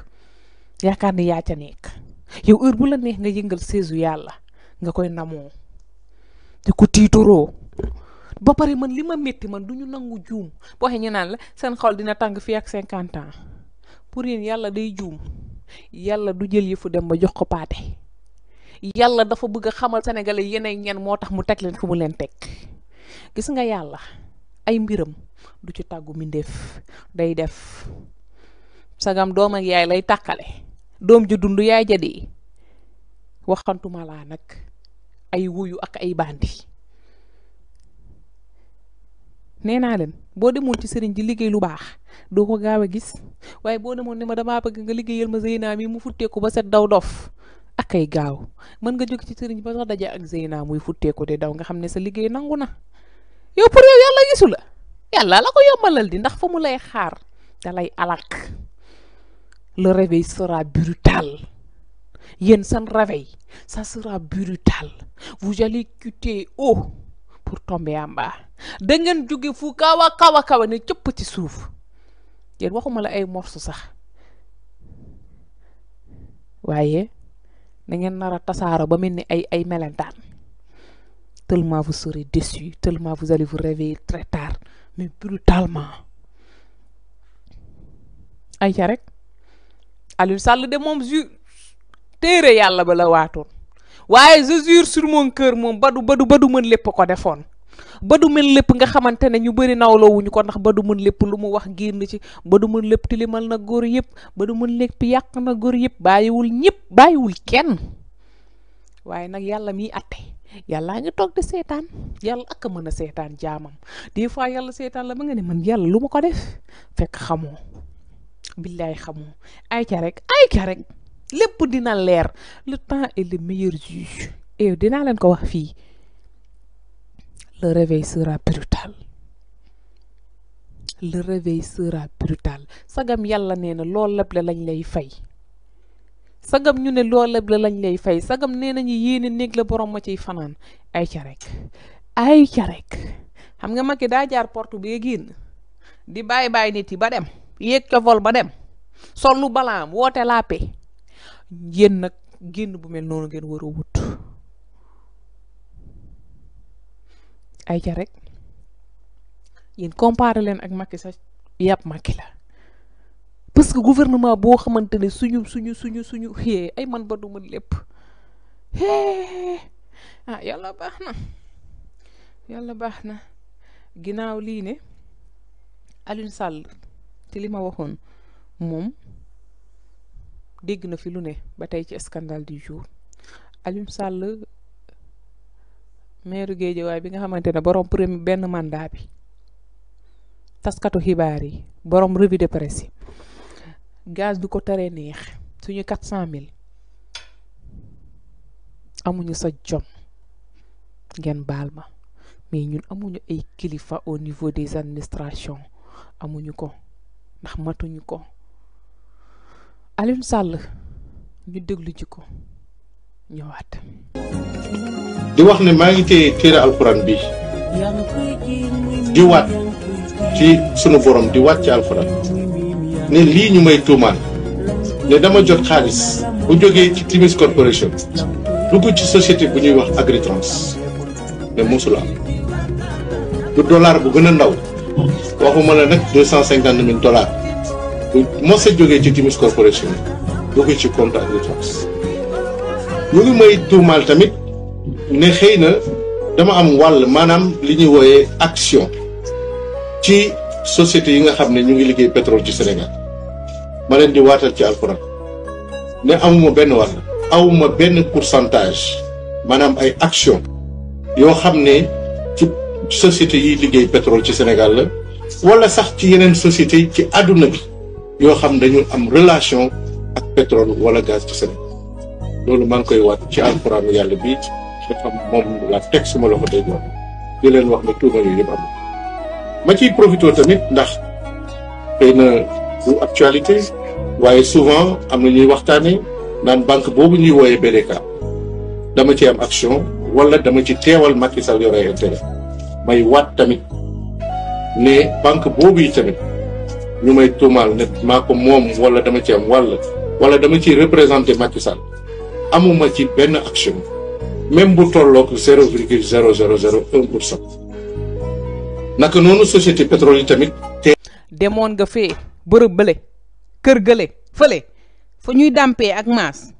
ni ya ca nek yow heure bu la neex nga yengal sezu yalla nga koy namo di ko ba pare man lima metti man duñu ñu nangu juum boo waxee ñu naan la seen xol dina tang fi ak 50 ans pour yeen yalla day juum yalla du jël yefu dem ba jox ko paté yalla dafa bëgg xamal sénégalais yeneen ñen motax mu tek leen fu mu leen tek gis nga yalla ay mbiram du ci tàggu mbindéef day def sagam doom ak yaay lay tàqale doom ju dund yaay jadi waxantuma laa nag ay wuyu ak ay bandi nee naa leen boo demoon ci sëriñ ji liggéey lu baax doo ko gaaw a gis waaye boo demoon ne ma damaa bëgg nga liggéeyal ma Zeyna mi mu futteeku ba set daw dof ak ay gaaw mën nga jóg ci sëriñ ba sax daje ak Zeyna muy futteeku de daw nga xam ne sa liggéey nangu na yow pour yàlla gisu la yàlla la ko yombalal di ndax fa mu lay xaar da lay alak le réveil sera brutal yéen seen réveil ça sera brutal vous allez quitter pour tomber en bas da ngeen jóge fu kaw a kaw ne cëpp ci suuf yéen waxuma la ay morceau sax waaye na ngeen nar a tasaaro ba mel ni ay ay melentaan tellement vous serez déçu, tellement vous allez vous réveiller très tard, mais brutalement. Aïe, rek Aliou ça de moom jure téere yalla, bala, la Waye, je jure sur mon cœur mon badu badu badu mon lépp ko defoon badu mën lépp nga xamante ne ñu bëri nawlawuñu ko ndax badu mën lépp lu mu wax genn ci badu mën lépp tilimal na gor yep badu mën lépp yak na gor yep bayiwul ñep bayiwul kenn waye nak yalla mi atté yàllaa ngi toog di seetaan yàlla ak a mën a seetaan jaamam des fois yàlla seetaan la ba nga ne man yàlla lu ma ko def fekk xamoo billaay xamoo ay ca rek ay ca rek lépp dina leer le temps est le meilleur juge dinaa leen ko wax fii le réveil sera brutal le réveil sera brutal sagam yàlla nee na loolu lépp lañ lay fay sagam ñu ne loola la lañ lay fay sagam nee nañu yéene neeg la borom ma ciy fanaan ay ci rek ay ci rek xam nga Macky da jaar porte bi di bay bay nit yi ba dem yek ca vol ba dem sollu balam wote la pe yeen nak genn bu mel nonu genn war wut ay ci rek yeen comparer len ak Macky sa yap la parce que gouvernement boo xamante ne suñu suñu suñu suñu xëyee ay man ba du mën lépp ah baax na yàlla baax na ginnaaw lii ne Alioune Sall ci li ma waxoon moom dégg na fi lu ne ba tey ci scandale du jour Alioune Sall maire Guédiawaye bi nga xamante ne borom premier benn mandat bi taskatu xibaar yi borom revue de presse yi. gaz du ko taree neex suñu quatre cent mille amuñu sa jom ngeen baal ma mais ñun amuñu ay kilifa au niveau des administrations amuñu ko ndax matuñu ko Alioune sàll ñu déglu ji ko ñëwaat. di wax ne maa ngi téye téere alxuraan bi di waat ci sunu borom di waat ci alxuraan. ne lii ñu may tuumaal ne dama jot xaalis bu jógee ci Timis Corporation dugg ci société bu ñuy wax Agritrans ne mosul am bu dollar bu gën a ndaw waxuma la nag deux cent cinquante mille dollars bu mos a jógee ci Timis Corporation dugg ci compte Agritrans ñu ngi may tuumaal tamit ne xëy na dama am wàll maanaam li ñuy wooyee action ci société yi nga xam ne ñu ngi liggéey pétrole ci Sénégal ma leen di waatal ci alxuraan ne amuma benn wàll awuma benn pourcentage maanaam ay action yoo xam ne ci société yiy liggéey pétrole ci Sénégal la wala sax ci yeneen société yi ci àdduna bi yoo xam dañu am relation ak pétrole wala gaz ci Sénégal loolu maa ngi koy waat ci alxuraanu yàlla bi dafa moom la teg suma loxo day jox di leen wax ne tuuma yooyu yëpp am ma ciy profité tamit ndax xëy na bu actualité waaye souvent am na ñuy waxtaane naan banque boobu ñuy wooyee BDK dama ci am action wala dama ci teewal Macky Sall yore intérêt may waat tamit ne banque boobu yi tamit ñu may tuumaal ne maa moom wala dama ci am wàll wala dama ci représenté Macky Sall amuma ci benn action même bu tolloog zéro virgule zéro zéro zéro un pour cent naka noonu société pétrole yi tamit te demoon nga fee bërëb bële kër gële fële fa ñuy dàmpee ak maas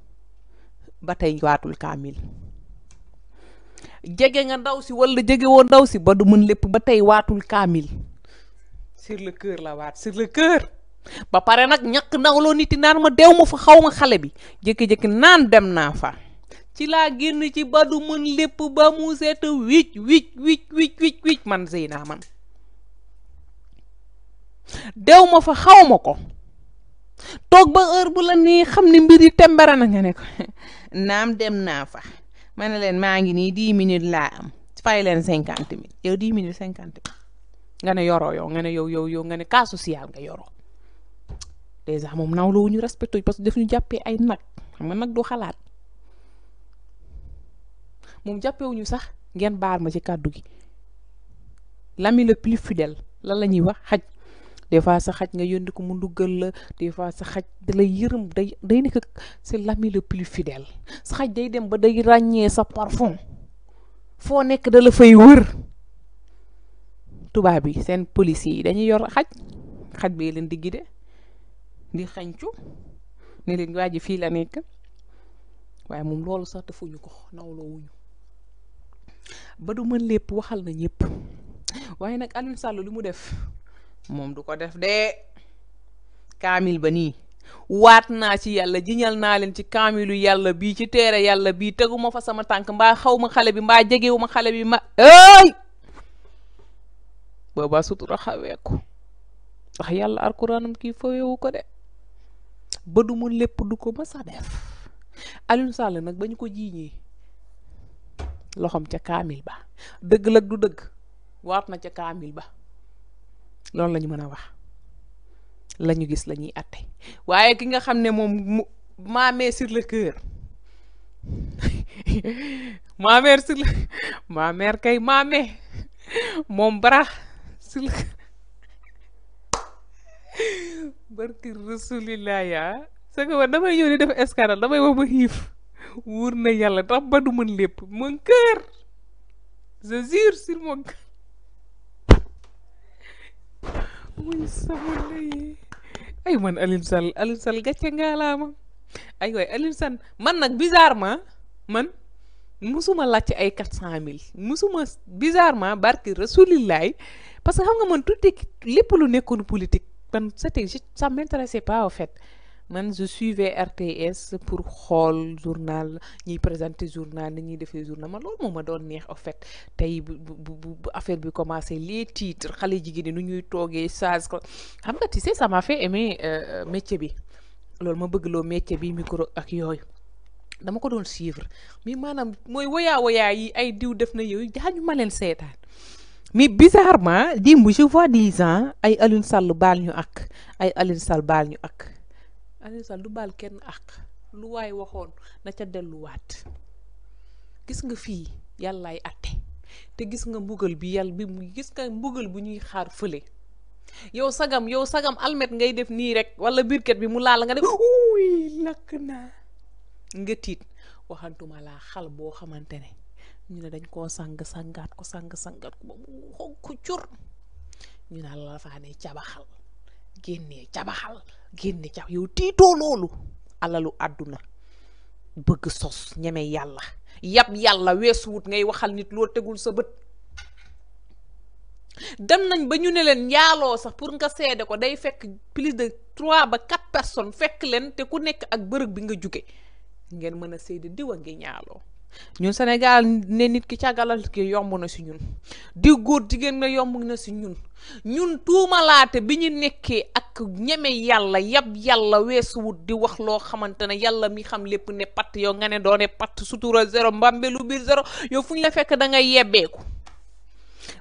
ba tey waatul kaamil jege nga ndaw si walla jege woo ndaw si ba du mën lépp ba tey waatul kaamil sur le cœur la waat sur le cœur ba pare nag ñàkk nawloo nit yi naan ma deew ma fu xaw ma xale bi jékki-jékki naan dem naa fa ci laa génn ci ba du mën lépp ba mu set wicc wicc wicc wicc wicc wicc man Zeyna man dew ma fa xaw ma ko toog ba heure bu la nii xam ne mbir yi tembara na nga ne ko naam dem naa fa ma ne leen maa ngi nii dix minutes laa am fay leen cinquante mille yow dix minutes cinquante mille nga ne yoroo yow nga ne yow yow yow nga ne cas social nga yoroo dèjà moom naw la ñu respecté parce que daf ñu jàppee ay nag xam nga nag du xalaat moom jàppewuñu sax ngeen baar ma ci kàddu gi l'ami le plus fidèle lan la ñuy wax xaj des fois sa xaj nga yónni ko mu nduggal la des fois sa xaj da lay yërëm day day nekk l'ami le plus fidèle sa xaj day dem ba day ràññee sa parfum foo nekk da la fay wër tubaab yi seen policiers yi dañuy yor xaj xaj bee leen di gide di xañcu ne leen waa fii la nekk waaye moom loolu sax defuñu ko nawloowuñu ba du mën lépp waxal na ñépp waaye nag Aliou Sall li mu def moom du ko def de kaamil ba nii waat naa ci yàlla jiñal naa leen ci kaamilu yàlla bii ci teere yàlla bii teguma fa sama tànk mbaa xaw ma xale bi mbaa jegewu ma xale bi ma ey boobaa sutura xaweeku ndax yàlla alquraanam kii fawewu ko de ba du mu lépp du ko mës a def Aliou Sall nag ba ñu ko jiiñee loxom ca kamil ba deug lag du deug wat na ca kamil ba lolou lañu mëna wax lañu gis lañuy atté waye ki nga xamné mom ma mu sur le cœur mère sur le mère kay maamee mom bra sur le barki rasulillah ya ah. sa ko dama ñëw ni def dama ba wour na yalla tax ba du mën lépp mon cœur je jure sur mon cœur muy sama ay man alim sal alim sal gatcha ngalama ay way alim san man nag bizarrement man musuma lacc ay 400000 musuma bizarrement barki rasulillah parce que xam nga man tout lepp lu nekkone politique man c'était ça m'intéressait pas au fait man je suivais RTS pour xool journal ñuy présenter journal ni ñuy defee journal man loolu moo ma doon neex en fait tey bu bu bu affaire bi commencé les titres xale jigéen ñi nu ñuy toogee sage xam nga tu sais ça m'a fait aimer euh, métier bi loolu ma bëgg loo métier bi micro ak yooyu dama ko doon suivre mais maanaam mooy woyaa woyaa yi ay diw def na yooyu jaañu ma leen seetaan mais bizarrement dimb je vois des gens ay Alioune Sall baal ñu ak ay Alioune Sall baal ñu ak. Ane Sall du bal kenn ak lu way waxon na ca wat gis nga yalla ay te gis nga mbugal bi yalla bi gis nga mbugal bu ñuy xaar feulé yow sagam yow sagam almet ngay def ni rek wala birket bi mu laal nga def uy lakk nga tit waxantuma la xal bo xamantene ne ñu ne dañ ko sang sangat ko sang sangat ko ba ñu na la ne xal génnee cabaxal génne ca yow tiitoo loolu alalu àdduna bëgg sos ñeme yàlla yab yàlla weesuwut ngay waxal nit loo tegul sa bët dem nañ ba ñu ne leen ñaaloo sax pour nga seede ko day fekk plus de trois ba quatre personne fekk leen te ku nekk ak bërëb bi nga jóge ngeen mën a seede diwa ngi ñaaloo ñun Sénégal ne nit ki càggalal ki yomb na si ñun di góor jigéen na yomb na si ñun ñun tuumalaate bi ñu nekkee ak ñeme yàlla yab yàlla weesuwut di wax loo xamante ne yàlla mi xam lépp ne patt yow nga ne doone patt sutura zéro mbambe lu biir zéro yow fu ñu la fekk da ngay yebbeeku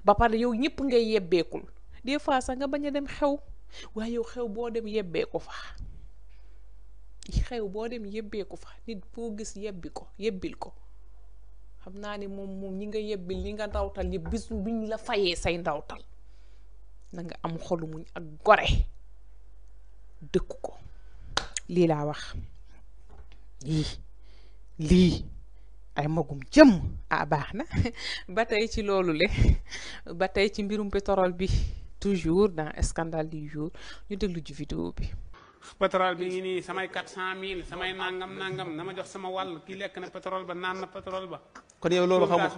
ba pare yow ñëpp ngay yebbeekul des fois sax nga bañ a dem xew waaye xew boo dem yebbee ko fa xew boo dem yebbee fa nit boo gis yebbi ko yebbil ko xam naa ni moom moom ñi nga yebbi li nga ndawtal yi bis biñ la fayee say ndawtal na nga am xolu muñ ak gore dëkku ko lii laa wax lii lii ay magum jëm ah baax na ba tey ci loolu le ba tey ci mbirum pétrole bi toujours dans scandale du jour ñu déglu ci vidéo bi pétrole bi ini, samai samay 400 000 samay nangam nangam na ma jox sama wàll kii lekk na pétrole ba naan na ba kon yow loolu xamul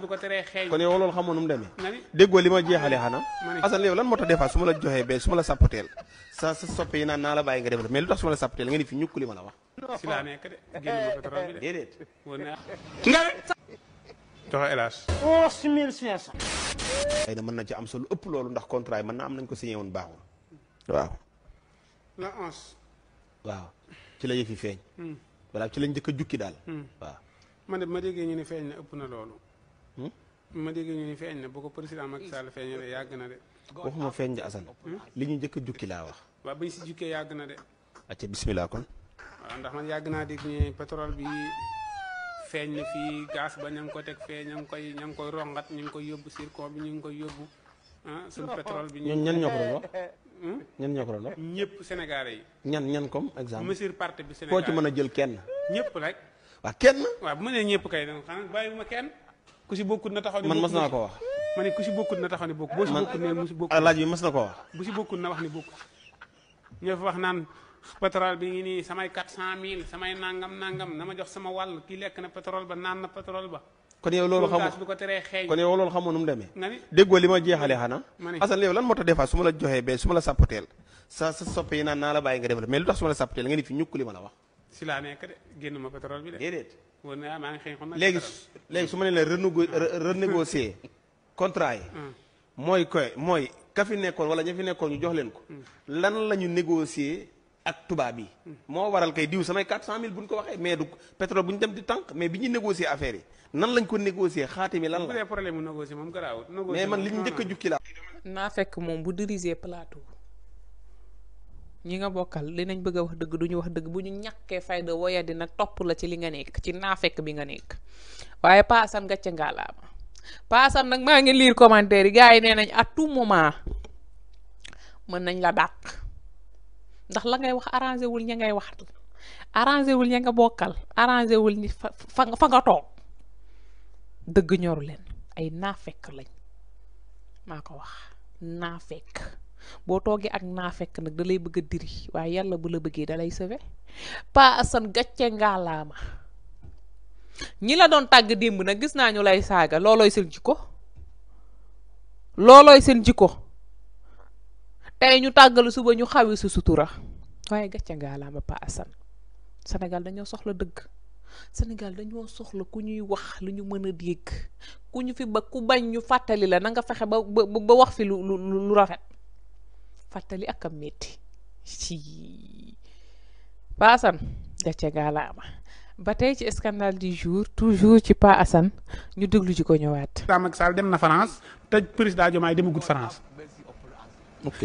kon yow loolu xamul nu mu demee déggoo li ma jeexalee xanaa Assane yow lan moo tax des fois ma la joxee bee su ma la sàppateel sa sa naan naa la bàyyi nga dem lu ma la sàppateel nga ni fi ñukk li ma la wax déedéet nga joxe mën na ci am solo ëpp loolu ndax contrat yi mën na am nañ ko signé woon baaxul waaw la onze ci la yëf yi feeñ walla hmm. ci lañ njëkk jukki daal hmm. waaw man de bu ma déggee ñu ni feeñ na ëpp na loolu. Hmm? ma déggee ñu ni feeñ na bu ko président Macky Sall feeñalee yàgg na de. waxuma feeñ de asan hmm? li ñu njëkk a jukki laa wax. waaw bañ si jukkee yàgg na de. acca bismillah kon. waaw ndax man yàgg naa dégg ñu pétrole bi feeñ na fii gaz ba ña ngi ko teg fee ña ngi koy ña ngi koy rongat ñu ngi koy yóbbu circon bi ñu ngi koy yóbbu ah sun pétrole bi. ñu ñan ñoo ko doon wax. Hmm? ñan ñoo ko doon wax. ñëpp Sénégalais yi. ñan ñan comme exemple. monsieur parti bi Sénégal koo ci mën a jël kenn. ñëpp rek. waa kenn. waaw bu ma nee ñëpp kay xanaa bàyyi ma kenn. ku si bokkut na taxaw ni man mas naa ko wax. ma ne ku si bokkut na taxaw ni bokk boo si laaj bi mas na ko wax. bu si bokkut na wax ni bokk ñoo fi wax naan pétrole bi ngi nii samay 400000 samay nangam na ma jox sama wàll kii lekk na pétrole ba naan na pétrole ba. kon yow loolu xamoo du ko teree xeeñ kon yow loolu xamoo nu demee. nga ni li ma jeexalee xanaa. ma ne Assane lan moo tax des su ma la joxee bee su ma la sàppateel sa sa soppe yi naan sila nek nekk de génn ma pétrole bi de. déedéet wóor na maa ngi xëy xam na. léegi léegi su renégocier contrat yi. moy hmm. koy moy ka fi nekkoon wala ña fi nekkoon ñu jox len ko. Hmm. lan lañu négocier ak tubaab bi hmm. mo waral kay diw samay 400000 buñ ko waxee mais du pétrole buñ dem di tank mais biñu négocier affaire yi nan lañ ko négocier khatimi lan la. bu dee problème mu négocier mais man liñu ñu jukki la na fekk mom bu diriger plateau. ñi nga bokkal dinañ bëgg wax dëgg duñu wax dëgg bu ñu fayda waya dina top la ci li nga nek ci nafek bi nga pa waaye gatcha ngala pa paasan nak ma ngi lire commentaire yi gaay nenañ à tout moment mën nañ la dakk ndax la ngay wax arranger wul ñi ngay wax arranger wul ñi nga bokal arranger wul ni fa fa nga toog dëgg ñoru len ay nafek lañ mako wax bo toge ak nafek fekk nag da bëgg diri way yalla bu la bëggé da lay pa asan gàcce ngaalaama ñi la doon tag démb nak gis naa ñu lay saga loloy seen jiko loloy seen jiko tay ñu tagal suba ñu xawé su sutura waaye la ngaalaama pa asan senegal dañu soxla dëgg senegal dañu soxla ku ñuy wax lu ñu nyu a dégg ku ñu fi ba ku bañ ñu fatali la na nga fexé ba ba wax fi lu lu rafet fàttali ak am métti ci Pa Assane gàcce gaalaama ba tey ci scandale du jour toujours ci Pa Assane ñu déglu ci ko ñëwaat. président Macky Sall dem na France te président Diomaye demagut France. ok.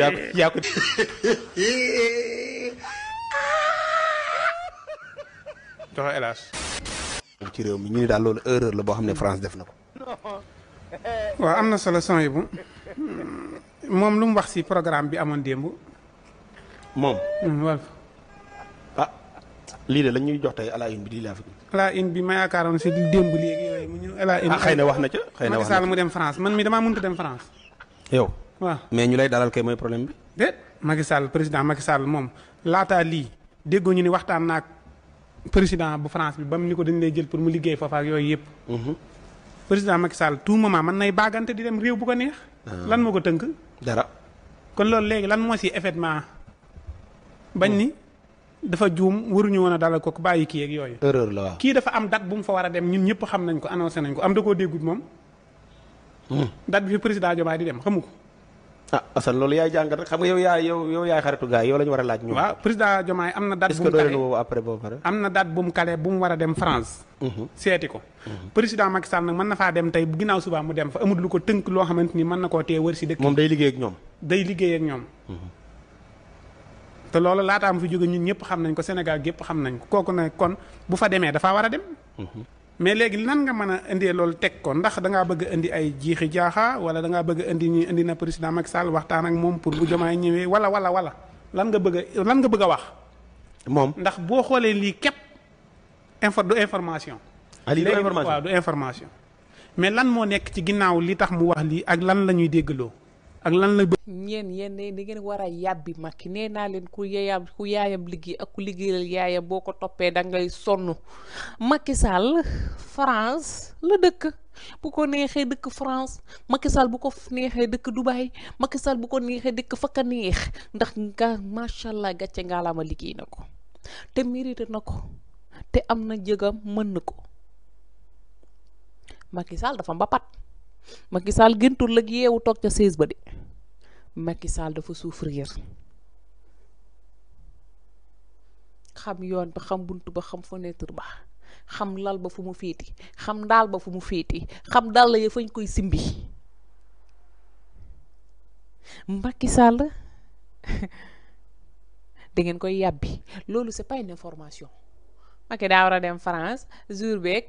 yaa ko yaa ko. ci réew mi ñu ne daal loolu erreur la boo xam ne France def na ko. waaw am na solo son yi bu moom lu mu wax ci programme bi amoon démb. moom. Mm, Walf. ah lii de la ñuy jox tey à la bi di laa fi. à une bi ma yaakaaroon ci démb léegi yooyu ah xëy na wax na ca xëy na wax na ca mu dem France man mi damaa mënut dem France. yow. waaw mais ñu lay dalal kay mooy problème bi. déet Macky Sall président Macky Sall moom laataa lii déggoo ñu ni waxtaan naag président bu France bi ba mu ni ko dañu lay jël pour mu liggéey foofa ak yooyu yëpp. Mhm. président Macky Sall tout moment mën nay baagante di dem réew bu ko neex. Ah. lan moo ko tënk. dara kon loolu léegi lan moo si effectivement bañ ni dafa juum waruñu woon a dalal ko bàyyi kii ak yooyu. erreur la waaw kii dafa am date bu mu fa war a dem ñun ñëpp xam nañ ko annoncé nañ ko am da koo déggut moom. Hmm. date bi fi président Diomaye di dem xamu ko. ah asal loolu yaay jàngat xam nga yow yaay yow yow yaay xaritu gaay yow lañu war a laaj ñu waaw président Diomaye am na date bu mu kale après boobu pare am na date bu mu kale bu mu war a dem France mhm. seeti ko mhm. président Macky Sall nag mën na faa dem tey bu ginnaaw suba mu dem fa amul lu ko tënk loo xamante ni mën na koo tee wër si dëkk moom day liggéey ak ñoom day liggéey ak ñoom mhm. te loolu laataam fi jóge ñun ñëpp xam nañ ko Sénégal gépp xam nañ ko kooku ne kon bu fa demee dafa war a dem mais légui nan nga mëna a indee loolu ko ndax da nga bëgg a indi ay jixi jaxa wala da nga bëgg a indi ni indi na président Macky Sall waxtaan ak mom pour bu jomaay ñëwé wala wala wala lan nga bëgg lan nga bëgg wax. mom ndax bo xolé li képp info du information. ali ah, do information léegi du information. mais lan mo nekk ci ginnaw li tax mu wax li ak lan lañuy déggelo ak lan la. ñeen yéen di ngeen yàbbi makki nee naa leen ku yaayam ku yaayam liggéey ak ku liggéeyal yaayam boo ko toppee da ngay sonn Macky Sall France la dëkk bu ko neexee dëkk France Macky bu ko neexee dëkk Dubaï Macky Sall bu ko neexee dëkk fa ka neex ndax nga macha allah gàcce ngaalaama liggéey na ko te mérite na ko te am na jëgam mën na ko Macky dafa mbapat. Macky Sall gëntul ak yeewu tok ca seize ba de Macky Sall dafa souffrir xam yoon ba xam buntu ba xam fenêtre ba xam lal ba fu mu féeti xam dal ba fu mu xam dàll ya fañ koy simbi Macky Sall da ngeen koy yabbi lolu c'est pas une information Macky da wara dem France jour beeg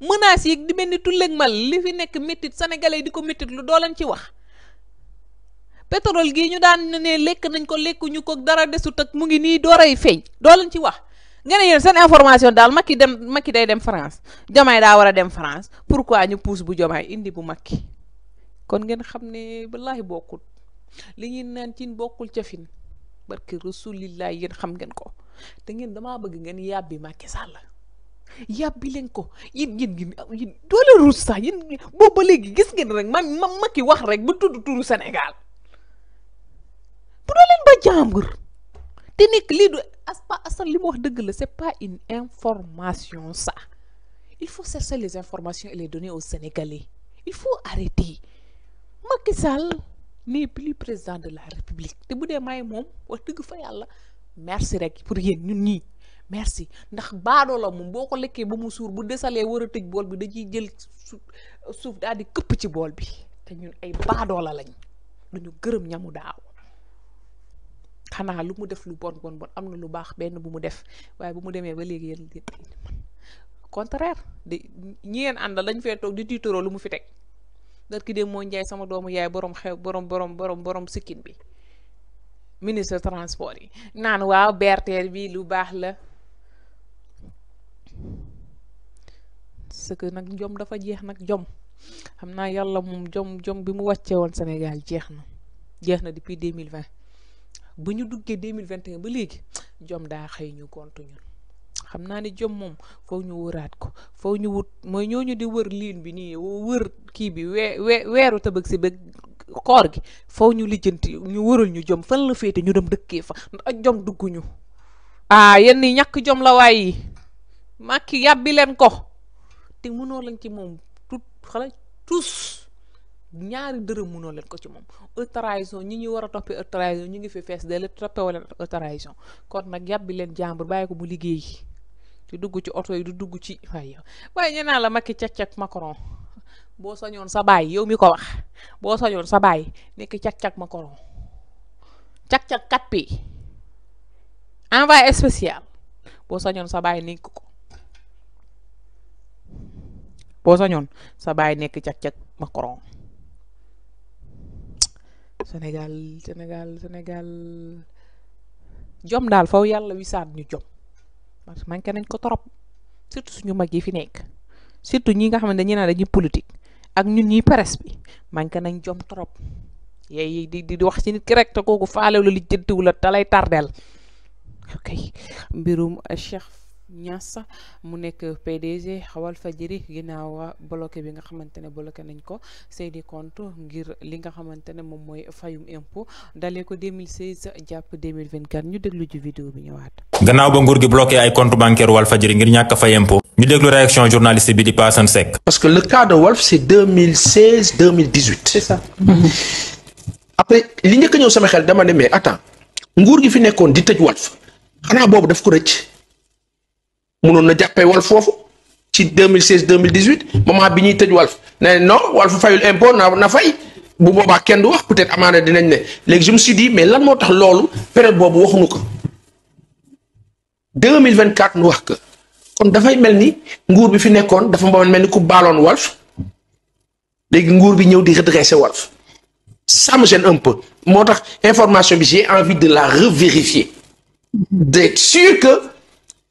menaces yi di mel ni tulleeg mal li fi nekk méttit sénégalais di ko méttit lu doolan ci wax pétrole gii ñu daan ne lekk nañ ko lekkuñu ko dara desut ak mu ngi nii door dooray feeñ doolan ci wax nga ne yéen seen information daal Macky dem Macky day dem France Diomaye daa war a dem France pourquoi ñu pousse bu Diomaye indi bu Macky kon ngeen xam ne wallaahi bokkul li ñuy naan cin bokkul ca fin barke rasulillahi yéen xam ngeen ko te ngeen damaa bëgg ngeen yàbbi Macky Sall ya bilenko ko yéen yéen yéen doole ruus bo yéen boobu ba léegi gis ngeen rek ma ma Macky wax rek bu tudd turu Sénégal bu do len ba jàmbur te nekk li du aspa asal li mu wax deug la c'est pas une information ça il faut chercher les informations et les donner aux Sénégalais il faut arrêter Macky Sall n'est plus président de la République te bu dee may mom wax deug fa yalla merci rek pour yéen ñun ñi merci ndax baadoo la moom boo ko lekkee ba mu suur bu desalee war tëj bool bi dañuy jël suuf daal di këpp ci bool bi te ñun ay baadoo lañ duñu gërëm ñamu daaw xanaa lu mu def lu bon bon bon am na lu baax benn bu mu def waaye bu mu demee ba léegi yéen contraire de ñi ngeen ànd lañ fee toog di tiitoroo lu mu fi teg dar ki dem moo njaay sama doomu yaay boroom xew boroom boroom borom borom sikkin bi ministre transport yi naan waaw berteer bi lu baax la parce que nag jom dafa jeex nag jom xam naa yàlla moom jom jom bi mu wàccee woon Sénégal jeex na jeex na depuis deux mille vingt ba ñu duggee deux mille vingt et ba léegi jom daa xëy ñu gontu ñun xam naa ni jom moom foog ñu wëraat ko foo ñu wut mooy ñu di wër liin bi nii wër kii bi wee weeru tabëg si ba koor gi foog ñu lijjant ñu wërul ñu jom fan la féete ñu dem dëkkee fa ndax jom dugg ñu ah yenn ñàkk jom la waay yi Macky yàbbi leen ko te mënoo leen ci moom tout xale tous ñaari dërëm mënoo leen ko ci moom haute ñi ñuy war a toppee haute trahison ñu ngi fi fees delloo toppewoo leen haute kon nag yàbbi leen jàmbur bàyyi ko bu liggéey di dugg ci oto yi du dugg ci waaye yow naa la Macky càq-càq Macron boo sañoon sa baay yow mi ko wax boo sañoon sa baay nekk càq-càq Macron càq-càq kat bi envoyé spécial boo sañoon sa baay nekk ko. boo sañoon sa bay nekk cag Senegal, Macron Senegal. senegal senegal jom dal faw yàlla wisaan ñu jom parce que ken nañ ko torop surtout suñu mag yi fi nekk surtout ñi nga xamne politique ak ñun ñi press bi ken nañ jom torop yeey di di wax ci nit ki rek te koku faalew la li jëntu wala talay tardel mbirum Cheikh Niass mu nekk PDG Walfadjri ginnaaw bloqué bi nga xamante ne bloqué nañ ko seeni compte ngir li nga xamante ne moom mooy fayum impôt dalee ko 2016 jàpp 2024 ñu déglu ci vidéo bi ñëwaat. gannaaw ba nguur gi bloqué ay compte bancaire Walfadjri ngir ñàkk fay impôt ñu déglu réaction journaliste bi di Pa Assane Seck. parce que le cas de Walf c'est 2016 2018. c'est ça. après li njëkk ñëw sama xel dama ne mais attends nguur gi fi nekkoon di tëj Walf xanaa boobu daf ko rëcc. mënoon na jàppee Walf Wolf, ci 2016 2018 moment bi ñuy tëj Walf ne non Wolf fayul impôt na na fay bu boobaa kenn du wax peut-être amana dinañ né légui je me suis dit mais lan mo tax lolu période bobu waxuñu ko 2024 nu wax ko kon da fay ni nguur bi fi nekkoon dafa mën mel ni ku ballon Wolf. légui nguur bi ñëw di redresser Wolf. ça me gêne un peu motax information bi j'ai envie de la revérifier d'être sûr que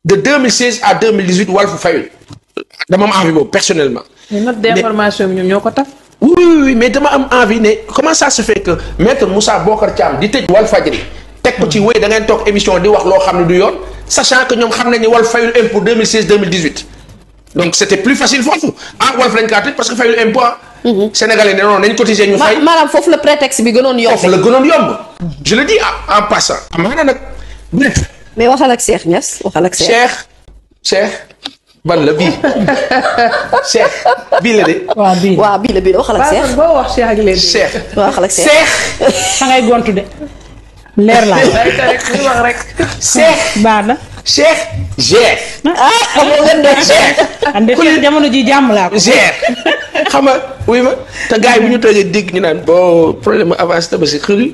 de 2016 à 2018 Walfu fayul dama am envie personnellement. mais note d'information bi ñoom ñoo oui oui mais dama am envie mais comment ça se fait que maître Moussa Bokar Thiam di tëj Walfadjri teg ko ci wéy da ngeen une émission di wax loo xam du sachant que nous sommes nañ ne Walf pour 2016 2018 donc c'était plus facile foofu ah Walf lañ kaa parce que fayul impôt ah. mhm. Sénégalais ne non nañ cotiser ñu fay. maanaam foofu le prétexte bi gënoon yomb. foofu le gënoon yomb. je le dis en passant. bref. mais waxal ak Cheikh Niass waxal ak. Cheikh Cheikh ban la bii Cheikh bii la de. waaw bii la bii la waxal ak. Cheikh boo wax Cheikh ak léegi. Cheikh waxal ak Cheikh. de. leer laa wax rek. Cheikh baax na. Ah, jamono ji jàmm laa ko. Cheikh xam nga wuy ma te gars yi bu ñu toogee dégg ñu naan boo problème mu avance tabaski xëy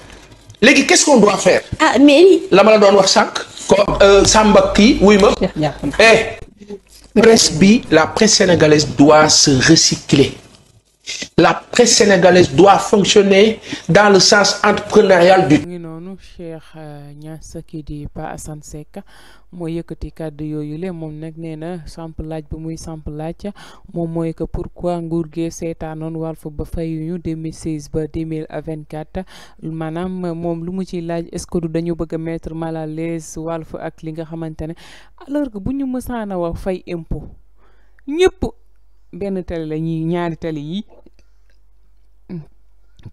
Légui, qu'est-ce qu'on doit faire. ah mais. la maladie doit nous wax ko euh, Samba qui, ma. eh presse la presse sénégalaise doit se recycler. la presse sénégalaise doit fonctionner dans le sens entrepreneurial du. nous cher Cheikh euh, Niass qui dit pas à Sansek. mooy yëkkati kàddu yooyu le moom nag nee na samp laaj bi muy samp laaj moom mooy que pourquoi nguur gee seetaanoon Walf ba fayuñu 2016 ba 2024 maanaam moom lu mu ciy laaj est-ce que du dañu bëgg a mettre mal à Walf ak li nga xamante ne alors que bu ñu mësaan a wax fay impôt ñëpp benn tali la ñuy ñaari tali yi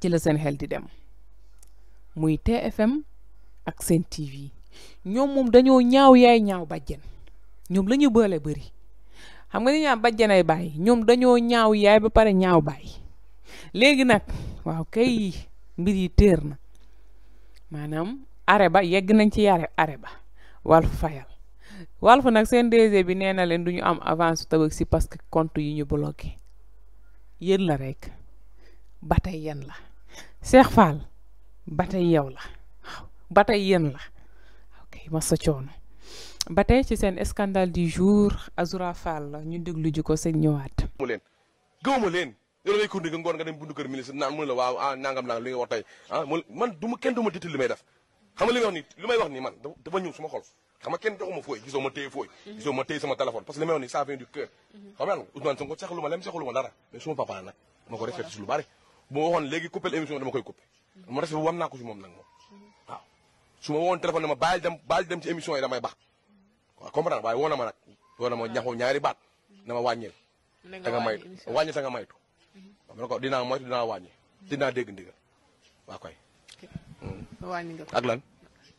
ci la seen xel di dem muy TFM ak seen TV ñoom moom dañoo ñaaw yaay ñaaw bàjjen ñoom lañuy ñu bële bëri xam nga ni ñaa bàjjen ay bàyyi ñoom dañoo ñaaw yaay ba pare ñaaw bàyyi léegi nag waaw kay mbir yi téer na maanaam are ba yegg nañ ci yare are ba Walf fayal Walf nag seen DG bi nee na leen du ñu am avance Tabaski parce que compte yi ñu bloqué yéen la rekk ba tey la Cheikh Fall ba tey yow la waaw ba tey yéen la ok massa coono batay ci sen scandale du jour Azoura Fall ñu deglu ji ko seen ñëwaat. gëw ma leen gëw ma leen yow da kundi nga nga dem bundu keur ministre naan mu la waaw ah nangam la li nga wax tay ah, man duma ma kenn du ma li may def xam nga li may wax ni li may wax ni man dafa ñëw suma xol xam nga kenn joxuma fooy gisoo ma téye fooy mhm. gisoo sama telephone parce que li may wax nii ça vient du cœur mhm. xam nga Ousmane Sonko saxalu ma lem saxalu ma dara mais suma papa nak mako ko ci si lu bari bu ma legui couper émission dama koy couper mo mhm. respecté bu wam naa ko si moom nag moom su ma woon téléphone ne ma bàyyil dem bàyyil dem ci émission yi damay baax waaw comprendre waaye woo ma nag woo na ma ñaxu ñaari baat na ma wàññil. da nga maytu mhm. wàññi sa nga maytu. xam dégg ndigal waa koy. Mm. wàññi nga ko ak lan.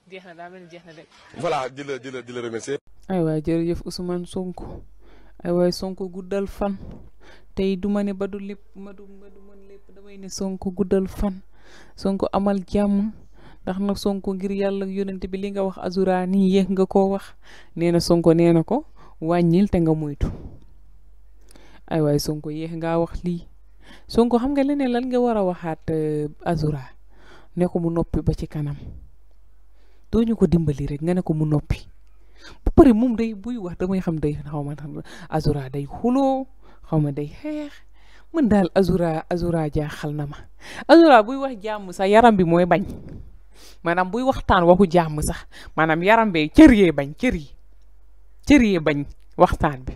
jeex na daa mel ni jeex na de. voilà di la di la di la guddal fan tey du ma ne ba du lépp ma du ma lépp damay ne Sonko guddal fan Sonko amal jàmm. ndax nag sonko ngir yàlla yonent bi li nga wax azura ni yéeg nga koo wax nee na sonko nee na ko wàññil te nga moytu ay waay sonko yéex ngaa wax lii sonko xam nga leneen lan nga war a waxaat euh, azura ne ko mu noppi ba ci kanam doo ñu ko dimbali rek nga ne ko mu noppi ba pare moom day buy wax damay xam day xaw ma azura day xuloo xaw ma day xeex mën daal azura azura jaaxal na ma azura buy wax jàmm sa yaram bi mooy bañ maanaam buy waxtaan waxu jàmm sax maanaam yaram bee cër yee bañ cër yi cër yee bañ waxtaan bi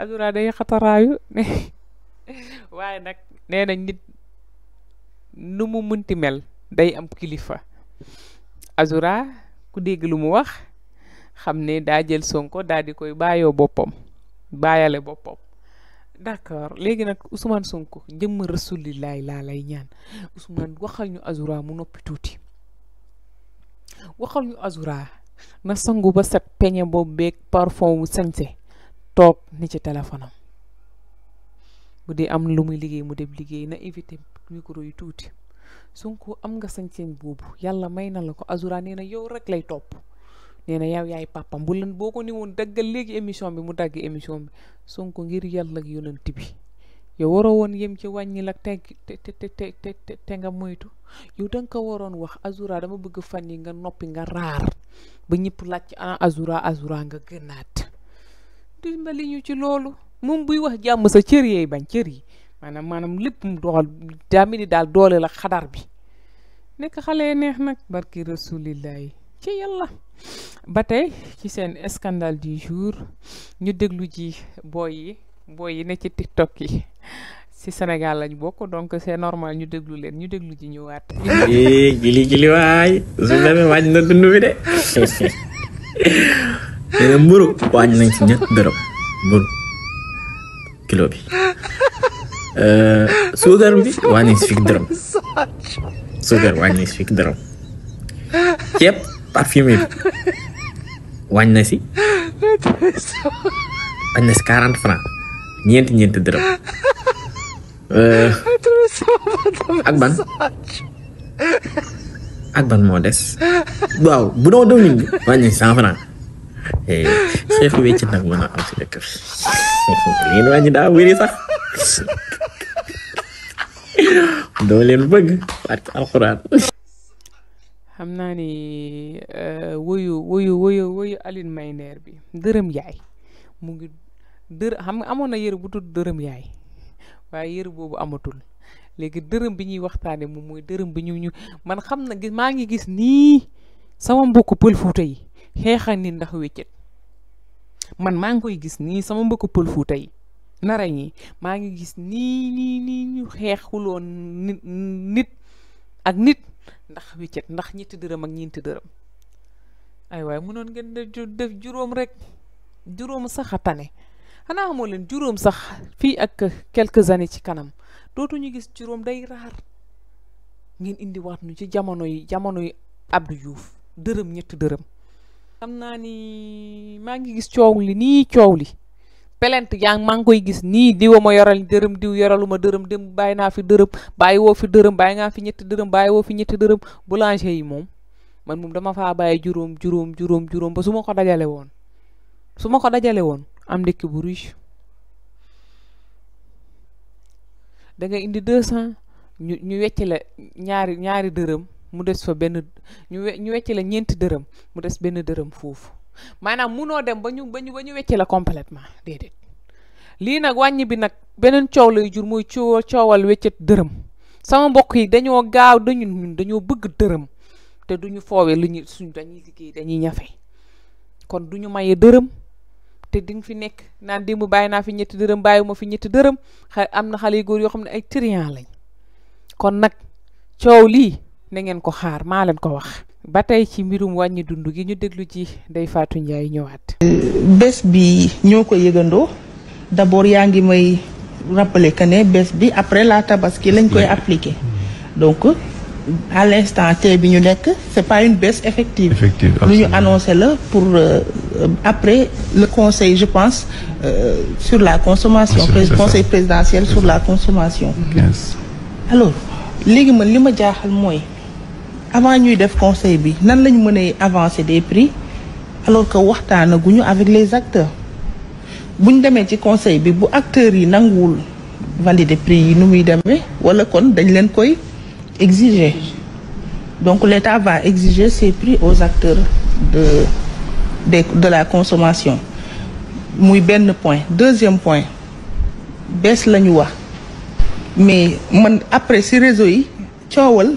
ajoura day xataraayu waaye nag nee na nit nu mu munti mel day am kilifa Azoura ku dégg lu mu wax xam ne daa jël Sonko daal di koy bàyyoo boppam bàyyale boppam d'accord léegi nag Ousmane Sonko jëmm rasulillahi laa lay ñaan Ousmane waxal ñu Azura mu noppi tuuti waxal ñu Azura na sangu ba set peñe boobu beeg parfum wu sañse toog ni ci téléphone am bu dee am lu muy liggéey mu dem liggéey na éviter micro yu tuuti sunk am nga sañseen boobu yàlla may na la ko Azura nee na yow rek lay topp nee na yow yaay pàppam bu leen boo ko ni woon daggal léegi émission bi mu dagg émission bi Sonko ngir yàlla ak yonent bi yow waroo woon yem ci wàññi la te te te te te nga moytu yow da nga ko waroon wax Azura dama bëgg fan yi nga noppi nga raar ba ñëpp laaj ah Azura Azura nga gënaat dimbali ñu ci loolu moom buy wax jàmm sa cër yeey bañ cër yi maanaam maanaam lépp mu doxal daal doole la xadar bi nekk xale neex nag barki rasulillahi ci yalla batay ci sen scandale du jour ñu déglu ji boy yi boy yi ne ci tiktok yi ci Sénégal lañ bokk donc c'est normal ñu déglu len ñu déglu ji ñëwaat. gili jili waay su demee wañ na dundu bi de. nee muru wañ nañ ci ñet dërëm mburu kilo bi euh suukar bi wañ ci fik dërëm suukar wañ ci fik dërëm yep parfumnya, bi sih? na si sekarang, na Nyent quarante franc ñeenti Agban, agban modes. Wow, ak ban moo des waaw bu doon saya punya ñi wàññi cent franc eh, xeexu wecc nag mën a am si dëkk bi ngeen wàññi sax bëgg ak xam naa ni euh, woyu woyu woyu woyu Aline May bi dërëm yaay mu ngi dër xam nga amoon na yëre bu tudd dërëm yaay waaye yëre boobu amatul léegi dërëm bi ñuy waxtaane moom mooy dërëm bi ñu ñu man xam na gis maa ngi gis nii sama mbokku pël fuuta yi ndax wéccet maa ngi koy gis nii sama mbokku pël fuuta yi nara ñi maa ngi gis nii nii nii ñu xeexuloon nit ak nit ndax wicet ndax ñetti dërëm ak ñeenti dërëm ay waaye mënoon ngeen def juróom rek juróom sax a tane xanaa xamoo leen juróom sax fii ak quelque années ci kanam dootuñu gis juróom day raar ngeen indi ñu ci jamono yi jamono yi Abdou dërëm ñetti dërëm xam naa ni maa ngi gis coow li coow li pelent yang ngi koy gis di diwa mo yoral deureum diw yoraluma deureum dem bàyyi fi deureum bàyyi wo fi deureum bàyyi nga fi ñett deureum bàyyi wo fi ñett deureum boulanger yi mom man mom dama faa baye jurum jurum jurum jurum ba suma kada ko dajale won suma ko dajale won am dekk bu riche da nga indi 200 ñu ñu wecc la ñaari ñaari deureum mu dess fa ben ñu ñu la ñent deureum mu dess ben deureum fofu maanaam munoo dem ba ñu ba ñu ba la complètement déedéet lii nag wàññi bi nag beneen coow lay jur muy coo coowal weccet dërëm sama mbokk yi dañoo gaaw dañu ñun dañoo bëgg dërëm te duñu foowee lu ñu suñ dañuy liggéey dañuy ñafe kon duñu maye dërëm te di nga fi nekk naan démb bàyyi naa fi ñetti dërëm ma fi ñetti dërëm xa am na xale yu góor yoo xam ne ay trian lañ kon nag coow lii na ngeen ko xaar maa leen ko wax ba tey ci mbirum wàññi dund gi ñu déglu ci day Fatou Ndiaye ñëwaat. bés bi ñoko ko d'abord yaangi may rappeler que né bés bi après la tabaski lañ koy appliquer donc à l'instant T bi ñu nek c'est pas une baisse effective. effective ñu annoncé le pour euh, euh, après le conseil je pense euh, sur la consommation. le conseil présidentiel sur la consommation. Yes. alors légui man lima jaaxal moy avant ñuy def conseil bi nan nous mëne avancer des prix alors que guñu avec les acteurs Si démé ci conseil bi bu acteurs yi nangul valider prix yi nu muy démé wala kon exiger donc l'État va exiger ces prix aux acteurs de de de la consommation muy benn point deuxième point baisse le wax mais man après si réseau yi coowal.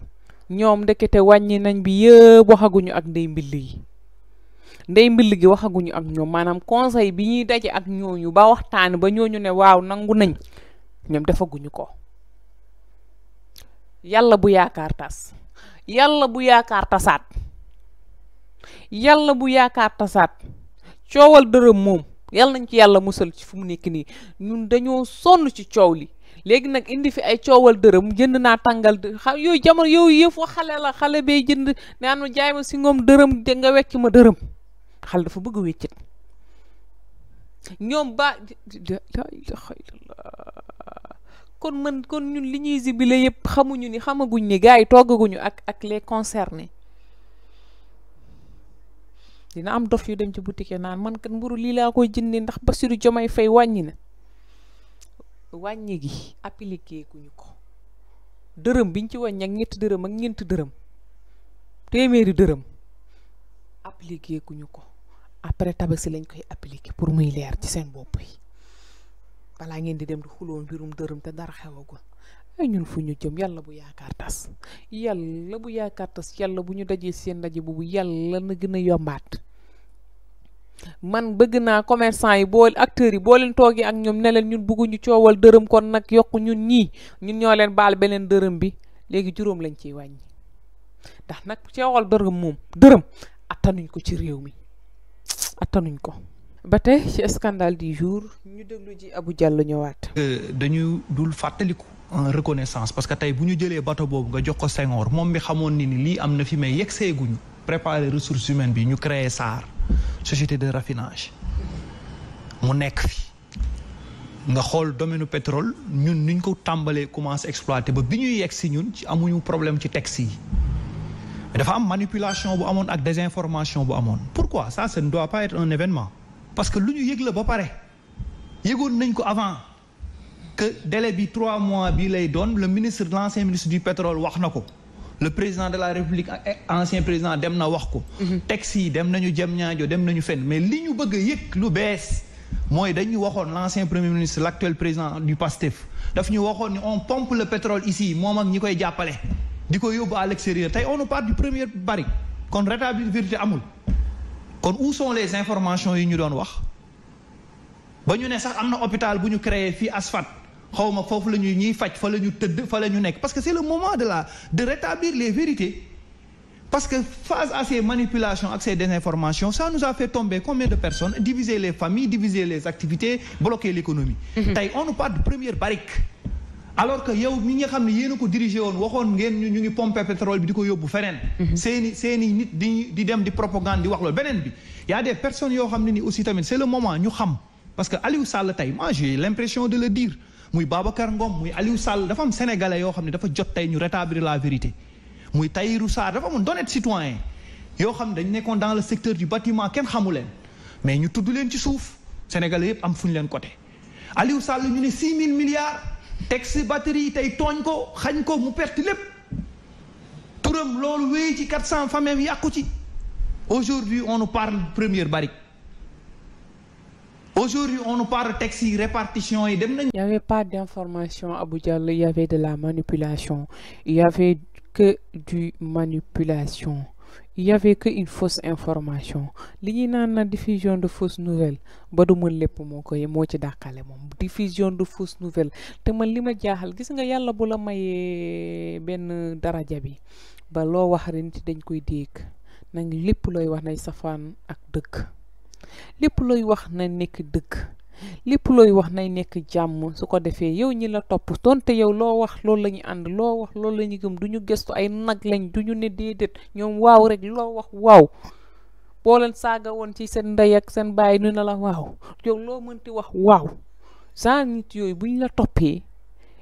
ñom ndekete wañi nañ bi yëpp waxaguñu ak ndey mbili ndey mbili gi waxaguñu ak ñom manam conseil bi ñi daje ak ñoñu ba waxtaan ba ñoñu ne waaw nangu nañ ñom defaguñu ko yalla bu yaakar tas yalla bu yaakar tasat yalla bu yaakar tasat ciowal deureum mom yalla nañ ci yalla mussel ci fu mu nekk ñun dañoo sonu ci ciowli léegi nag indi fi ay coowal dërëm jënd naa tàngal xam yooyu jamono yooyu yëfu xale la xale bee jënd naan ah, ma si ngoom dërëm de nga wecc ma dërëm xale bëgg a weccit ñoom kon man ñun li ñuy sibile yëpp xamuñu ni xamaguñ ni gars yi toggaguñu ak ak les concernés dina am dof yu dem ci butike naan man kat mburu lii laa koy jëndee ndax Bassirou jomay Faye wàññi na wañi gi appliqué kuñu ko deureum biñ ci wañ ñak ñet deureum ak ñent deureum téméri deureum appliqué kuñu ko après tabaski lañ koy appliquer pour muy leer ci seen bop yi balaa ngeen di dem du xuloo mbirum deureum te dara xewagul ay ñun fu ñu jëm yalla bu yaakar tas yalla bu yaakar tas yalla bu ñu dajé seen bu yalla na gëna yombat man bëgg naa commercant yi boo acteurs yi boo leen yi ak ñoom ne leen ñun bëgguñu coowal dërëm kon nag yokk ñun ñii ñun ñoo leen baal beneen dërëm bi léegi juróom lañ ciy wàññi ndax nag coowal dërëm moom dërëm attanuñ ko ci réew mi attanuñ ko ba tey ci scandale du jour ñu déglu ji Abou Diallo ñëwaat. Euh, dañu dul fàttaliku. en reconnaissance parce que tey bu ñu jëlee bato boobu nga jox ko Senghor moom mi xamoon ni ni lii am na fi mais yegg seeguñu préparer ressources humaines bi ñu créer SAR. société de raffinage Mon écrit. fi nga xol domaine pétrole ñun niñ ko tambalé commencé exploiter ba biñuy yex ci ñun ci amuñu problème ci texte yi dafa am manipulation bu amone ak désinformation bu amone. pourquoi ça ça ne doit pas être un événement parce que nous ñu la ba paré. yëgoon nañ ko avant que délai bi trois mois bi lay le ministre l'ancien ministre du pétrole wax le président de la république ancien président dem na wax ko mhm. taxi dem nañu jëm ñaajo dem nañu fenn mais li ñu bëgg yek lu bees moy dañu premier ministre l'actuel président du PASTEF daf ñu waxoon ni on pompe le pétrole ici mom ak ñi koy jàppale di ko à l'extérieur. tay on nous parle du premier baril kon rétablir amul kon où sont les informations yi ñu doon wax ba ñu sax hôpital bu ñu créer fi asfat fofu lañu ñuy fa lañu fa lañu parce que c'est le moment de la rétablir les vérités parce que face à ces manipulations à ces désinformations ça nous a fait tomber combien de personnes diviser les familles diviser les activités bloquer l'économie mhm. on nous parle de première barrique alors que yow mi nga xamni ne ko diriger woon ngeen ñu ngi pomper pétrole bi di ko yóbbu Nous mhm. seeni seeni nit di di dem di propagande di wax y a des personnes qui xamni ni aussi tamit c'est le moment ñu xam parce que Aliou Sall tay moi j'ai l'impression de le dire muy Babacar Ngom muy Aliou Sall dafa am sénégalais yoo xam ne dafa jot tey ñu rétablir la vérité muy Tahirou Sarr dafa amoon d'honnêtes citoyens yoo xam ne dañ nekkoon dans le secteur du batiment kenn xamu leen mais ñu tudd leen ci suuf sénégalais yépp am fu ñu leen côté Aliou Sall ñu ni 6 000 milliards teg si batterie tey tooñ ko xañ ko mu perte lépp turam loolu wéy ci 400 famem yàqu ci aujourd'hui on nous par première barrique Aujourd'hui, on nous parle taxi, répartition et Il n'y avait pas d'information à Boudjal, il y avait de la manipulation. Il n'y avait que du manipulation. Il n'y avait qu'une fausse information. Il y a une diffusion de fausses nouvelles. ba du mën lépp moo ci dàqale moom diffusion de fausses nouvelles. te man li ma jaaxal gis nga yàlla bu la mayee benn daraja ba lo wax rek nit dañ koy dégg nang lépp loy wax nay safaan ak dëkk lépp looy wax na nekk dëgg lépp looy wax nay nekk jàmm su ko defee yow ñi la topp tonte yow loo wax loolu la ñu ànd loo wax loolu la ñu gëm duñu ñu gëstu ay nag lañ du ñu ne déedéet ñoom waaw rek loo wax waaw boo leen saaga woon ci seen ndey ak seen bàyyi nu na la waaw yow loo mënti wax waaw genre nit yooyu bu la toppee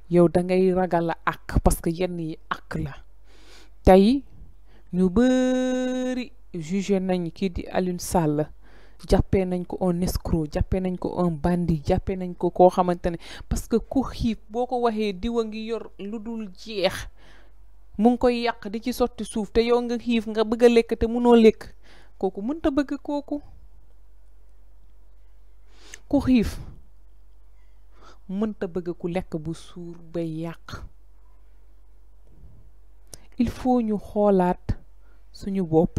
yow da ngay ragal a àq parce que yenn yi àq la tey ñu bëri jugé nañ kii di alin Sall jàppee nañ ko on escroc jàppee nañ ko on bandit jàppee nañ ko koo xamante ne parce que ku xiif boo ko waxee diw a ngi yor lu dul jeex mu ngi koy yàq di ci sotti suuf te yow nga xiif nga bëgg a lekk te munoo lekk kooku mënta bëgg kooku ku xiif mënta bëgg ku lekk bu suur ba yàq il faut ñu xoolaat suñu bopp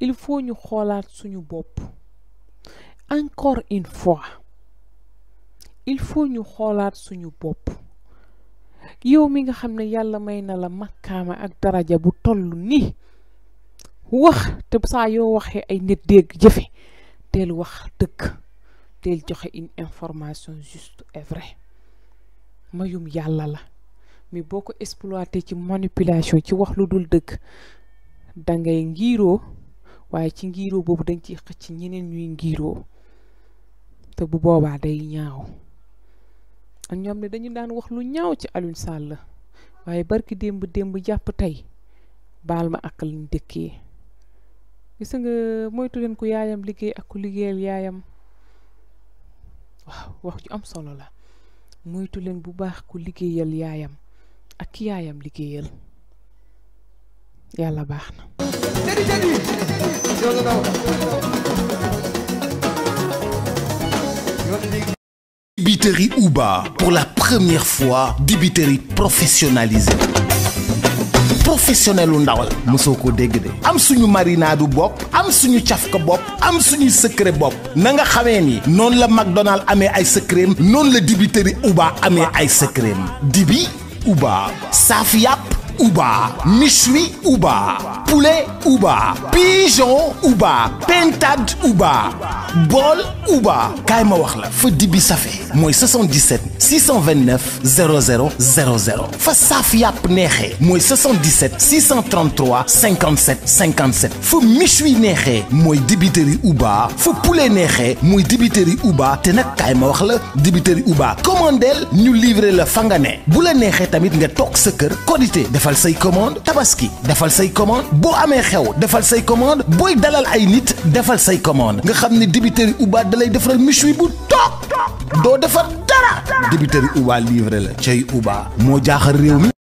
il faut ñu xoolaat suñu bopp encore une fois il faut ñu xoolaat suñu bopp yow mi nga xam ne yàlla may na la makkaama ak daraja bu toll nii wax te saa yow waxee ay nit dégg jëfe teel wax dëgg tel joxe une information juste et vrai mayum yàlla la mais boo ko exploité ci manipulation ci wax lu dul dëgg da ngay waye ci ngiro bobu dañ xëc ci ñeneen ñuy ngiro te bu boba day ñaaw ak ñom ne dañu daan wax lu ñaaw ci alun Sall waye barki demb demb japp tay baal ma ak lañ dekké gis nga moytu leen ku yaayam liggéey ak ku liggéeyal yaayam waaw wax ju am solo la moytu leen bu baax ku liggéeyal yaayam ak yaayam liggéeyal yalla baxna Uba pour la première fois débiterie professionnalisé professionnel ndawal musoko ko dégg de am suñu marinade I'm am suñu tiafka bop am suñu secret bop na nga xamé ni non la McDonald amé ay secret non la débiterie Uba amé ay secret dibi Uba saaf Ouba, Michui Ouba, poulet Ouba, pigeon Ouba, pentad Ouba, bol Ouba. Kaimawhle. ma wax la dibi safe 77 629 0000, fa Moi 77 633 57 57 Fou Michui Nehe Moi dibiteri Ouba fa poulet Nehe, mui dibiteri Ouba te nag le dibiteri Ouba commandel nous livrer le fangane, Boule ne tamit nga Tok defal say commande tabaski defal say commande bo amé xew defal say commande boy dalal ay nit defal say commande nga xamni débiteur débiteurs yi Uba da lay defaral bu tok do defal dara débiteur yi Uba livré la cey Uba moo jaaxal réew mi